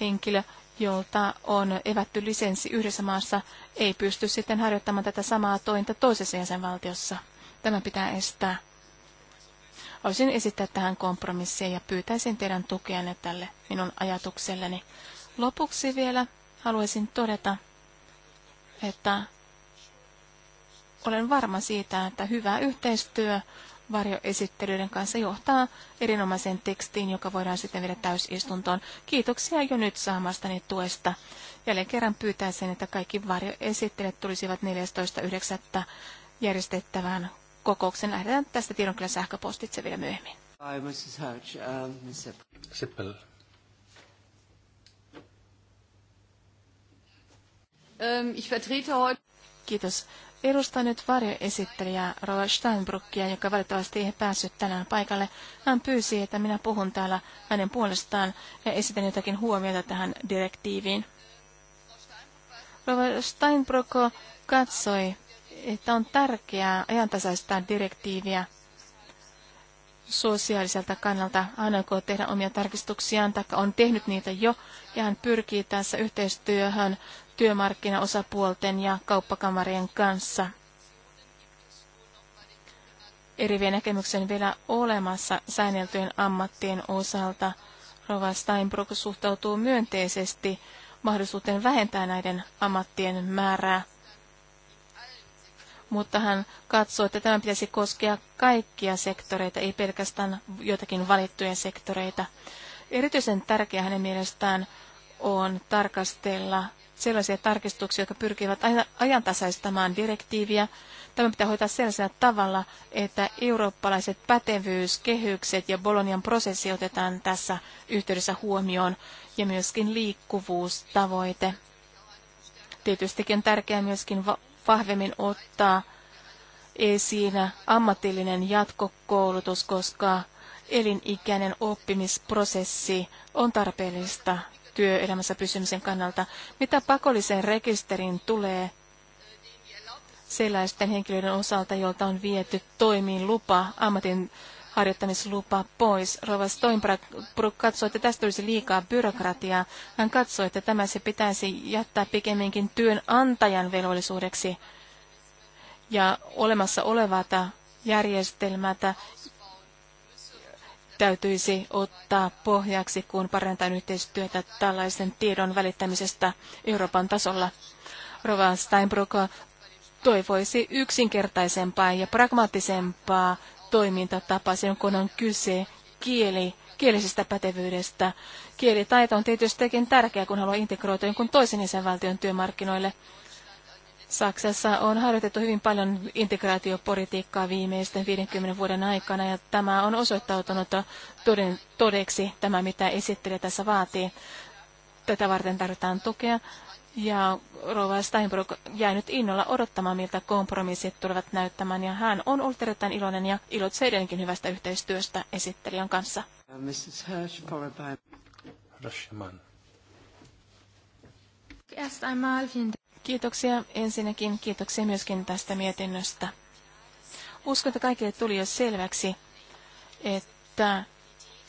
henkilö, jolta on evätty lisenssi yhdessä maassa, ei pysty sitten harjoittamaan tätä samaa tointa toisessa jäsenvaltiossa. Tämä pitää estää. Haluaisin esittää tähän kompromissia ja pyytäisin teidän tukeanne tälle minun ajatukselleni. Lopuksi vielä haluaisin todeta, että olen varma siitä, että hyvä yhteistyö varjoesittelyiden kanssa johtaa erinomaiseen tekstiin, joka voidaan sitten viedä täysistuntoon. Kiitoksia jo nyt saamastani tuesta. Jälleen kerran pyytäisin, että kaikki varjoesittelijät tulisivat 14.9. järjestettävään kokouksen. Lähdetään tästä tiedon kyllä sähköpostitse vielä myöhemmin. Um, ähm, ich vertrete heute... Kiitos. Edustan nyt varjoesittelijää Rova Steinbruckia, joka valitettavasti ei päässyt tänään paikalle. Hän pyysi, että minä puhun täällä hänen puolestaan ja esitän jotakin huomiota tähän direktiiviin. Rova Steinbruck katsoi, että on tärkeää ajantasaistaa direktiiviä sosiaaliselta kannalta. Hän tehdä omia tarkistuksiaan, tai on tehnyt niitä jo, ja hän pyrkii tässä yhteistyöhön työmarkkinaosapuolten ja kauppakamarien kanssa. Erivien näkemyksen vielä olemassa säänneltyjen ammattien osalta. Rova Steinbrück suhtautuu myönteisesti mahdollisuuteen vähentää näiden ammattien määrää mutta hän katsoo, että tämän pitäisi koskea kaikkia sektoreita, ei pelkästään jotakin valittuja sektoreita. Erityisen tärkeää hänen mielestään on tarkastella sellaisia tarkistuksia, jotka pyrkivät ajantasaistamaan direktiiviä. Tämä pitää hoitaa sellaisella tavalla, että eurooppalaiset pätevyyskehykset ja Bolonian prosessi otetaan tässä yhteydessä huomioon ja myöskin liikkuvuustavoite. Tietystikin on tärkeää myöskin vahvemmin ottaa esiin ammatillinen jatkokoulutus, koska elinikäinen oppimisprosessi on tarpeellista työelämässä pysymisen kannalta. Mitä pakolliseen rekisterin tulee sellaisten henkilöiden osalta, jolta on viety toimiin lupa ammatin harjoittamislupa pois. Rova Stoinbrück katsoi, että tästä olisi liikaa byrokratiaa. Hän katsoi, että tämä se pitäisi jättää pikemminkin työnantajan velvollisuudeksi. Ja olemassa olevata järjestelmätä täytyisi ottaa pohjaksi, kun parantaan yhteistyötä tällaisen tiedon välittämisestä Euroopan tasolla. Rova Steinbrück toivoisi yksinkertaisempaa ja pragmaattisempaa toimintatapa silloin, kun on kyse kieli, kielisestä pätevyydestä. Kielitaito on tekin tärkeä, kun haluaa integroitua jonkun toisen isänvaltion työmarkkinoille. Saksassa on harjoitettu hyvin paljon integraatiopolitiikkaa viimeisten 50 vuoden aikana, ja tämä on osoittautunut toden, todeksi, tämä mitä esittelijä tässä vaatii. Tätä varten tarvitaan tukea ja Rova Steinbrück jäi nyt innolla odottamaan, miltä kompromissit tulevat näyttämään, ja hän on ollut erittäin iloinen ja iloitsee edelleenkin hyvästä yhteistyöstä esittelijän kanssa. Uh, Mrs. Hirsch, followed by... Rashman. Kiitoksia ensinnäkin, kiitoksia myöskin tästä mietinnöstä. Uskon, että kaikille tuli jo selväksi, että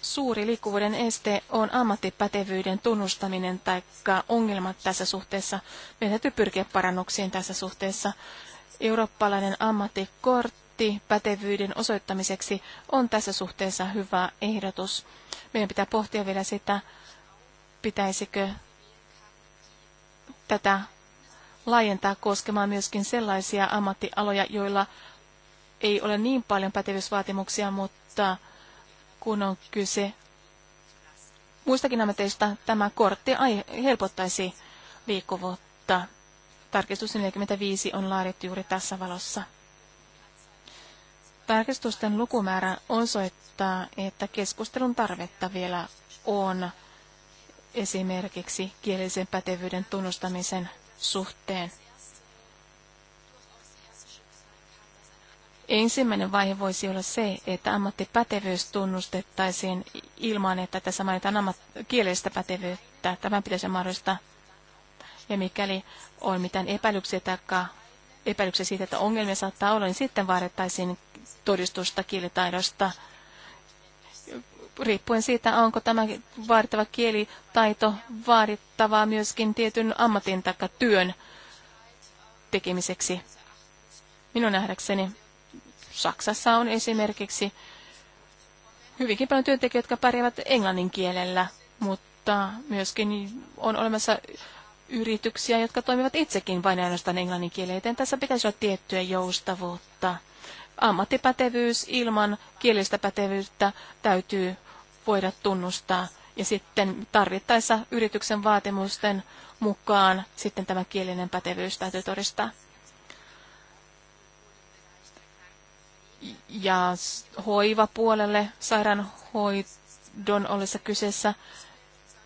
suuri liikkuvuuden este on ammattipätevyyden tunnustaminen tai ongelmat tässä suhteessa. Meidän täytyy pyrkiä parannuksiin tässä suhteessa. Eurooppalainen ammattikortti pätevyyden osoittamiseksi on tässä suhteessa hyvä ehdotus. Meidän pitää pohtia vielä sitä, pitäisikö tätä laajentaa koskemaan myöskin sellaisia ammattialoja, joilla ei ole niin paljon pätevyysvaatimuksia, mutta kun on kyse muistakin ammateista, tämä kortti helpottaisi liikkuvuutta. Tarkistus 45 on laadittu juuri tässä valossa. Tarkistusten lukumäärä osoittaa, että keskustelun tarvetta vielä on esimerkiksi kielisen pätevyyden tunnustamisen suhteen. Ensimmäinen vaihe voisi olla se, että ammattipätevyys tunnustettaisiin ilman, että tässä mainitaan ammat- kielellistä pätevyyttä. Tämä pitäisi mahdollista. Ja mikäli on mitään epäilyksiä tai epäilyksiä siitä, että ongelmia saattaa olla, niin sitten vaadittaisiin todistusta kielitaidosta riippuen siitä, onko tämä vaadittava kielitaito vaadittavaa myöskin tietyn ammatin tai työn tekemiseksi. Minun nähdäkseni Saksassa on esimerkiksi hyvinkin paljon työntekijöitä, jotka pärjäävät englannin kielellä, mutta myöskin on olemassa yrityksiä, jotka toimivat itsekin vain ainoastaan englannin kielellä, joten tässä pitäisi olla tiettyä joustavuutta. Ammattipätevyys ilman kielistä pätevyyttä täytyy voida tunnustaa ja sitten tarvittaessa yrityksen vaatimusten mukaan sitten tämä kielinen pätevyys täytyy todistaa. ja hoivapuolelle sairaanhoidon ollessa kyseessä.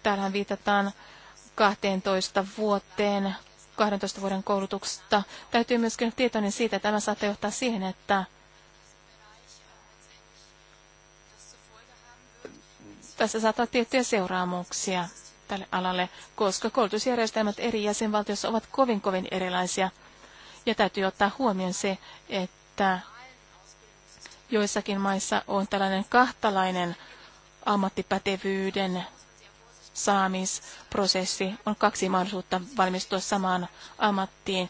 Täällähän viitataan 12 vuoteen, 12 vuoden koulutuksesta. Täytyy myöskin olla tietoinen siitä, että tämä saattaa johtaa siihen, että tässä saattaa olla tiettyjä seuraamuksia tälle alalle, koska koulutusjärjestelmät eri jäsenvaltioissa ovat kovin kovin erilaisia. Ja täytyy ottaa huomioon se, että Joissakin maissa on tällainen kahtalainen ammattipätevyyden saamisprosessi. On kaksi mahdollisuutta valmistua samaan ammattiin.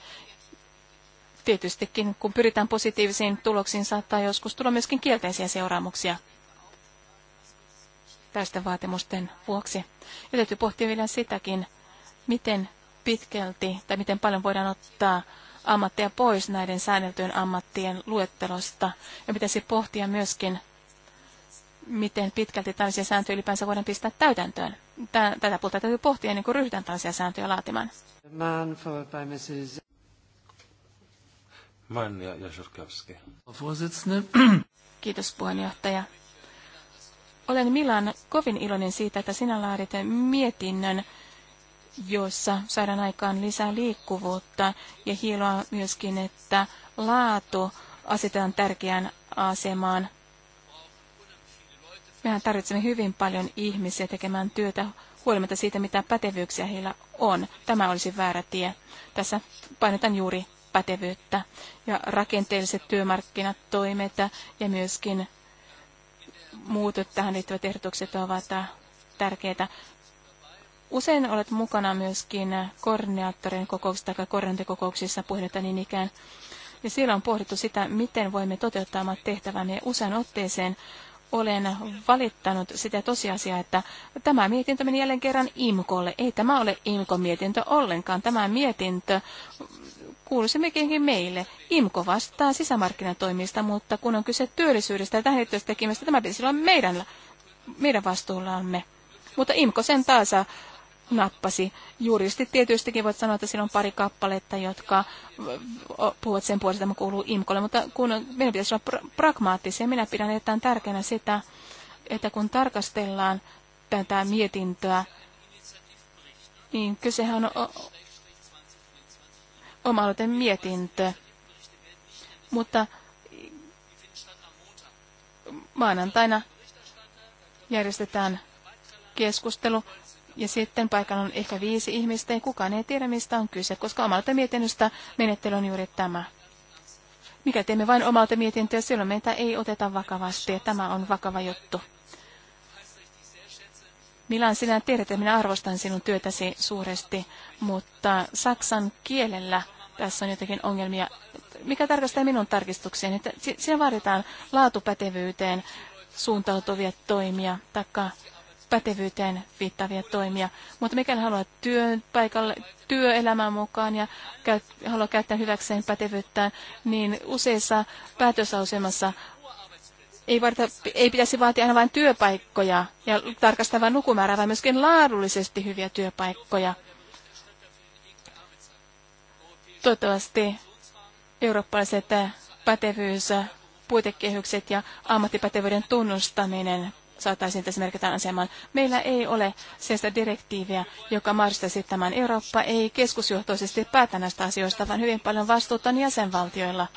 Tietystikin, kun pyritään positiivisiin tuloksiin, saattaa joskus tulla myöskin kielteisiä seuraamuksia tästä vaatimusten vuoksi. Ja täytyy pohtia vielä sitäkin, miten pitkälti tai miten paljon voidaan ottaa ammattia pois näiden säänneltyjen ammattien luettelosta. Ja pitäisi pohtia myöskin, miten pitkälti tällaisia sääntöjä ylipäänsä voidaan pistää täytäntöön. Tätä puolta täytyy pohtia ennen kuin ryhdytään tällaisia sääntöjä laatimaan. Kiitos puheenjohtaja. Olen Milan kovin iloinen siitä, että sinä laadit mietinnön, joissa saadaan aikaan lisää liikkuvuutta ja hiiloa myöskin, että laatu asetetaan tärkeään asemaan. Mehän tarvitsemme hyvin paljon ihmisiä tekemään työtä huolimatta siitä, mitä pätevyyksiä heillä on. Tämä olisi väärä tie. Tässä painetaan juuri pätevyyttä ja rakenteelliset työmarkkinat, toimet ja myöskin muut tähän liittyvät ehdotukset ovat tärkeitä. Usein olet mukana myöskin koordinaattorien kokouksissa tai koordinaattikokouksissa puhdetta niin ikään. Ja siellä on pohdittu sitä, miten voimme toteuttaa omat tehtävämme. Ja usein otteeseen olen valittanut sitä tosiasiaa, että tämä mietintö meni jälleen kerran IMKOlle. Ei tämä ole IMKO-mietintö ollenkaan. Tämä mietintö kuuluisi mekinkin meille. IMKO vastaa sisämarkkinatoimista, mutta kun on kyse työllisyydestä ja tähän tekemistä, tämä pitäisi olla meidän, meidän vastuullamme. Mutta IMKO sen taas nappasi. Juristi tietystikin voit sanoa, että siinä on pari kappaletta, jotka puhuvat sen puolesta, että kuuluu IMKOlle, mutta kun meidän pitäisi olla pragmaattisia, minä pidän erittäin tärkeänä sitä, että kun tarkastellaan tätä mietintöä, niin kysehän on oma mietintö, mutta maanantaina järjestetään keskustelu ja sitten paikalla on ehkä viisi ihmistä ja kukaan ei tiedä, mistä on kyse, koska omalta mietinnöstä menettely on juuri tämä. Mikä teemme vain omalta mietintöä, silloin meitä ei oteta vakavasti ja tämä on vakava juttu. Milan, sinä tiedät, että minä arvostan sinun työtäsi suuresti, mutta saksan kielellä tässä on jotakin ongelmia. Mikä tarkastaa minun tarkistukseen? Että siinä vaaditaan laatupätevyyteen suuntautuvia toimia, taikka pätevyyteen viittaavia toimia. Mutta mikäli haluaa työpaikalle, työelämään mukaan ja käy, haluaa käyttää hyväkseen pätevyyttään, niin useissa päätösasemassa ei, varta, ei pitäisi vaatia aina vain työpaikkoja ja tarkastaa vain lukumäärää, vaan myöskin laadullisesti hyviä työpaikkoja. Toivottavasti eurooppalaiset pätevyys, puitekehykset ja ammattipätevyyden tunnustaminen saataisiin tässä merkitään asemaan. Meillä ei ole sellaista direktiiviä, joka mahdollistaisi tämän. Eurooppa ei keskusjohtoisesti päätä näistä asioista, vaan hyvin paljon vastuuta on jäsenvaltioilla.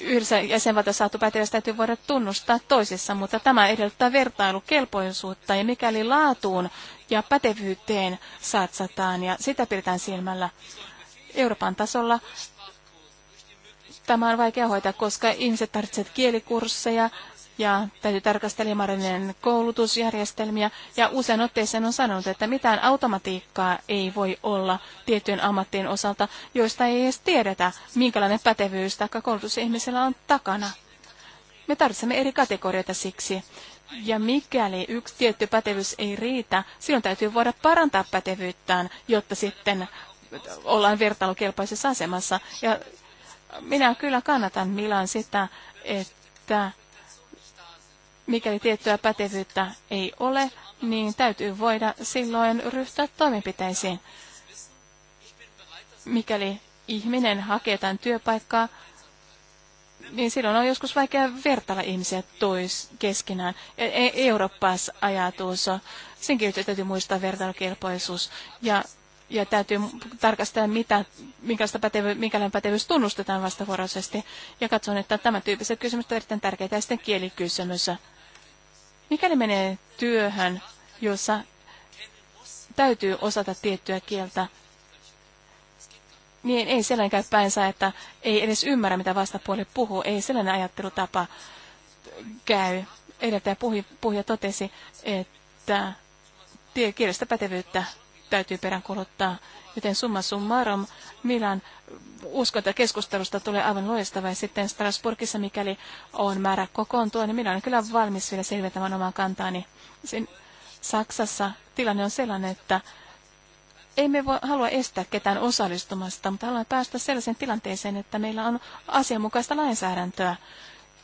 Yhdessä jäsenvaltio saatu päätös täytyy voida tunnustaa toisessa, mutta tämä edellyttää vertailukelpoisuutta ja mikäli laatuun ja pätevyyteen satsataan ja sitä pidetään silmällä Euroopan tasolla, tämä on vaikea hoitaa, koska ihmiset tarvitsevat kielikursseja, ja täytyy tarkastella marinen koulutusjärjestelmiä. Ja usein otteeseen on sanonut, että mitään automatiikkaa ei voi olla tiettyjen ammattien osalta, joista ei edes tiedetä, minkälainen pätevyys tai koulutus ihmisellä on takana. Me tarvitsemme eri kategorioita siksi. Ja mikäli yksi tietty pätevyys ei riitä, silloin täytyy voida parantaa pätevyyttään, jotta sitten ollaan vertailukelpoisessa asemassa. Ja minä kyllä kannatan Milan sitä, että mikäli tiettyä pätevyyttä ei ole, niin täytyy voida silloin ryhtyä toimenpiteisiin. Mikäli ihminen hakee tämän työpaikkaa, niin silloin on joskus vaikea vertailla ihmisiä tois keskenään. E-, e- Eurooppas ajatus on, senkin täytyy muistaa vertailukelpoisuus ja, ja täytyy tarkastaa, mitä, minkälaista pätevy- pätevyys tunnustetaan vastavuoroisesti. Ja katson, että tämä tyyppiset kysymykset on erittäin tärkeitä ja sitten kielikysymys. Mikäli menee työhön, jossa täytyy osata tiettyä kieltä, niin ei sellainen käy päinsä, että ei edes ymmärrä, mitä vastapuoli puhuu. Ei sellainen ajattelutapa käy. Edeltäjä puhuja totesi, että kielestä pätevyyttä täytyy peräänkuluttaa. Joten summa summarum, Milan keskustelusta tulee aivan loistava. Ja sitten Strasbourgissa, mikäli on määrä kokoontua, niin minä olen kyllä valmis vielä selventämään omaa kantaani. Sin Saksassa tilanne on sellainen, että ei me voi, halua estää ketään osallistumasta, mutta haluamme päästä sellaiseen tilanteeseen, että meillä on asianmukaista lainsäädäntöä.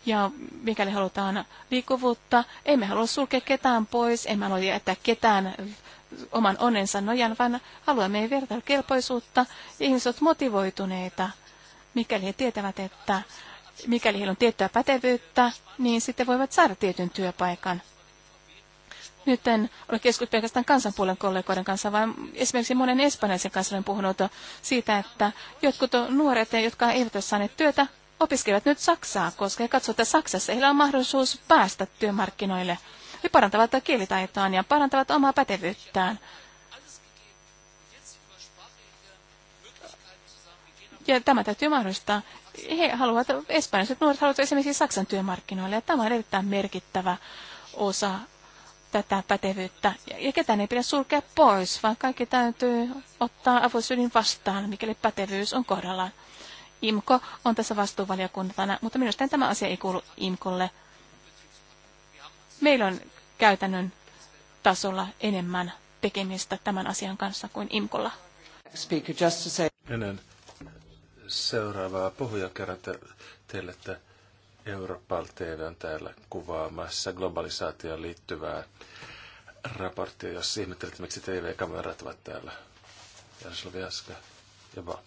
Ja mikäli halutaan liikkuvuutta, emme halua sulkea ketään pois, emme halua jättää ketään oman onnensa nojan, vaan haluamme vertailukelpoisuutta. Ihmiset ovat motivoituneita, mikäli he tietävät, että mikäli heillä on tiettyä pätevyyttä, niin sitten voivat saada tietyn työpaikan. Nyt en ole keskustellut pelkästään kansanpuolen kollegoiden kanssa, vaan esimerkiksi monen espanjaisen kanssa olen puhunut siitä, että jotkut nuoret, jotka eivät ole saaneet työtä, opiskelevat nyt Saksaa, koska he katsovat, että Saksassa heillä on mahdollisuus päästä työmarkkinoille – he parantavat kielitaitoaan ja parantavat omaa pätevyyttään. Ja tämä täytyy mahdollistaa. He haluavat, espanjalaiset nuoret haluavat esimerkiksi Saksan työmarkkinoille, ja tämä on erittäin merkittävä osa tätä pätevyyttä. Ja ketään ei pidä sulkea pois, vaan kaikki täytyy ottaa avosydin vastaan, mikäli pätevyys on kohdallaan. IMKO on tässä vastuuvaliokuntana, mutta minusta tämä asia ei kuulu IMKOlle. Meillä on käytännön tasolla enemmän tekemistä tämän asian kanssa kuin IMKOlla. Ennen seuraavaa puhuja kerran teille, että Euroopan TV on täällä kuvaamassa globalisaatioon liittyvää raporttia, jos ihmettelet, miksi TV-kamerat ovat täällä. Jaroslav Jaska, ja vaan.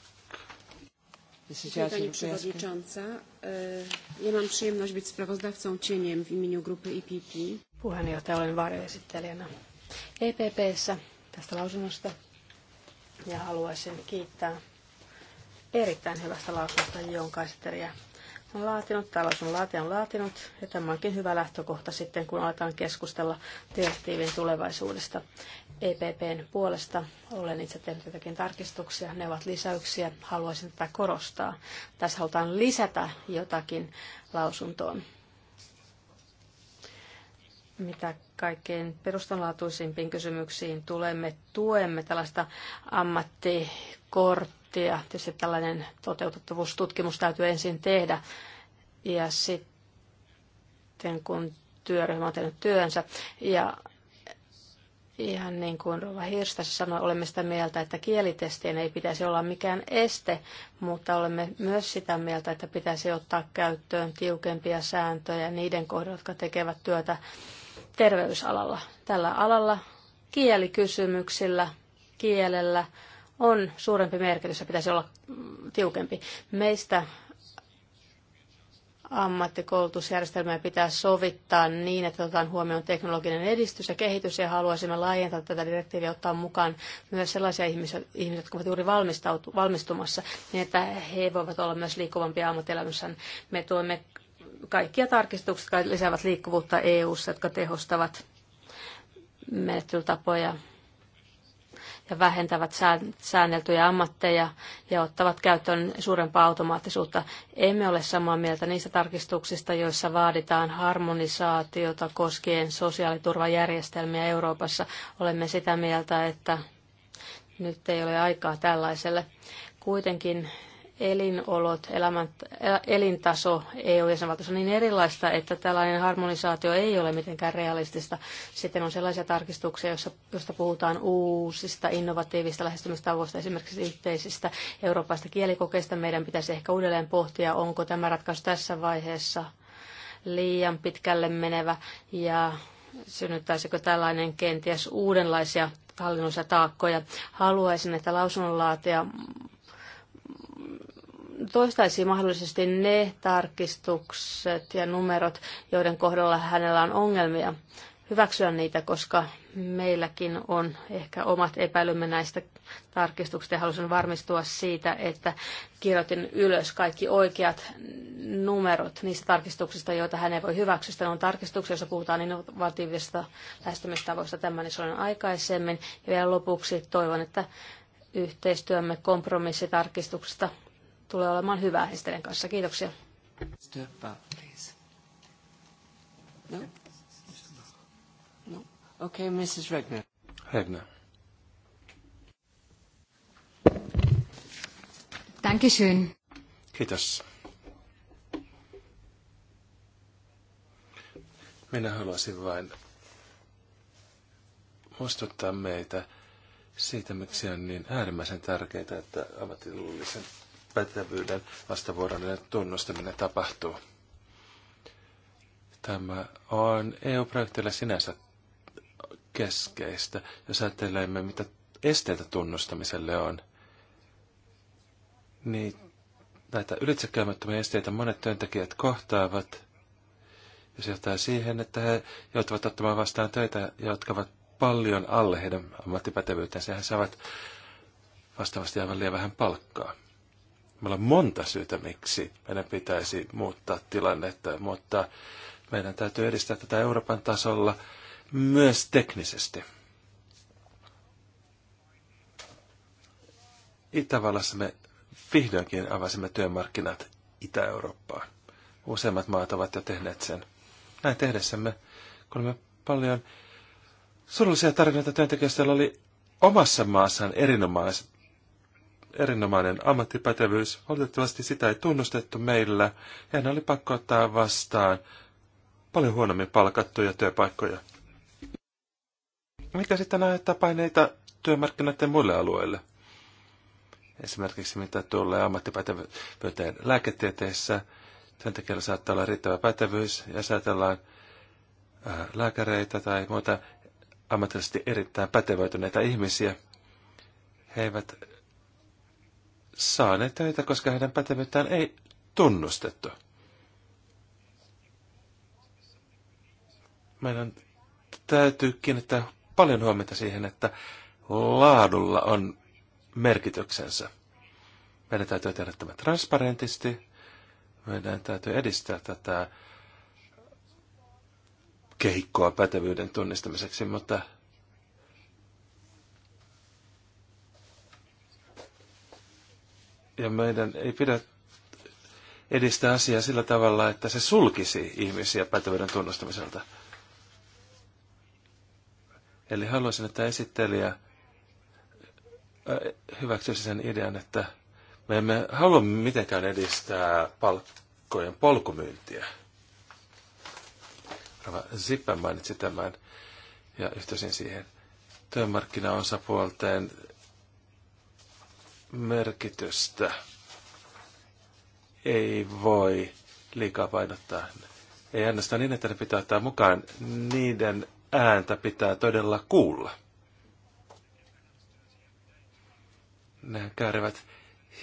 Dziękuję Pani Przewodnicząca. E, ja mam przyjemność być sprawozdawcą cieniem w imieniu grupy EPP. Puheenjohtaja, olen varjoesittelijänä EPPssä tästä lausunnosta ja haluaisin kiittää erittäin hyvästä lausunnosta, jonka esittelijä on laatinut, talous on laatia on laatinut, ja tämä onkin hyvä lähtökohta sitten, kun aletaan keskustella direktiivin tulevaisuudesta. EPPn puolesta. Olen itse tehnyt jotakin tarkistuksia, ne ovat lisäyksiä, haluaisin tätä korostaa. Tässä halutaan lisätä jotakin lausuntoon. Mitä kaikkein perustanlaatuisimpiin kysymyksiin tulemme, tuemme tällaista ammattikorttia. Tietysti tällainen toteutettavuustutkimus täytyy ensin tehdä ja sitten kun työryhmä on tehnyt työnsä ja Ihan niin kuin Rova Hirstas sanoi, olemme sitä mieltä, että kielitestien ei pitäisi olla mikään este, mutta olemme myös sitä mieltä, että pitäisi ottaa käyttöön tiukempia sääntöjä niiden kohdalla, jotka tekevät työtä terveysalalla. Tällä alalla kielikysymyksillä, kielellä on suurempi merkitys ja pitäisi olla tiukempi. Meistä ammattikoulutusjärjestelmää pitää sovittaa niin, että otetaan huomioon teknologinen edistys ja kehitys, ja haluaisimme laajentaa tätä direktiiviä ottaa mukaan myös sellaisia ihmisiä, ihmisiä jotka ovat juuri valmistumassa, niin että he voivat olla myös liikkuvampia ammattielämässä. Me tuemme kaikkia tarkistuksia, jotka lisäävät liikkuvuutta EU-ssa, jotka tehostavat menettelytapoja ja vähentävät säänneltyjä ammatteja ja ottavat käyttöön suurempaa automaattisuutta. Emme ole samaa mieltä niistä tarkistuksista, joissa vaaditaan harmonisaatiota koskien sosiaaliturvajärjestelmiä Euroopassa. Olemme sitä mieltä, että nyt ei ole aikaa tällaiselle. Kuitenkin elinolot, elämän, e, elintaso EU-jäsenvaltiossa on niin erilaista, että tällainen harmonisaatio ei ole mitenkään realistista. Sitten on sellaisia tarkistuksia, joissa, joista puhutaan uusista innovatiivista lähestymistavoista, esimerkiksi yhteisistä eurooppaista kielikokeista. Meidän pitäisi ehkä uudelleen pohtia, onko tämä ratkaisu tässä vaiheessa liian pitkälle menevä ja synnyttäisikö tällainen kenties uudenlaisia hallinnollisia taakkoja. Haluaisin, että lausunnonlaatija toistaisi mahdollisesti ne tarkistukset ja numerot, joiden kohdalla hänellä on ongelmia hyväksyä niitä, koska meilläkin on ehkä omat epäilymme näistä tarkistuksista ja halusin varmistua siitä, että kirjoitin ylös kaikki oikeat numerot niistä tarkistuksista, joita hän ei voi hyväksyä. Sitten on tarkistuksia, joissa puhutaan innovatiivisista lähestymistavoista tämän niin aikaisemmin. Ja vielä lopuksi toivon, että yhteistyömme kompromissitarkistuksista tulee olemaan hyvää Esterin kanssa. Kiitoksia. No? No. Okay, Mrs. Regner. Regner. Dankeschön. Kiitos. Minä haluaisin vain muistuttaa meitä siitä, miksi on niin äärimmäisen tärkeää, että ammatillisen pätevyyden vastavuoroinen tunnustaminen tapahtuu. Tämä on EU-projektille sinänsä keskeistä, jos ajattelemme, mitä esteitä tunnustamiselle on. Niin näitä ylitsekäymättömiä esteitä monet työntekijät kohtaavat, ja se johtaa siihen, että he joutuvat ottamaan vastaan töitä, jotka ovat paljon alle heidän ammattipätevyytensä, ja he saavat vastaavasti aivan liian vähän palkkaa. Meillä on monta syytä, miksi meidän pitäisi muuttaa tilannetta, mutta meidän täytyy edistää tätä Euroopan tasolla myös teknisesti. Itävallassa me vihdoinkin avasimme työmarkkinat Itä-Eurooppaan. Useimmat maat ovat jo tehneet sen. Näin tehdessämme me paljon surullisia tarinoita työntekijöistä, oli omassa maassaan erinomaiset erinomainen ammattipätevyys. Valitettavasti sitä ei tunnustettu meillä, ja hän oli pakko ottaa vastaan paljon huonommin palkattuja työpaikkoja. Mikä sitten aiheuttaa paineita työmarkkinoiden muille alueille? Esimerkiksi mitä tulee ammattipätevyyteen lääketieteessä, työntekijällä saattaa olla riittävä pätevyys, ja säätellään äh, lääkäreitä tai muita ammatillisesti erittäin pätevöityneitä ihmisiä. He eivät saaneet töitä, koska heidän pätevyyttään ei tunnustettu. Meidän täytyy kiinnittää paljon huomiota siihen, että laadulla on merkityksensä. Meidän täytyy tehdä tämä transparentisti. Meidän täytyy edistää tätä kehikkoa pätevyyden tunnistamiseksi, mutta – ja meidän ei pidä edistää asiaa sillä tavalla, että se sulkisi ihmisiä pätevyyden tunnustamiselta. Eli haluaisin, että esittelijä äh, hyväksyisi sen idean, että me emme halua mitenkään edistää palkkojen polkumyyntiä. Rava Zippä mainitsi tämän ja yhtäisin siihen työmarkkinaosapuolten merkitystä ei voi liikaa painottaa. Ei ainoastaan niin, että ne pitää ottaa mukaan. Niiden ääntä pitää todella kuulla. Ne käärivät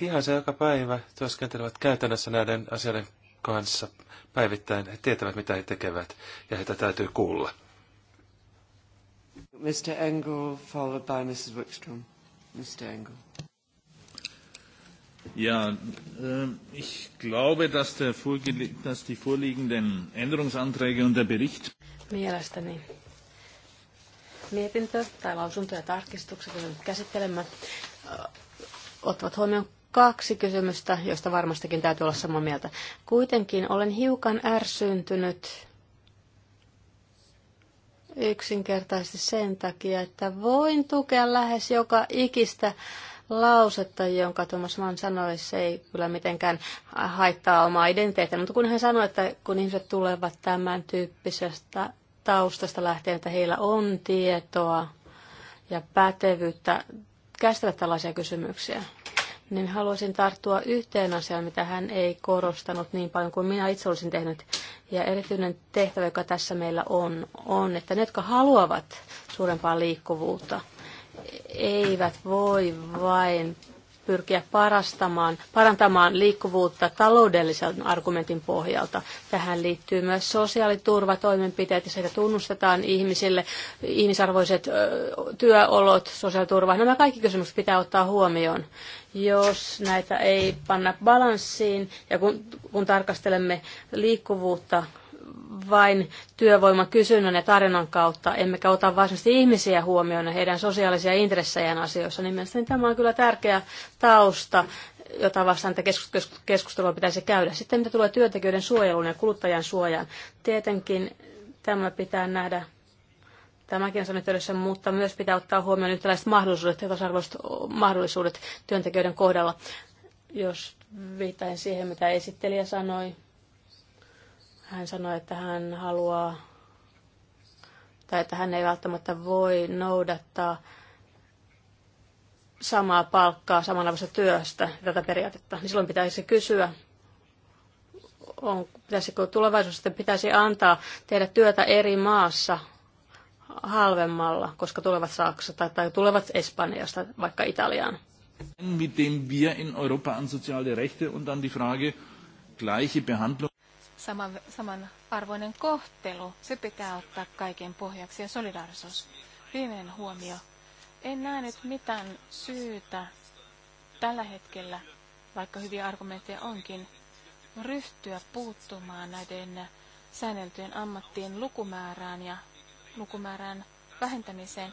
hihansa joka päivä, työskentelevät käytännössä näiden asioiden kanssa päivittäin. He tietävät, mitä he tekevät, ja heitä täytyy kuulla. Mr. Engel, followed by Mrs. Wickstrom. Mr. Engel. Ja, ähm, ich glaube, dass, der dass die vorliegenden Änderungsanträge und der Bericht... Mielestäni mietintö tai lausunto ja tarkistukset, joita nyt käsittelemme, ottavat huomioon kaksi kysymystä, joista varmastikin täytyy olla samaa mieltä. Kuitenkin olen hiukan ärsyntynyt yksinkertaisesti sen takia, että voin tukea lähes joka ikistä lausetta, jonka Thomas Mann sanoi, se ei kyllä mitenkään haittaa omaa identiteettiä, mutta kun hän sanoi, että kun ihmiset tulevat tämän tyyppisestä taustasta lähtien, että heillä on tietoa ja pätevyyttä käsitellä tällaisia kysymyksiä, niin haluaisin tarttua yhteen asiaan, mitä hän ei korostanut niin paljon kuin minä itse olisin tehnyt. Ja erityinen tehtävä, joka tässä meillä on, on, että ne, jotka haluavat suurempaa liikkuvuutta, eivät voi vain pyrkiä parastamaan, parantamaan liikkuvuutta taloudellisen argumentin pohjalta. Tähän liittyy myös sosiaaliturvatoimenpiteet, ja sitä tunnustetaan ihmisille, ihmisarvoiset työolot, sosiaaliturva. Nämä kaikki kysymykset pitää ottaa huomioon. Jos näitä ei panna balanssiin, ja kun, kun tarkastelemme liikkuvuutta vain työvoimakysynnän ja tarjonnan kautta, emmekä ota varsinaisesti ihmisiä huomioon ja heidän sosiaalisia intressejään asioissa, niin mielestäni tämä on kyllä tärkeä tausta, jota vastaan tätä keskustelua pitäisi käydä. Sitten mitä tulee työntekijöiden suojeluun ja kuluttajan suojaan, tietenkin tämä pitää nähdä tämäkin on yhteydessä, mutta myös pitää ottaa huomioon yhtäläiset mahdollisuudet ja tasa-arvoiset mahdollisuudet työntekijöiden kohdalla. Jos viittain siihen, mitä esittelijä sanoi, hän sanoi, että hän haluaa tai että hän ei välttämättä voi noudattaa samaa palkkaa samanlaisesta työstä tätä periaatetta, niin silloin pitäisi kysyä, on, pitäisikö tulevaisuudessa sitten pitäisi antaa tehdä työtä eri maassa halvemmalla, koska tulevat Saksasta tai, tai tulevat Espanjasta, vaikka Italiaan. Mit dem wir in Europa an soziale Rechte und an die Frage gleiche Behandlung sama samanarvoinen kohtelu, se pitää ottaa kaiken pohjaksi ja solidaarisuus. Viimeinen huomio. En näe nyt mitään syytä tällä hetkellä, vaikka hyviä argumentteja onkin, ryhtyä puuttumaan näiden säänneltyjen ammattien lukumäärään ja lukumäärän vähentämiseen.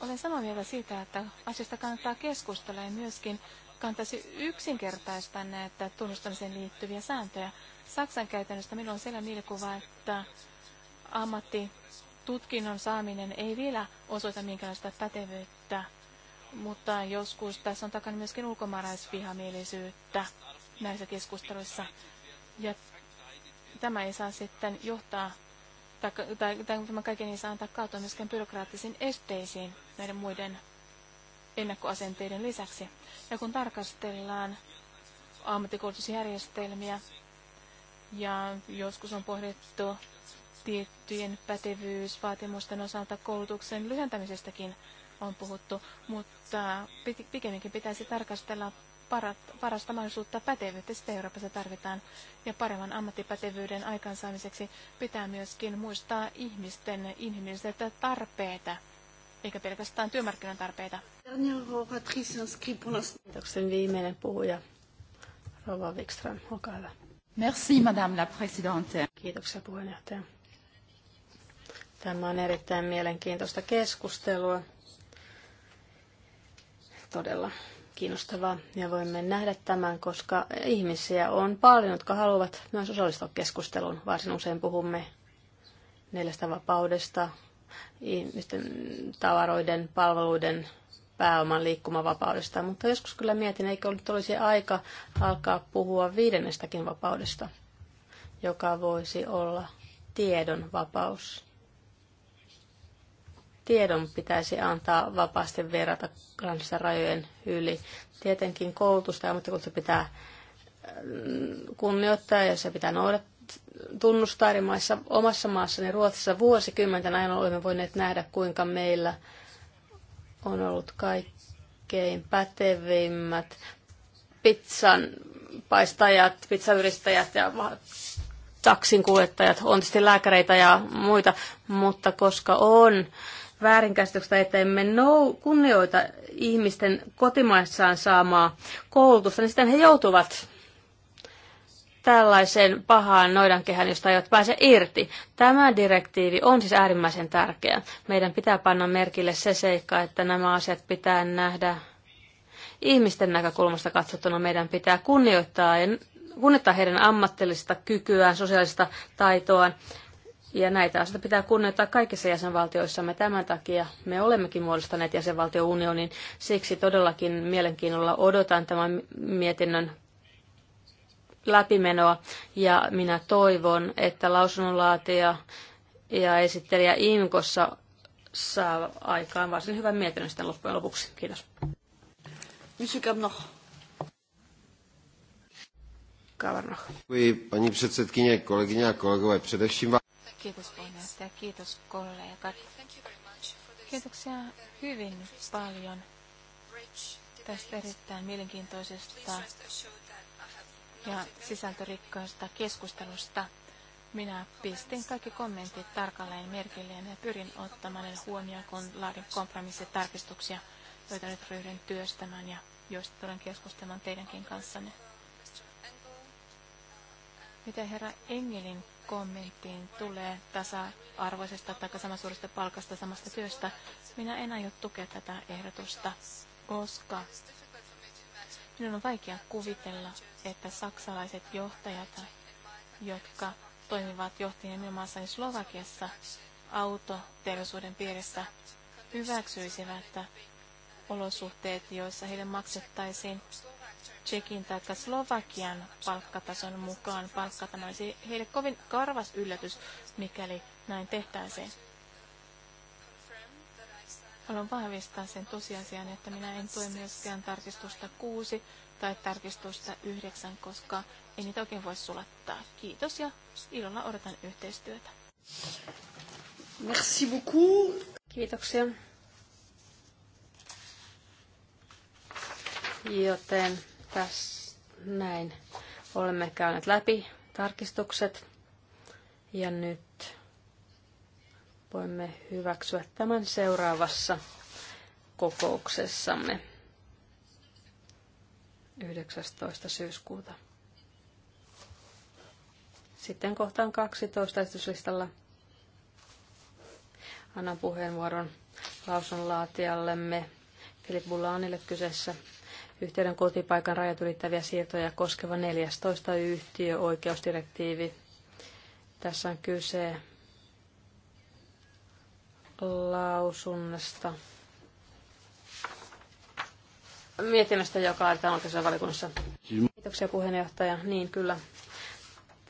Olen samaa mieltä siitä, että asiasta kannattaa keskustella ja myöskin kannattaisi yksinkertaistaa näitä tunnustamiseen liittyviä sääntöjä. Saksan käytännöstä minulla on sellainen mielikuva, että ammattitutkinnon saaminen ei vielä osoita minkäänlaista pätevyyttä, mutta joskus tässä on takana myöskin ulkomaalaisvihamielisyyttä näissä keskusteluissa. Ja tämä ei saa sitten johtaa, tai, tai, tämä kaiken ei saa antaa kautta myöskään byrokraattisiin esteisiin näiden muiden ennakkoasenteiden lisäksi. Ja kun tarkastellaan ammattikoulutusjärjestelmiä, ja joskus on pohdittu tiettyjen pätevyysvaatimusten osalta koulutuksen lyhentämisestäkin on puhuttu, mutta pikemminkin pitäisi tarkastella parat, parasta mahdollisuutta pätevyyttä, sitä Euroopassa tarvitaan. Ja paremman ammattipätevyyden aikaansaamiseksi pitää myöskin muistaa ihmisten inhimilliset tarpeita, eikä pelkästään työmarkkinan tarpeita. Kiitoksen viimeinen puhuja, Rova Wikström, olkaa hyvä. Merci, Madame la Présidente. Kiitoksia puheenjohtaja. Tämä on erittäin mielenkiintoista keskustelua. Todella kiinnostavaa ja voimme nähdä tämän, koska ihmisiä on paljon, jotka haluavat myös osallistua keskusteluun. Varsin usein puhumme neljästä vapaudesta, ihmisten tavaroiden, palveluiden pääoman liikkumavapaudesta, mutta joskus kyllä mietin, eikö nyt olisi aika alkaa puhua viidennestäkin vapaudesta, joka voisi olla tiedon vapaus. Tiedon pitäisi antaa vapaasti verrata kansan rajojen yli. Tietenkin koulutusta ja ammattikoulutusta pitää mm, kunnioittaa ja se pitää noudattaa tunnustaa eri maissa, omassa maassani Ruotsissa vuosikymmenten ajan olemme voineet nähdä, kuinka meillä – on ollut kaikkein pätevimmät pizzan paistajat, pizzayrittäjät ja taksinkuljettajat, on tietysti lääkäreitä ja muita, mutta koska on väärinkäsityksestä, että emme nou, kunnioita ihmisten kotimaissaan saamaa koulutusta, niin sitten he joutuvat tällaiseen pahaan noidankehän, josta ei pääse irti. Tämä direktiivi on siis äärimmäisen tärkeä. Meidän pitää panna merkille se seikka, että nämä asiat pitää nähdä ihmisten näkökulmasta katsottuna. Meidän pitää kunnioittaa, ja kunnioittaa heidän ammattilista kykyään, sosiaalista taitoaan. Ja näitä asioita pitää kunnioittaa kaikissa jäsenvaltioissamme. Tämän takia me olemmekin muodostaneet jäsenvaltiounionin. Siksi todellakin mielenkiinnolla odotan tämän mietinnön läpimenoa ja minä toivon, että lausunnonlaatija ja esittelijä Inkossa saa aikaan varsin hyvän mietinnön sitten loppujen lopuksi. Kiitos. Kiitos puheenjohtaja, kiitos kollegat. Kiitoksia hyvin paljon tästä erittäin mielenkiintoisesta ja sisältörikkoista keskustelusta. Minä pistin kaikki kommentit tarkalleen merkilleen ja pyrin ottamaan ne huomioon, kun laadin kompromissitarkistuksia, joita nyt ryhdyn työstämään ja joista tulen keskustelemaan teidänkin kanssanne. Mitä herra Engelin kommenttiin tulee tasa-arvoisesta tai samansuurista palkasta samasta työstä, minä en aio tukea tätä ehdotusta, koska Minun on vaikea kuvitella, että saksalaiset johtajat, jotka toimivat johtajien maassa maassani Slovakiassa autoteollisuuden piirissä, hyväksyisivät olosuhteet, joissa heille maksettaisiin Tsekin tai Slovakian palkkatason mukaan palkka. olisi heille kovin karvas yllätys, mikäli näin tehtäisiin. Haluan vahvistaa sen tosiasian, että minä en tue myöskään tarkistusta 6 tai tarkistusta 9, koska ei niitä oikein voi sulattaa. Kiitos ja ilolla odotan yhteistyötä. Merci beaucoup. Kiitoksia. Joten tässä näin olemme käyneet läpi tarkistukset. Ja nyt voimme hyväksyä tämän seuraavassa kokouksessamme 19. syyskuuta. Sitten kohtaan 12 esityslistalla annan puheenvuoron lausunlaatijallemme Filip Bulanille kyseessä yhteyden kotipaikan rajat ylittäviä siirtoja koskeva 14. yhtiöoikeusdirektiivi. Tässä on kyse lausunnosta. Mietinnöstä, joka laitetaan oikeassa valikunnassa. Kiitoksia puheenjohtaja. Niin kyllä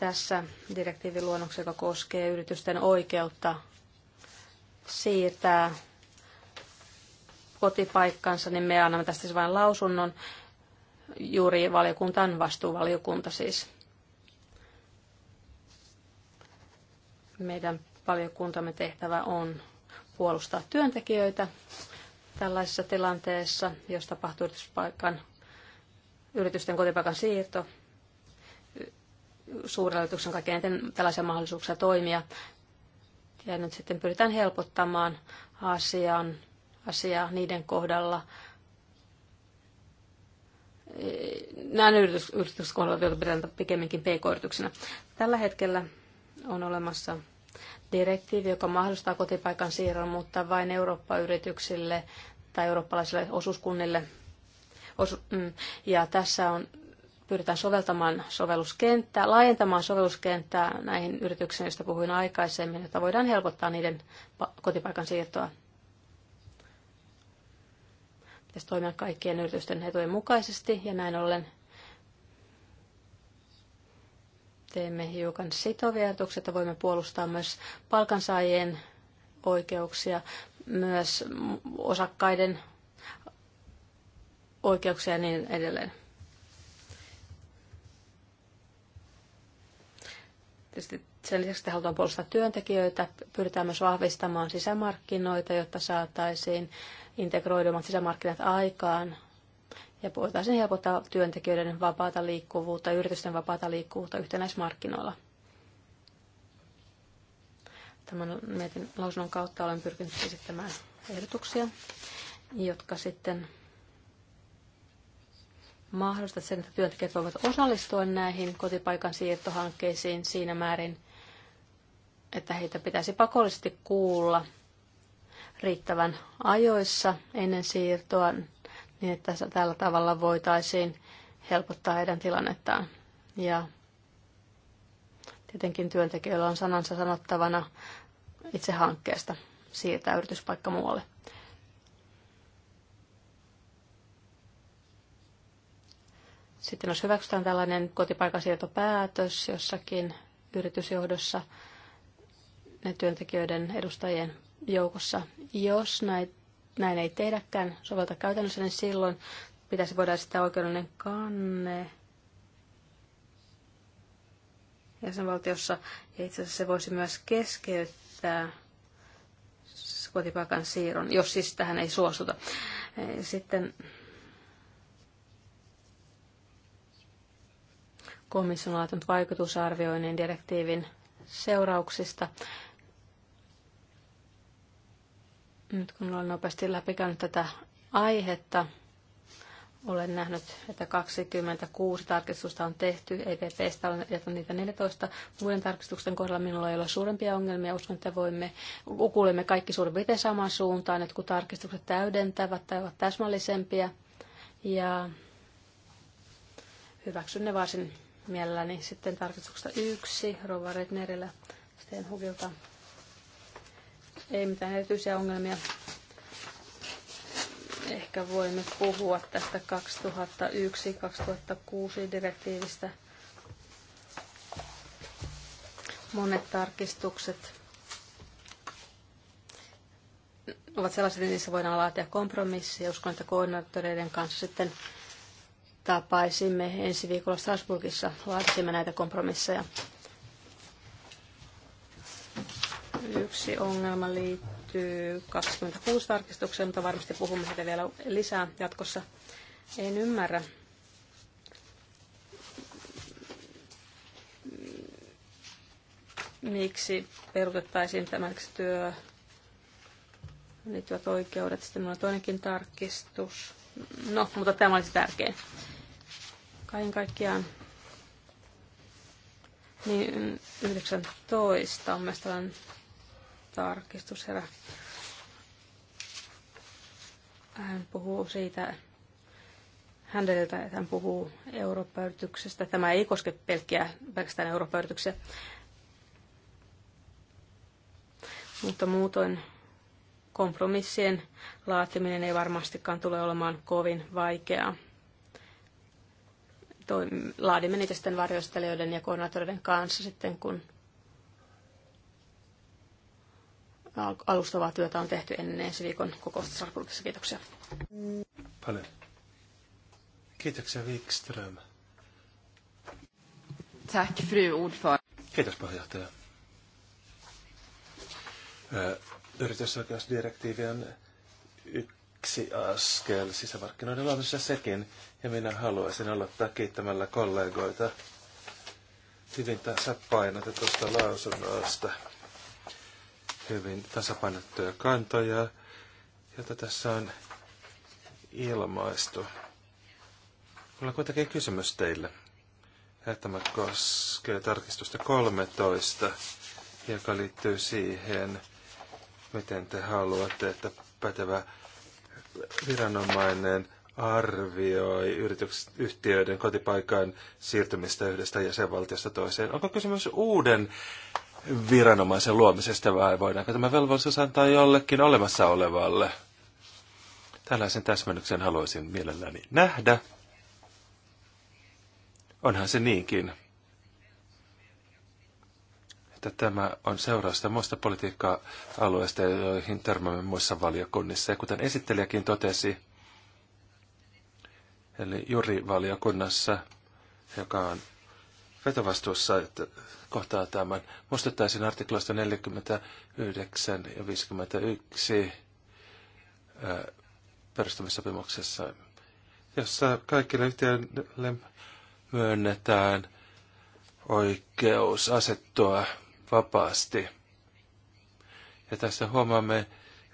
tässä direktiiviluonnoksessa, joka koskee yritysten oikeutta siirtää kotipaikkansa, niin me annamme tästä siis vain lausunnon juuri valiokuntaan vastuuvaliokunta siis. Meidän valiokuntamme tehtävä on puolustaa työntekijöitä tällaisessa tilanteessa, jos tapahtuu yrityspaikan, yritysten kotipaikan siirto. Suurella kaikkein eniten tällaisia mahdollisuuksia toimia. Ja nyt sitten pyritään helpottamaan asian, asiaa niiden kohdalla, nämä yritys, yritykset kohdalla, pitää pidetään pikemminkin pk yrityksenä Tällä hetkellä on olemassa direktiivi, joka mahdollistaa kotipaikan siirron, mutta vain Eurooppa-yrityksille tai eurooppalaisille osuuskunnille. Osu- mm. ja tässä on pyritään soveltamaan sovelluskenttää, laajentamaan sovelluskenttää näihin yrityksiin, joista puhuin aikaisemmin, jotta voidaan helpottaa niiden kotipaikan siirtoa. Pitäisi toimia kaikkien yritysten etujen mukaisesti ja näin ollen teemme hiukan sitovia ajatuksia, että voimme puolustaa myös palkansaajien oikeuksia, myös osakkaiden oikeuksia ja niin edelleen. Tietysti sen lisäksi, että halutaan puolustaa työntekijöitä, pyritään myös vahvistamaan sisämarkkinoita, jotta saataisiin integroidumat sisämarkkinat aikaan ja voitaisiin helpottaa työntekijöiden vapaata liikkuvuutta ja yritysten vapaata liikkuvuutta yhtenäismarkkinoilla. Tämän mietin lausunnon kautta olen pyrkinyt esittämään ehdotuksia, jotka sitten mahdollistavat sen, että työntekijät voivat osallistua näihin kotipaikan siirtohankkeisiin siinä määrin, että heitä pitäisi pakollisesti kuulla riittävän ajoissa ennen siirtoa niin että tällä tavalla voitaisiin helpottaa heidän tilannettaan. Ja tietenkin työntekijöillä on sanansa sanottavana itse hankkeesta siirtää yrityspaikka muualle. Sitten jos hyväksytään tällainen kotipaikasiirtopäätös jossakin yritysjohdossa, ne työntekijöiden edustajien joukossa, jos näitä näin ei tehdäkään sovelta käytännössä, niin silloin pitäisi voida sitä oikeudellinen kanne jäsenvaltiossa. Ja itse asiassa se voisi myös keskeyttää kotipaikan siirron, jos siis tähän ei suostuta. Eh, sitten komissio on laatunut vaikutusarvioinnin direktiivin seurauksista Nyt kun olen nopeasti läpikäynyt tätä aihetta, olen nähnyt, että 26 tarkistusta on tehty, EPPstä on jättänyt niitä 14. Muiden tarkistusten kohdalla minulla ei ole suurempia ongelmia. Uskon, että voimme, kuulemme kaikki suurin piirtein samaan suuntaan, että kun tarkistukset täydentävät tai ovat täsmällisempiä. Ja hyväksyn ne varsin mielelläni. Sitten tarkistuksesta yksi Rova Rednerillä, Sten ei mitään erityisiä ongelmia. Ehkä voimme puhua tästä 2001-2006 direktiivistä. Monet tarkistukset ovat sellaisia, että niissä voidaan laatia kompromisseja. Uskon, että koordinaattoreiden kanssa sitten tapaisimme ensi viikolla Strasbourgissa, laatisimme näitä kompromisseja. Yksi ongelma liittyy 26 tarkistukseen, mutta varmasti puhumme siitä vielä lisää jatkossa. En ymmärrä, miksi peruutettaisiin tämäksi työ liittyvät oikeudet. Sitten minulla on toinenkin tarkistus. No, mutta tämä olisi tärkein. Kaiken kaikkiaan niin 19 on mielestäni tarkistus herra. Hän puhuu siitä, häneltä, että hän puhuu europöyrityksestä. Tämä ei koske pelkkiä, pelkästään europöyrityksiä. Mutta muutoin kompromissien laatiminen ei varmastikaan tule olemaan kovin vaikeaa. Toi, laadimme niitä sitten varjostelijoiden ja koordinaattoreiden kanssa sitten, kun alustavaa työtä on tehty ennen ensi viikon kokousta Sarkulukissa. Kiitoksia. Paljon. Kiitoksia Wikström. Tack fru ordförande. Kiitos puheenjohtaja. Yritysoikeusdirektiivi on yksi askel sisämarkkinoiden luomisessa sekin, ja minä haluaisin aloittaa kiittämällä kollegoita hyvin tasapainotetusta lausunnosta hyvin tasapainottuja kantoja, joita tässä on ilmaistu. Mulla on kuitenkin kysymys teille. tämä koskee tarkistusta 13, joka liittyy siihen, miten te haluatte, että pätevä viranomainen arvioi yhtiöiden kotipaikan siirtymistä yhdestä jäsenvaltiosta toiseen. Onko kysymys uuden viranomaisen luomisesta vai voidaanko tämä velvollisuus antaa jollekin olemassa olevalle? Tällaisen täsmennyksen haluaisin mielelläni nähdä. Onhan se niinkin, että tämä on seurausta muista politiikka-alueista, joihin törmäämme muissa valiokunnissa. Ja kuten esittelijäkin totesi, eli juurivaliokunnassa, joka on vetovastuussa että kohtaa tämän. Muistuttaisin artiklasta 49 ja 51 perustamissopimuksessa, jossa kaikille yhtiöille myönnetään oikeus asettua vapaasti. Ja tässä huomaamme,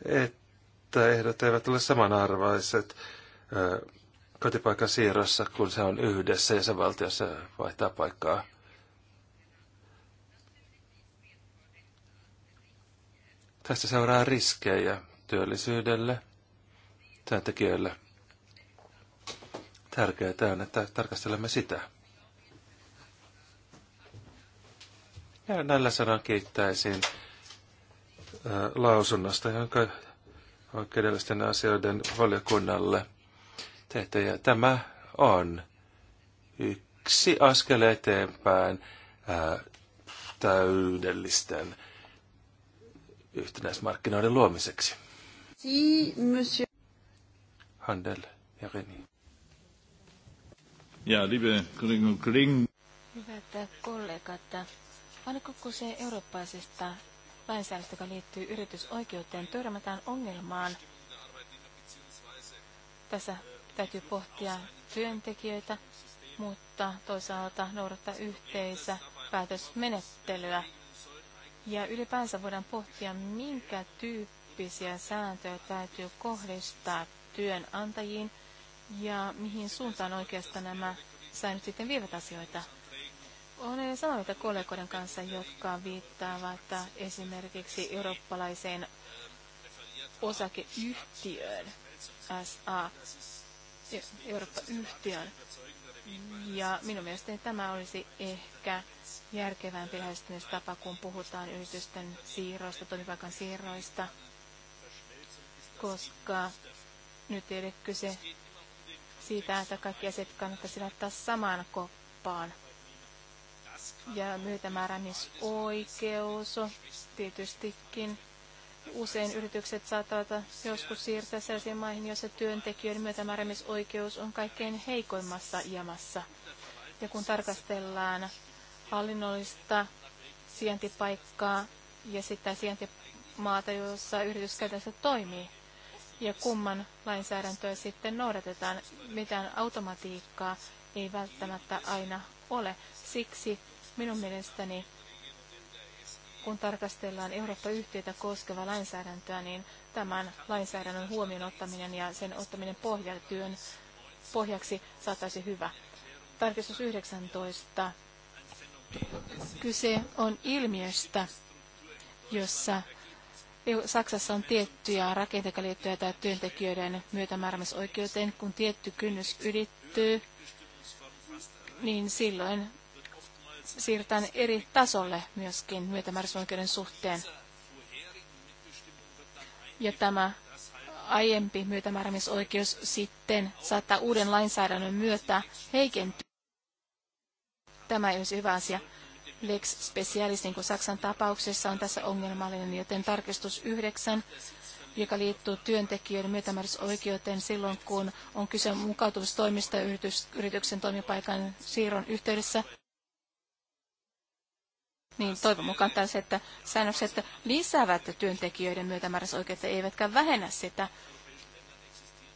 että ehdot eivät ole samanarvoiset kotipaikan siirrossa, kun se on yhdessä ja se valtiossa vaihtaa paikkaa. Tästä seuraa riskejä työllisyydelle, työntekijöille. Tärkeää on, että tarkastelemme sitä. Ja näillä sanoin kiittäisin lausunnosta, jonka oikeudellisten asioiden valiokunnalle – teette. Ja tämä on yksi askel eteenpäin ää, täydellisten yhtenäismarkkinoiden luomiseksi. Si, monsieur. Handel ja Reni. Ja, liebe Kolleginnen kring. Hyvät kollegat, oliko se eurooppaisesta lainsäädäntöä, joka liittyy yritysoikeuteen, törmätään ongelmaan tässä Täytyy pohtia työntekijöitä, mutta toisaalta noudattaa yhteisä päätösmenettelyä. Ja ylipäänsä voidaan pohtia, minkä tyyppisiä sääntöjä täytyy kohdistaa työnantajiin ja mihin suuntaan oikeastaan nämä säännöt sitten vievät asioita. Olen samaa mieltä kollegoiden kanssa, jotka viittaavat esimerkiksi eurooppalaiseen osakeyhtiöön SA. Eurooppa-yhtiön. Ja minun mielestäni tämä olisi ehkä järkevämpi lähestymistapa, kun puhutaan yritysten siirroista, toimipaikan siirroista, koska nyt ei ole kyse siitä, että kaikki asiat kannattaisi laittaa samaan koppaan. Ja myötämääräämisoikeus tietystikin usein yritykset saattavat joskus siirtää sellaisiin maihin, joissa työntekijöiden myötämääräämisoikeus on kaikkein heikoimmassa jamassa. Ja kun tarkastellaan hallinnollista sijaintipaikkaa ja sitä sijaintimaata, jossa yritys käytännössä toimii, ja kumman lainsäädäntöä sitten noudatetaan, mitään automatiikkaa ei välttämättä aina ole. Siksi minun mielestäni kun tarkastellaan Eurooppa-yhtiötä koskevaa lainsäädäntöä, niin tämän lainsäädännön huomioon ottaminen ja sen ottaminen pohjatyön pohjaksi saattaisi hyvä. Tarkistus 19. Kyse on ilmiöstä, jossa e Saksassa on tiettyjä rakenteita tai työntekijöiden myötämääräämisoikeuteen, kun tietty kynnys ylittyy, niin silloin siirrytään eri tasolle myöskin myötämääräisoikeuden suhteen. Ja tämä aiempi myötämääräämisoikeus sitten saattaa uuden lainsäädännön myötä heikentyä. Tämä ei olisi hyvä asia. Lex specialis, niin kuin Saksan tapauksessa, on tässä ongelmallinen, joten tarkistus 9, joka liittyy työntekijöiden myötämääräisoikeuteen silloin, kun on kyse mukautumistoimista yrityksen toimipaikan siirron yhteydessä niin toivon mukaan että säännökset lisäävät työntekijöiden myötämääräisoikeutta, eivätkä vähennä sitä.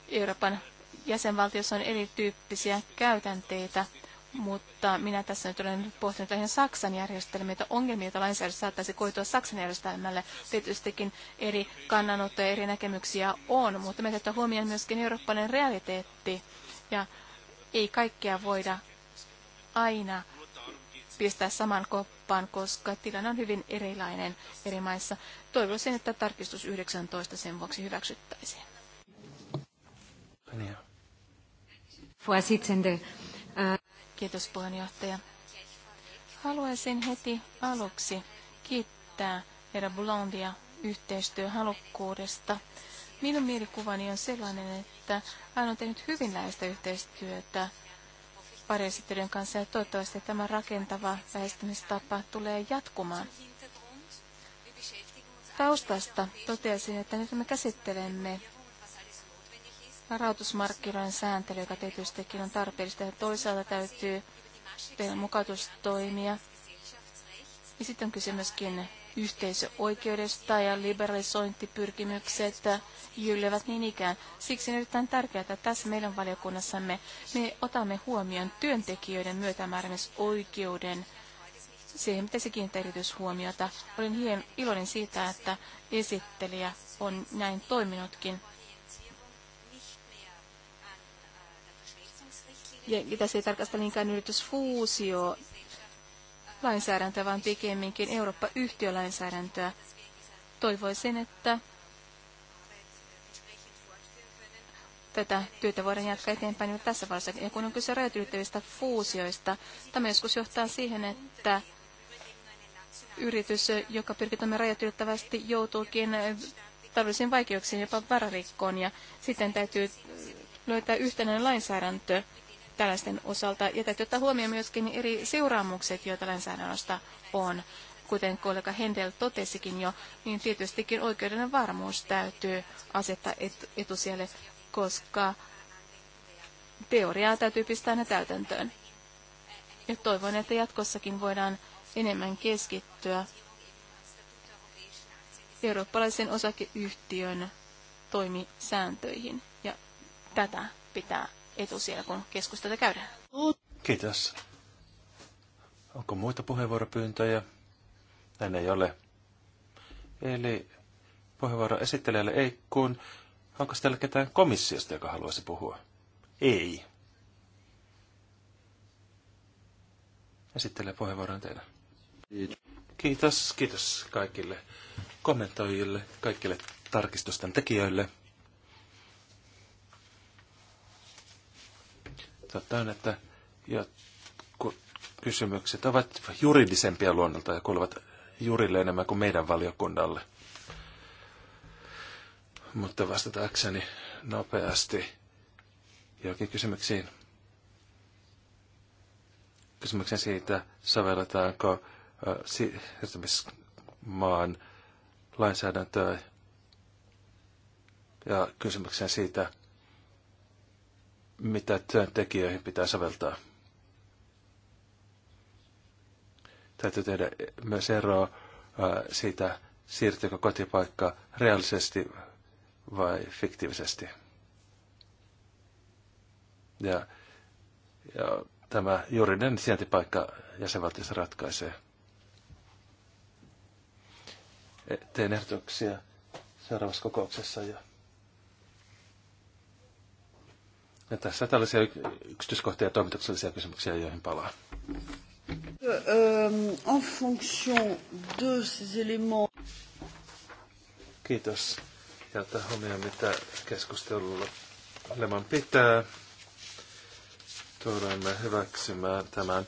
Euroopan jäsenvaltiossa on erityyppisiä käytänteitä, mutta minä tässä nyt olen pohtinut lähinnä Saksan järjestelmiä, että ongelmia, joita lainsäädäntö saattaisi koitua Saksan järjestelmälle. Tietystikin eri kannanottoja, eri näkemyksiä on, mutta me täytyy huomioon myöskin eurooppalainen realiteetti, ja ei kaikkea voida aina pistää saman koppaan, koska tilanne on hyvin erilainen eri maissa. Toivoisin, että tarkistus 19 sen vuoksi hyväksyttäisiin. Niin. Kiitos puheenjohtaja. Haluaisin heti aluksi kiittää herra Blondia yhteistyöhalukkuudesta. Minun mielikuvani on sellainen, että hän on tehnyt hyvin läheistä yhteistyötä varjesittelyjen kanssa ja toivottavasti tämä rakentava lähestymistapa tulee jatkumaan. Taustasta totesin, että nyt me käsittelemme rahoitusmarkkinoiden sääntely, joka tietystikin on tarpeellista ja toisaalta täytyy tehdä mukautustoimia. Ja sitten on kysymyskin yhteisöoikeudesta ja liberalisointipyrkimykset jyllevät niin ikään. Siksi on erittäin tärkeää, että tässä meidän valiokunnassamme me otamme huomioon työntekijöiden myötämääräämisoikeuden siihen pitäisi kiinnittää erityishuomiota. Olin hien iloinen siitä, että esittelijä on näin toiminutkin. Ja tässä ei tarkasta niinkään yritysfuusio lainsäädäntöä, vaan pikemminkin Eurooppa-yhtiölainsäädäntöä. Toivoisin, että tätä työtä voidaan jatkaa eteenpäin nyt tässä vaiheessa. Ja kun on kyse ylittävistä fuusioista, tämä joskus johtaa siihen, että yritys, joka pyrkii rajat ylittävästi, joutuukin taloudellisiin vaikeuksiin, jopa vararikkoon, ja sitten täytyy löytää yhtenäinen lainsäädäntö tällaisten osalta. Ja täytyy ottaa huomioon myöskin eri seuraamukset, joita lainsäädännöstä on. Kuten kollega Hendel totesikin jo, niin tietystikin oikeudellinen varmuus täytyy asettaa et, etusijalle, koska teoriaa täytyy pistää ne täytäntöön. Ja toivon, että jatkossakin voidaan enemmän keskittyä eurooppalaisen osakeyhtiön toimisääntöihin. Ja tätä pitää siellä, kun keskustelua käydään. Kiitos. Onko muita puheenvuoropyyntöjä? Näin ei ole. Eli puheenvuoro esittelijälle ei, kun onko täällä ketään komissiosta, joka haluaisi puhua? Ei. Esittelee puheenvuoron teille. Kiitos, kiitos kaikille kommentoijille, kaikille tarkistusten tekijöille. Totta on, että jotkut kysymykset ovat juridisempia luonnolta ja kuuluvat jurille enemmän kuin meidän valiokunnalle. Mutta vastataakseni nopeasti jokin kysymyksiin. Kysymyksen siitä, sovelletaanko siirtymismaan lainsäädäntöä ja kysymyksen siitä, mitä työntekijöihin pitää säveltää. Täytyy tehdä myös eroa äh, siitä, siirtyykö kotipaikka reaalisesti vai fiktiivisesti. Ja, ja tämä juridinen sijaintipaikka jäsenvaltiossa ratkaisee. Teen ehdotuksia seuraavassa kokouksessa ja Ja tässä tällaisia yksityiskohtia ja toimituksellisia kysymyksiä, joihin palaa. Euh, en fonction de ces éléments. Kiitos. Ja ottaa huomioon, mitä keskustelulla Leman pitää. Tulemme hyväksymään tämän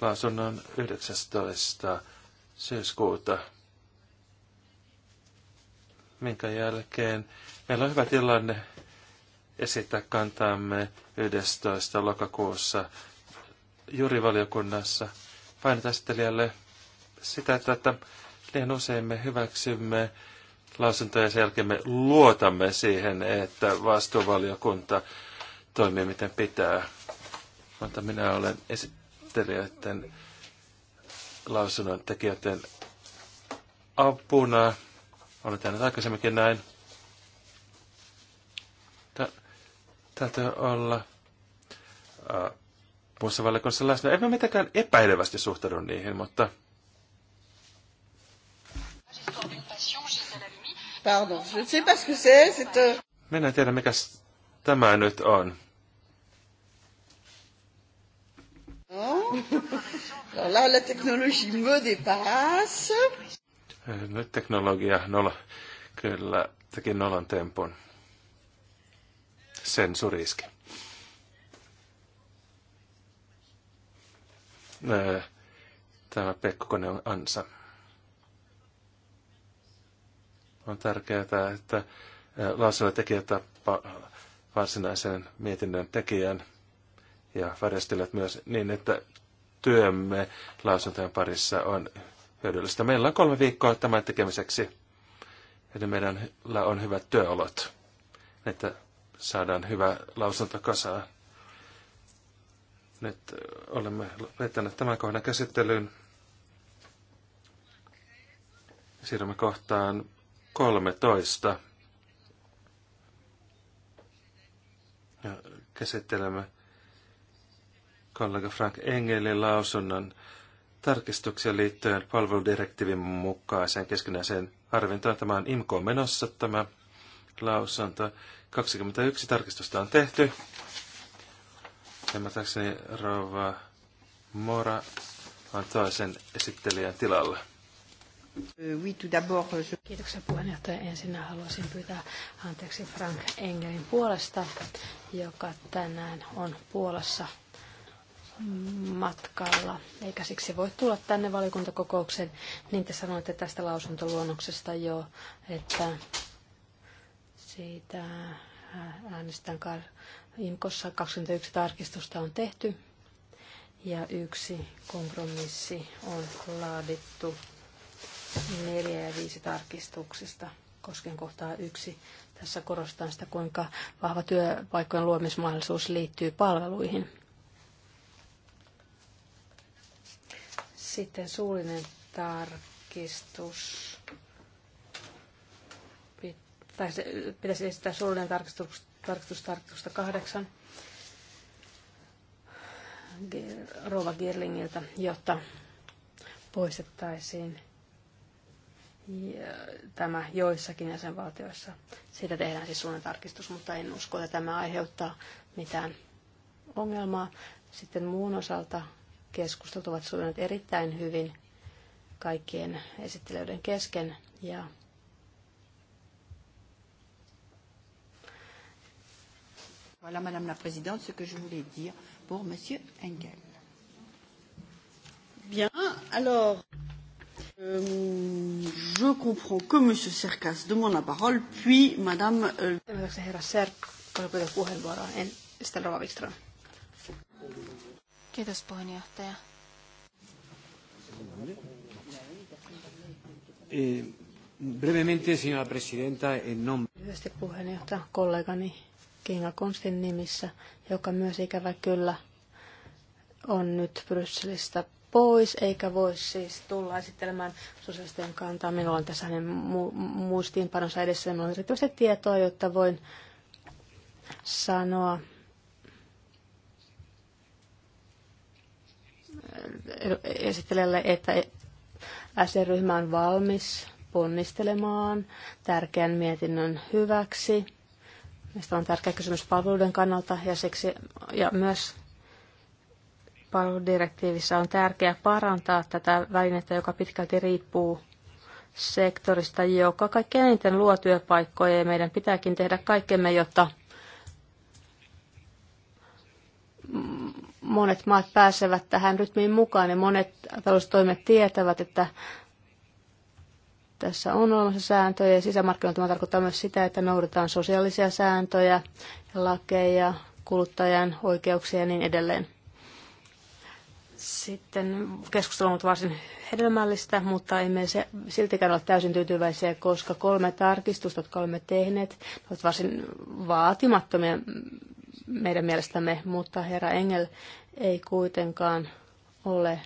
lausunnon 19. syyskuuta minkä jälkeen meillä on hyvä tilanne esittää kantaamme 11. lokakuussa jurivaliokunnassa. Painotästelijälle sitä, että liian usein me hyväksymme lausuntoja ja sen jälkeen me luotamme siihen, että vastuuvaliokunta toimii miten pitää. Mutta minä olen esittelijöiden lausunnon tekijöiden apuna. Olen tehnyt aikaisemminkin näin. täytyy olla äh, muussa valikossa läsnä. En mä mitenkään epäilevästi suhtaudu niihin, mutta... Pardon, je ne sais pas ce que c'est, c'est... Minä en tiedä, mikä tämä nyt on. Alors là, la technologie me dépasse. Nyt teknologia nolla, kyllä teki nolan tempun sensuriski. Öö, tämä pekkokone on ansa. On tärkeää, että lausella tekijä tappaa varsinaisen mietinnön tekijän ja värjestelijät myös niin, että työmme lausuntojen parissa on hyödyllistä. Meillä on kolme viikkoa tämän tekemiseksi, joten meidän on hyvät työolot, että saadaan hyvä lausunto kasaan. Nyt olemme vetäneet tämän kohdan käsittelyyn. Siirrymme kohtaan 13. Ja käsittelemme kollega Frank Engelin lausunnon tarkistuksia liittyen palveludirektiivin mukaiseen keskinäiseen arvintaan. Tämä on IMKO menossa tämä lausunto 21 tarkistusta on tehty. Ymmärtääkseni Rova Mora on toisen esittelijän tilalla. Kiitoksia puheenjohtaja. Ensin haluaisin pyytää anteeksi Frank Engelin puolesta, joka tänään on Puolassa matkalla, eikä siksi voi tulla tänne valiokuntakokoukseen, niin te sanoitte tästä lausuntoluonnoksesta jo, että siitä äh, äänestetään IMKossa 21 tarkistusta on tehty ja yksi kompromissi on laadittu neljä ja viisi tarkistuksista koskien kohtaa yksi. Tässä korostan sitä, kuinka vahva työpaikkojen luomismahdollisuus liittyy palveluihin. Sitten suullinen tarkistus tai se, pitäisi esittää suullinen tarkistus, tarkistus, tarkistusta kahdeksan Rova Girlingiltä, jotta poistettaisiin ja tämä joissakin jäsenvaltioissa. Siitä tehdään siis suullinen tarkistus, mutta en usko, että tämä aiheuttaa mitään ongelmaa. Sitten muun osalta keskustelut ovat sujuneet erittäin hyvin kaikkien esittelijöiden kesken ja Voilà, Madame la Présidente, ce que je voulais dire pour Monsieur Engel. Bien, alors, euh, je comprends que Monsieur Serkas demande la parole, puis Madame... Euh... Herra Serkas, puheenvuoroa, en sitten Rova Wikström. Kiitos puheenjohtaja. Eh, brevemente, señora presidenta, en nombre... Lyhyesti puheenjohtaja, kollegani Kinga konstin nimissä, joka myös ikävä kyllä on nyt Brysselistä pois, eikä voi siis tulla esittelemään sosiaalisten kantaa. Minulla on tässä hänen mu- muistiinpanonsa edessä, minulla on riittävästi tietoa, jotta voin sanoa eh, esittelijälle, että SR-ryhmä on valmis ponnistelemaan tärkeän mietinnön hyväksi Mistä on tärkeä kysymys palveluiden kannalta ja, seksi ja myös palveludirektiivissä on tärkeää parantaa tätä välinettä, joka pitkälti riippuu sektorista, joka kaikkein eniten luo työpaikkoja ja meidän pitääkin tehdä kaikkemme, jotta monet maat pääsevät tähän rytmiin mukaan ja monet taloustoimet tietävät, että tässä on olemassa sääntöjä sisämarkkinoilla tämä tarkoittaa myös sitä, että noudatetaan sosiaalisia sääntöjä, lakeja, kuluttajan oikeuksia ja niin edelleen. Sitten keskustelu on varsin hedelmällistä, mutta emme se, siltikään ole täysin tyytyväisiä, koska kolme tarkistusta, jotka olemme tehneet, ovat varsin vaatimattomia meidän mielestämme, mutta herra Engel ei kuitenkaan ole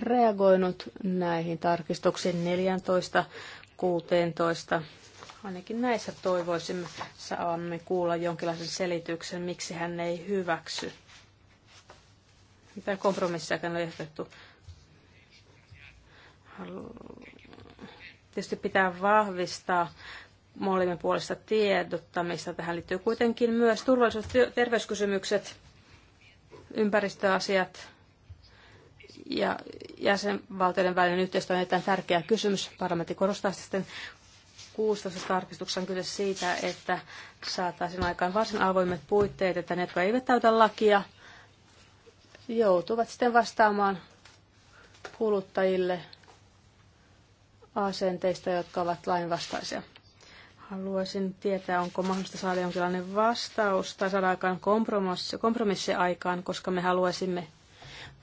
reagoinut näihin tarkistuksiin 14, 16. Ainakin näissä toivoisimme saamme kuulla jonkinlaisen selityksen, miksi hän ei hyväksy. Mitä kompromissia on ehdotettu? Tietysti pitää vahvistaa molemmin puolesta tiedottamista. Tähän liittyy kuitenkin myös turvallisuus- ja terveyskysymykset, ympäristöasiat, ja jäsenvaltioiden välinen yhteistyö on erittäin tärkeä kysymys. Parlamentti korostaa sitten 16 tarkistuksessa on kyse siitä, että saataisiin aikaan varsin avoimet puitteet, että ne, jotka eivät täytä lakia, joutuvat sitten vastaamaan kuluttajille asenteista, jotka ovat lainvastaisia. Haluaisin tietää, onko mahdollista saada jonkinlainen vastaus tai saada aikaan kompromissi, kompromissi aikaan, koska me haluaisimme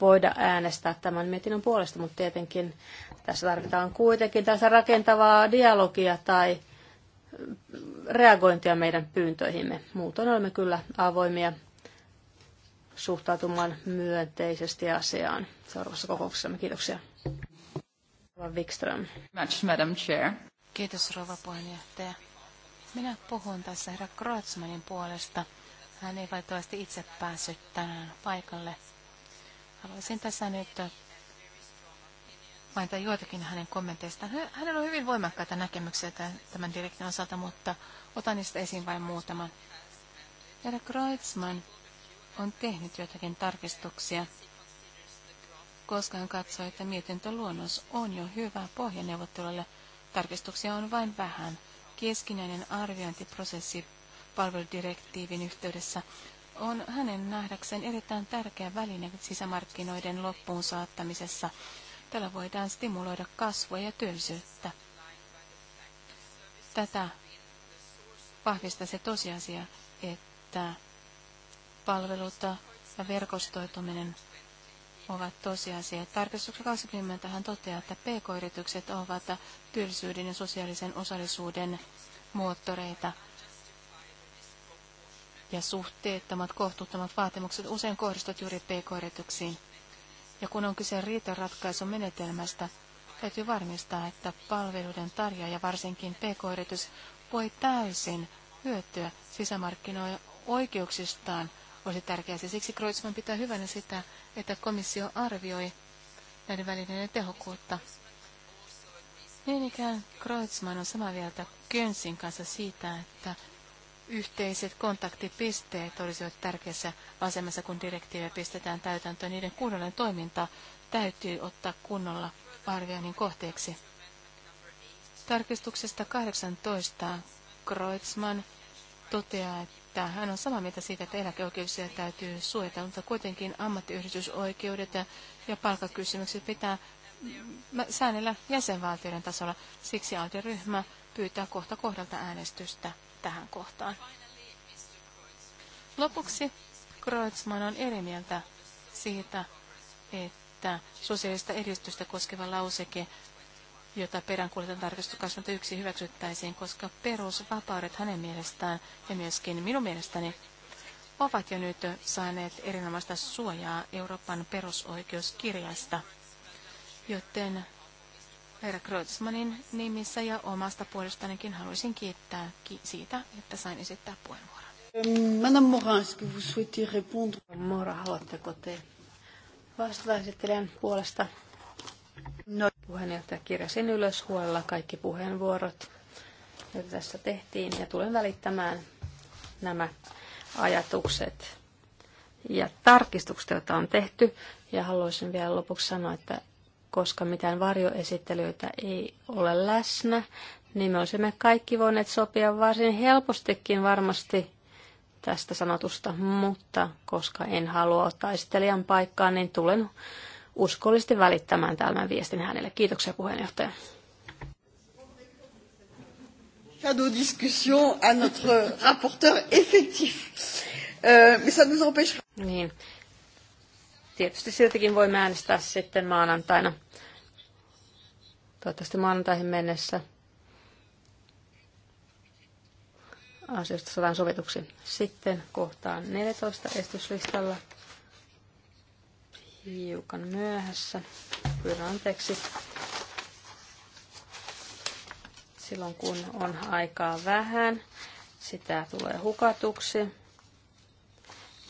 voida äänestää tämän mietinnön puolesta, mutta tietenkin tässä tarvitaan kuitenkin tässä rakentavaa dialogia tai reagointia meidän pyyntöihimme. Muutoin olemme kyllä avoimia suhtautumaan myönteisesti asiaan seuraavassa kokouksessa. Kiitoksia. Wikström. Madam Chair. Kiitos rouva puheenjohtaja. Minä puhun tässä herra Kroatsmanin puolesta. Hän ei valitettavasti itse päässyt tänään paikalle Haluaisin tässä nyt mainita joitakin hänen kommenteistaan. Hänellä on hyvin voimakkaita näkemyksiä tämän direktin osalta, mutta otan niistä esiin vain muutaman. Herra Kreutzmann on tehnyt joitakin tarkistuksia, koska hän katsoi, että mietintöluonnos on jo hyvä pohjaneuvottelulle. Tarkistuksia on vain vähän. Keskinäinen arviointiprosessi palveludirektiivin yhteydessä on hänen nähdäkseen erittäin tärkeä väline sisämarkkinoiden loppuun saattamisessa. Tällä voidaan stimuloida kasvua ja työllisyyttä. Tätä vahvistaa se tosiasia, että palveluta ja verkostoituminen ovat tosiasia. Tarkastuksessa 20 hän toteaa, että pk-yritykset ovat työllisyyden ja sosiaalisen osallisuuden moottoreita ja suhteettomat kohtuuttomat vaatimukset usein kohdistuvat juuri pk-yrityksiin. Ja kun on kyse menetelmästä, täytyy varmistaa, että palveluiden tarjoaja, varsinkin pk-yritys, voi täysin hyötyä sisämarkkinoiden oikeuksistaan olisi tärkeää. Siksi Kreutzmann pitää hyvänä sitä, että komissio arvioi näiden välineiden tehokkuutta. Niin ikään Kreutzmann on samaa mieltä Könsin kanssa siitä, että yhteiset kontaktipisteet olisivat tärkeässä asemassa, kun direktiivejä pistetään täytäntöön. Niiden kunnollinen toiminta täytyy ottaa kunnolla arvioinnin kohteeksi. Tarkistuksesta 18 Kreutzmann toteaa, että hän on samaa mieltä siitä, että eläkeoikeuksia täytyy suojata, mutta kuitenkin ammattiyhdistysoikeudet ja palkakysymykset pitää mm, säännellä jäsenvaltioiden tasolla. Siksi ALDE-ryhmä pyytää kohta kohdalta äänestystä tähän kohtaan. Lopuksi Kreutzmann on eri mieltä siitä, että sosiaalista edistystä koskeva lauseke, jota peräänkuulutan tarkistus yksi hyväksyttäisiin, koska perusvapaudet hänen mielestään ja myöskin minun mielestäni ovat jo nyt saaneet erinomaista suojaa Euroopan perusoikeuskirjasta, joten herra Kreutzmanin nimissä ja omasta puolestanikin haluaisin kiittää siitä, että sain esittää puheenvuoron. Euh, Madame Morin, est-ce que vous souhaitez répondre? Mora, haluatteko te vastaesittelijän puolesta? No. Puheenjohtaja kirjasin ylös huolella kaikki puheenvuorot, joita tässä tehtiin, ja tulen välittämään nämä ajatukset ja tarkistukset, joita on tehty. Ja haluaisin vielä lopuksi sanoa, että koska mitään varjoesittelyitä ei ole läsnä, niin me olisimme kaikki voineet sopia varsin helpostikin varmasti tästä sanotusta, mutta koska en halua ottaa esittelijän paikkaa, niin tulen uskollisesti välittämään tämän viestin hänelle. Kiitoksia puheenjohtaja. Cadeau discussion à notre rapporteur effectif. Euh, mais ça nous empêche... Niin, tietysti siltikin voi äänestää sitten maanantaina. Toivottavasti maanantaihin mennessä asioista saadaan sovituksi. Sitten kohtaan 14 estyslistalla. Hiukan myöhässä. Pyydän anteeksi. Silloin kun on aikaa vähän, sitä tulee hukatuksi.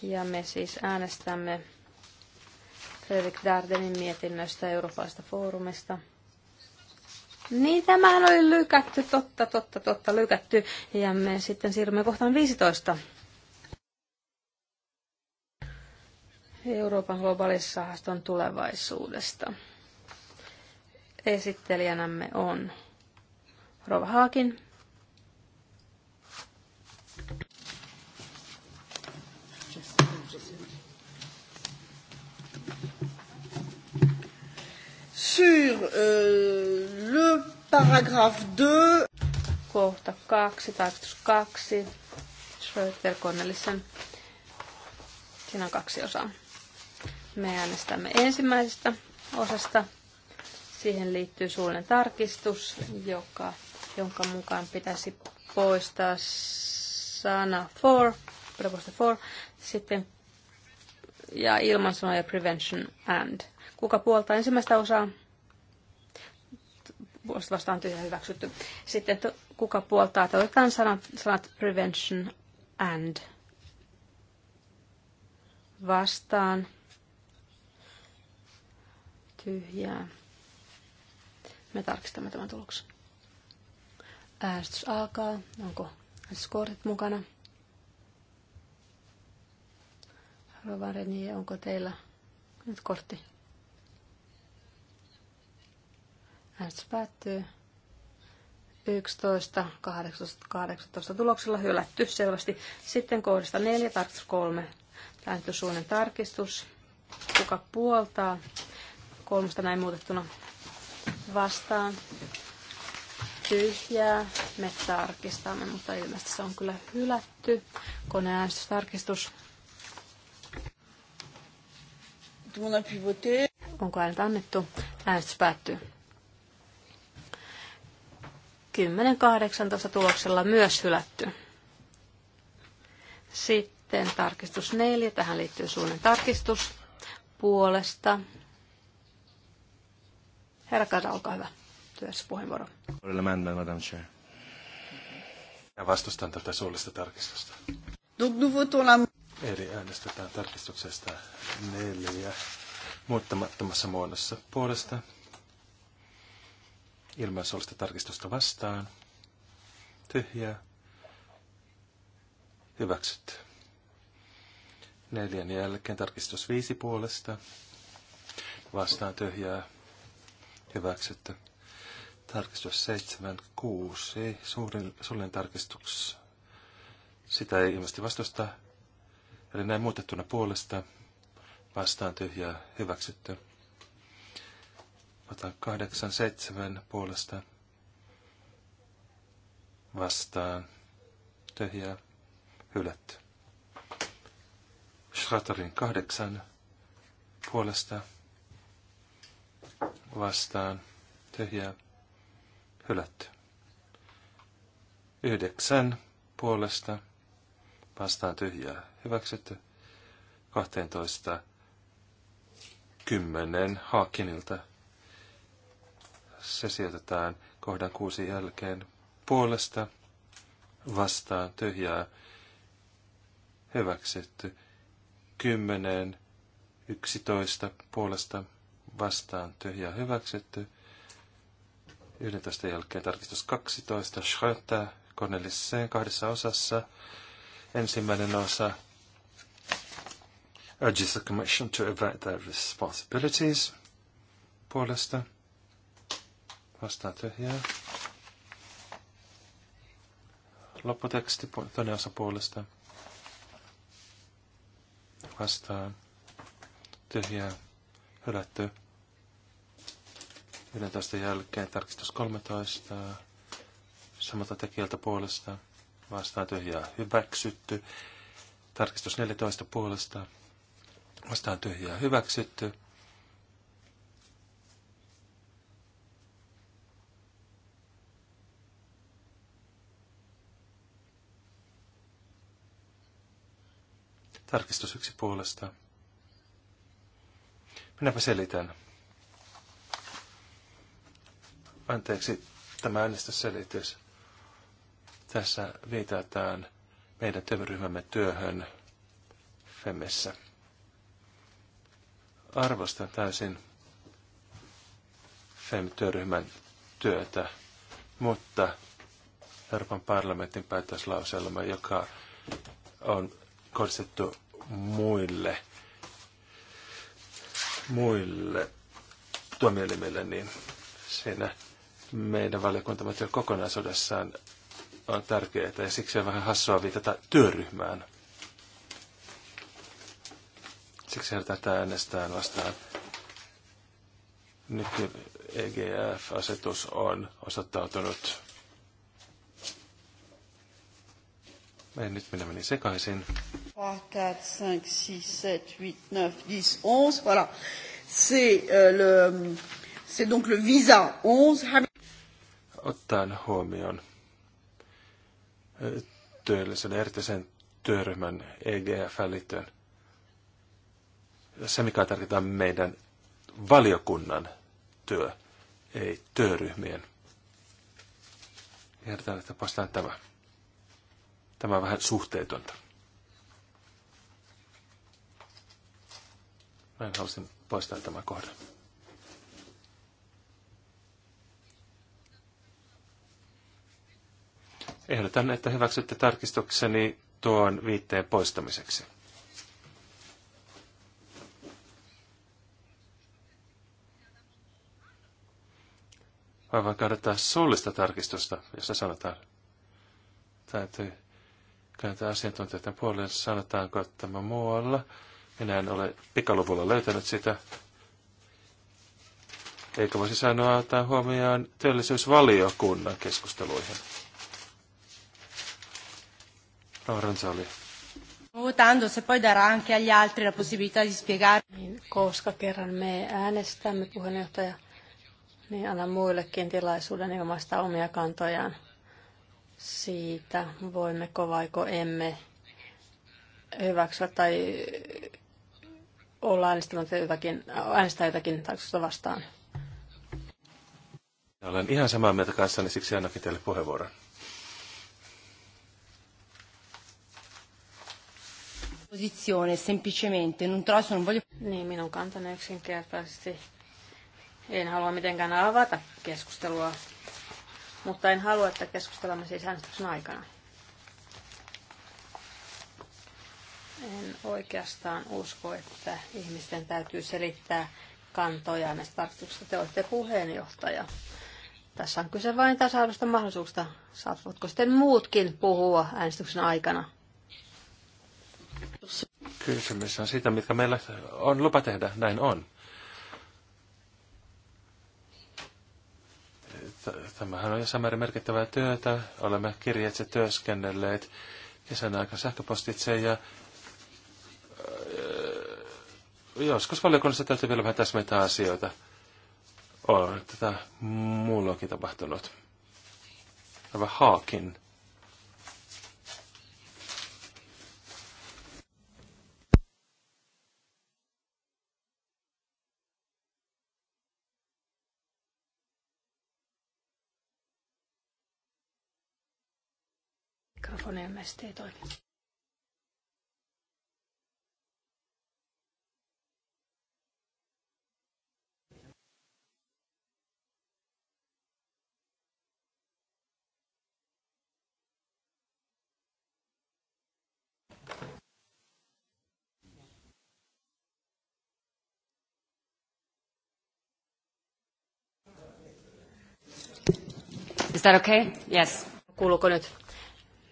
Ja me siis äänestämme Fredrik Dardenin mietinnöstä Euroopasta foorumista. Niin, tämähän oli lykätty, totta, totta, totta, lykätty. Ja me sitten siirrymme kohtaan 15. Euroopan globaalissaaston tulevaisuudesta. Esittelijänämme on Rova Haakin. sur euh, le paragraphe 2. Kohta 2, tarkoitus 2. Schröter Connellisen. Siinä on kaksi osaa. Me äänestämme ensimmäisestä osasta. Siihen liittyy suullinen tarkistus, joka, jonka mukaan pitäisi poistaa sana for, preposta for, sitten ja ilman sanoja prevention and. Kuka puoltaa ensimmäistä osaa? vastaan tyhjä hyväksytty. Sitten to, kuka puoltaa, että otetaan sanat, sanat prevention and vastaan tyhjää. Me tarkistamme tämän tuloksen. Äänestys alkaa. Onko äänestyskortit mukana? Rovareni, onko teillä nyt kortti Äänestys päättyy. 11, 18, 18 tuloksella hylätty selvästi. Sitten kohdista 4, tarkistus 3, äänestyssuunnan tarkistus. Kuka puoltaa? Kolmesta näin muutettuna vastaan. Tyhjää. Me tarkistamme, mutta ilmeisesti se on kyllä hylätty. Koneäänestystarkistus. Onko äänet annettu? Äänestys päättyy. 10.18 tuloksella myös hylätty. Sitten tarkistus 4. Tähän liittyy suunnan tarkistus puolesta. Herra Kada, olkaa hyvä. Työssä puheenvuoro. Ja vastustan tätä suullista tarkistusta. Eli äänestetään tarkistuksesta neljä muuttamattomassa muodossa puolesta ilman tarkistusta vastaan. Tyhjää. Hyväksytty. Neljän jälkeen tarkistus viisi puolesta. Vastaan tyhjää. Hyväksytty. Tarkistus seitsemän kuusi Suurin, suurin tarkistus. Sitä ei ilmeisesti vastusta. Eli näin muutettuna puolesta. Vastaan tyhjää. Hyväksytty. 187 puolesta vastaan tyhjää hylätty. Schratorin 8 puolesta vastaan tyhjää hylätty. 9 puolesta vastaan tyhjää hyväksytty. 12 10 Haakinilta se sijoitetaan kohdan kuusi jälkeen puolesta vastaan tyhjää hyväksytty. Kymmeneen yksitoista puolesta vastaan tyhjää hyväksytty. 11 jälkeen tarkistus 12, Schröter, koneelliseen kahdessa osassa. Ensimmäinen osa urges the Commission to evade their responsibilities puolesta vastaan tyhjää. Lopputeksti toinen osa puolesta vastaan tyhjää hylätty. 11 jälkeen tarkistus 13. Samalta tekijältä puolesta vastaan tyhjää hyväksytty. Tarkistus 14 puolesta vastaan tyhjää hyväksytty. Tarkistus yksi puolesta. Minäpä selitän. Anteeksi, tämä äänestysselitys. Tässä viitataan meidän työryhmämme työhön Femessä. Arvostan täysin FEM-työryhmän työtä, mutta Euroopan parlamentin päätöslauselma, joka on kohdistettu muille, muille tuomielimille, niin siinä meidän valiokuntamme työ kokonaisuudessaan on tärkeää ja siksi on vähän hassua viitata työryhmään. Siksi tätä äänestään vastaan. Nyt EGF-asetus on osoittautunut. Ei, nyt minä menin niin sekaisin. 3, 4, 5, 6, 7, 8, 9, 10, 11. Voilà. C'est euh, donc le visa 11. Ottaen huomioon työllisen erityisen työryhmän EGF-liittyen se, mikä tarkoittaa meidän valiokunnan työ, ei työryhmien. Järjestetään, että poistetaan tämä. Tämä on vähän suhteetonta. En halusin poistaa tämän kohdan. Ehdotan, että hyväksytte tarkistukseni tuon viitteen poistamiseksi. Vai vaan kannattaa suullista tarkistusta, jossa sanotaan, täytyy kääntää asiantuntijoiden puolelle, sanotaanko tämä muualla enää en ole pikaluvulla löytänyt sitä. Eikä voisi sanoa ottaa huomioon työllisyysvaliokunnan keskusteluihin. Rauranzali. Votando se poi darà anche agli altri la possibilità di spiegare. Niin, koska kerran me äänestämme puheenjohtaja, niin anna muillekin tilaisuuden ilmaista omia kantojaan siitä, voimmeko vaiko emme hyväksyä tai olla äänestämättä jotakin, äänestää jotakin tarkistusta vastaan. Olen ihan samaa mieltä kanssani, siksi annakin teille puheenvuoron. posizione semplicemente, non trovo, non voglio... Niin, minun kantani yksinkertaisesti. En halua mitenkään avata keskustelua, mutta en halua, että keskustelemme siis äänestyksen aikana. En oikeastaan usko, että ihmisten täytyy selittää kantoja näistä tarkoituksista. Te olette puheenjohtaja. Tässä on kyse vain tasa-arvoista mahdollisuuksista. Saatko sitten muutkin puhua äänestyksen aikana? Kysymys on siitä, mitkä meillä on lupa tehdä. Näin on. Tämähän on jo määrin merkittävää työtä. Olemme kirjeitse työskennelleet kesän aika sähköpostitse ja joskus valiokunnassa täytyy vielä vähän täsmentää asioita. On tätä muullakin tapahtunut. Tämä Haakin. Mikrofoni ilmeisesti ei toimi. Is that okay? Yes. Kuuluuko nyt?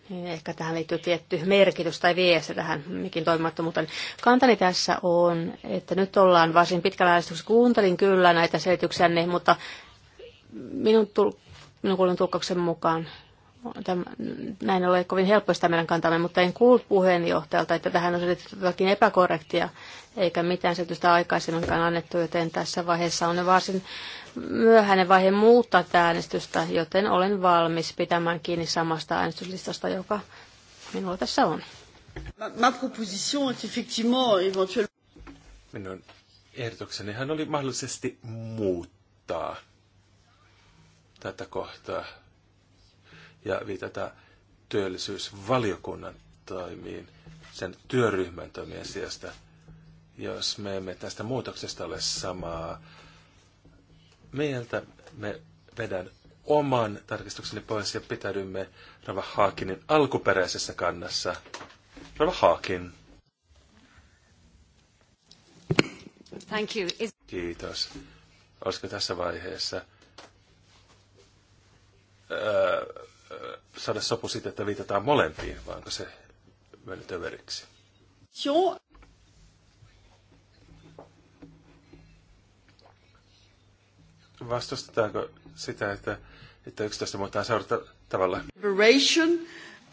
Niin, ehkä tähän liittyy tietty merkitys tai viesti tähän mikin toimimattomuuteen. Kantani tässä on, että nyt ollaan varsin pitkällä äänestyksessä. Kuuntelin kyllä näitä selityksiä, mutta minun, tul- minun kuulun tulkauksen mukaan Tämä, näin ole kovin helpoista meidän kantamme, mutta en kuullut puheenjohtajalta, että tähän on yritetty jotakin epäkorrektia, eikä mitään selitystä aikaisemminkaan annettu, joten tässä vaiheessa on varsin myöhäinen vaihe muuttaa tätä äänestystä, joten olen valmis pitämään kiinni samasta äänestyslistasta, joka minulla tässä on. Ma proposition Minun ehdotuksenihan oli mahdollisesti muuttaa tätä kohtaa ja viitata työllisyysvaliokunnan toimiin sen työryhmän toimien sijasta, jos me emme tästä muutoksesta ole samaa mieltä, me vedän oman tarkistukseni pois ja pitäydymme Rava Haakinin alkuperäisessä kannassa. Rava Haakin. Thank you. Is... Kiitos. Olisiko tässä vaiheessa öö, Äh, saada sopu siitä, että viitataan molempiin, vai onko se mennyt överiksi? Joo. Vastustetaanko sitä, että, että 11 muutaan seurata tavalla? Liberation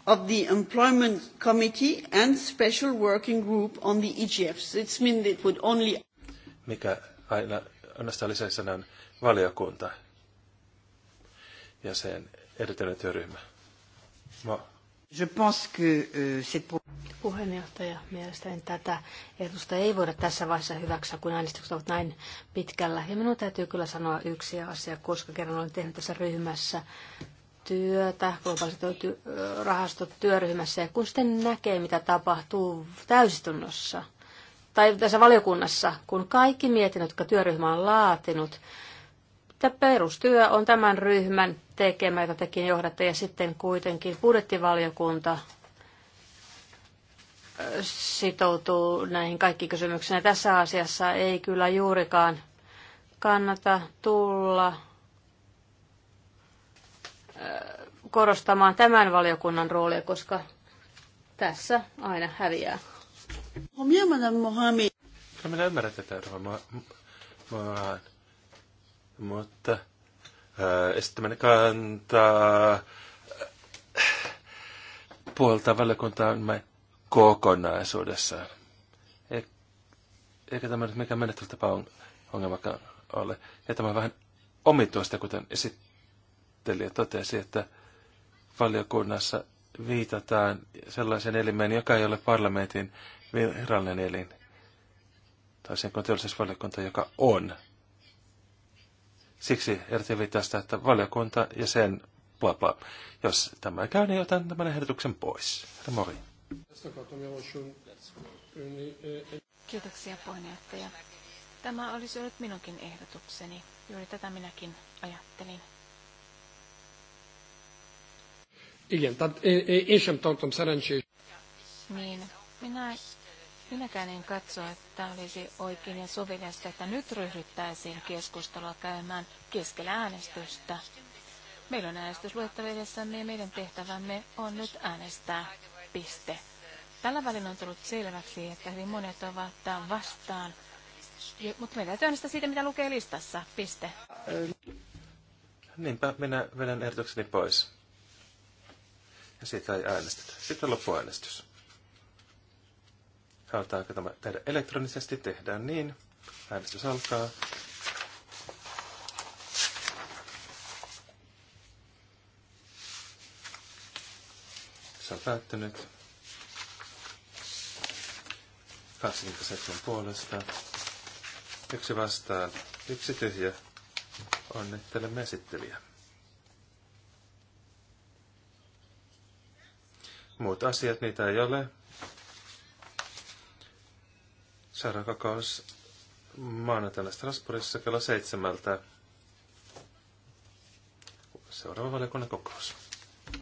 of the Employment Committee and Special Working Group on the EGFs. It's mean it would only... Mikä aina, ainoastaan lisäisenä sanan valiokunta ja sen erityinen työryhmä. Mä... Je pense que, uh, Puheenjohtaja, mielestäni tätä ehdotusta ei voida tässä vaiheessa hyväksyä, kun äänestykset ovat näin pitkällä. Ja minun täytyy kyllä sanoa yksi asia, koska kerran olen tehnyt tässä ryhmässä työtä, globaaliset rahastot työryhmässä, ja kun sitten näkee, mitä tapahtuu täysistunnossa, tai tässä valiokunnassa, kun kaikki mietinnöt, jotka työryhmä on laatinut, perustyö on tämän ryhmän tekemä, jota tekin johdatte, ja sitten kuitenkin budjettivaliokunta sitoutuu näihin kaikki kysymyksiin. Ja tässä asiassa ei kyllä juurikaan kannata tulla korostamaan tämän valiokunnan roolia, koska tässä aina häviää. No, minä ymmärrän tätä Rova mutta äh, esittämäni kantaa valiokuntaan äh, valiokuntaa kokonaisuudessaan. E-, eikä tämä nyt mikään menettelytapa on ongelmakaan ole. Ja tämä on vähän omituista, kuten esittelijä totesi, että valiokunnassa viitataan sellaisen elimeen, joka ei ole parlamentin virallinen elin, toisin kuin teollisuusvaliokunta, joka on. Siksi RTV tästä, että valiokunta ja sen bla bla. Jos tämä käy, niin otan tämän ehdotuksen pois. Mori. Kiitoksia puheenjohtaja. Tämä olisi ollut minunkin ehdotukseni. Juuri tätä minäkin ajattelin. Igen, tehát én, sem tartom szerencsés. Niin, minä Minäkään en katso, että olisi oikein ja soveliasta, että nyt ryhdyttäisiin keskustelua käymään keskellä äänestystä. Meillä on äänestys edessämme niin meidän tehtävämme on nyt äänestää. Piste. Tällä välin on tullut selväksi, että hyvin monet ovat tämän vastaan. Mutta meidän täytyy äänestää siitä, mitä lukee listassa. Piste. Niinpä minä vedän ehdotukseni pois. Ja siitä ei äänestetä. Sitten loppuäänestys. Halutaanko tämä tehdä elektronisesti? Tehdään niin. Äänestys alkaa. Se on päättynyt. 27 puolesta. Yksi vastaan, yksi tyhjä. Onnittelemme esittelijä. Muut asiat, niitä ei ole. Seuraava kokous maanantaina Strasbourgissa kello seitsemältä. Seuraava valiokunnan kokous.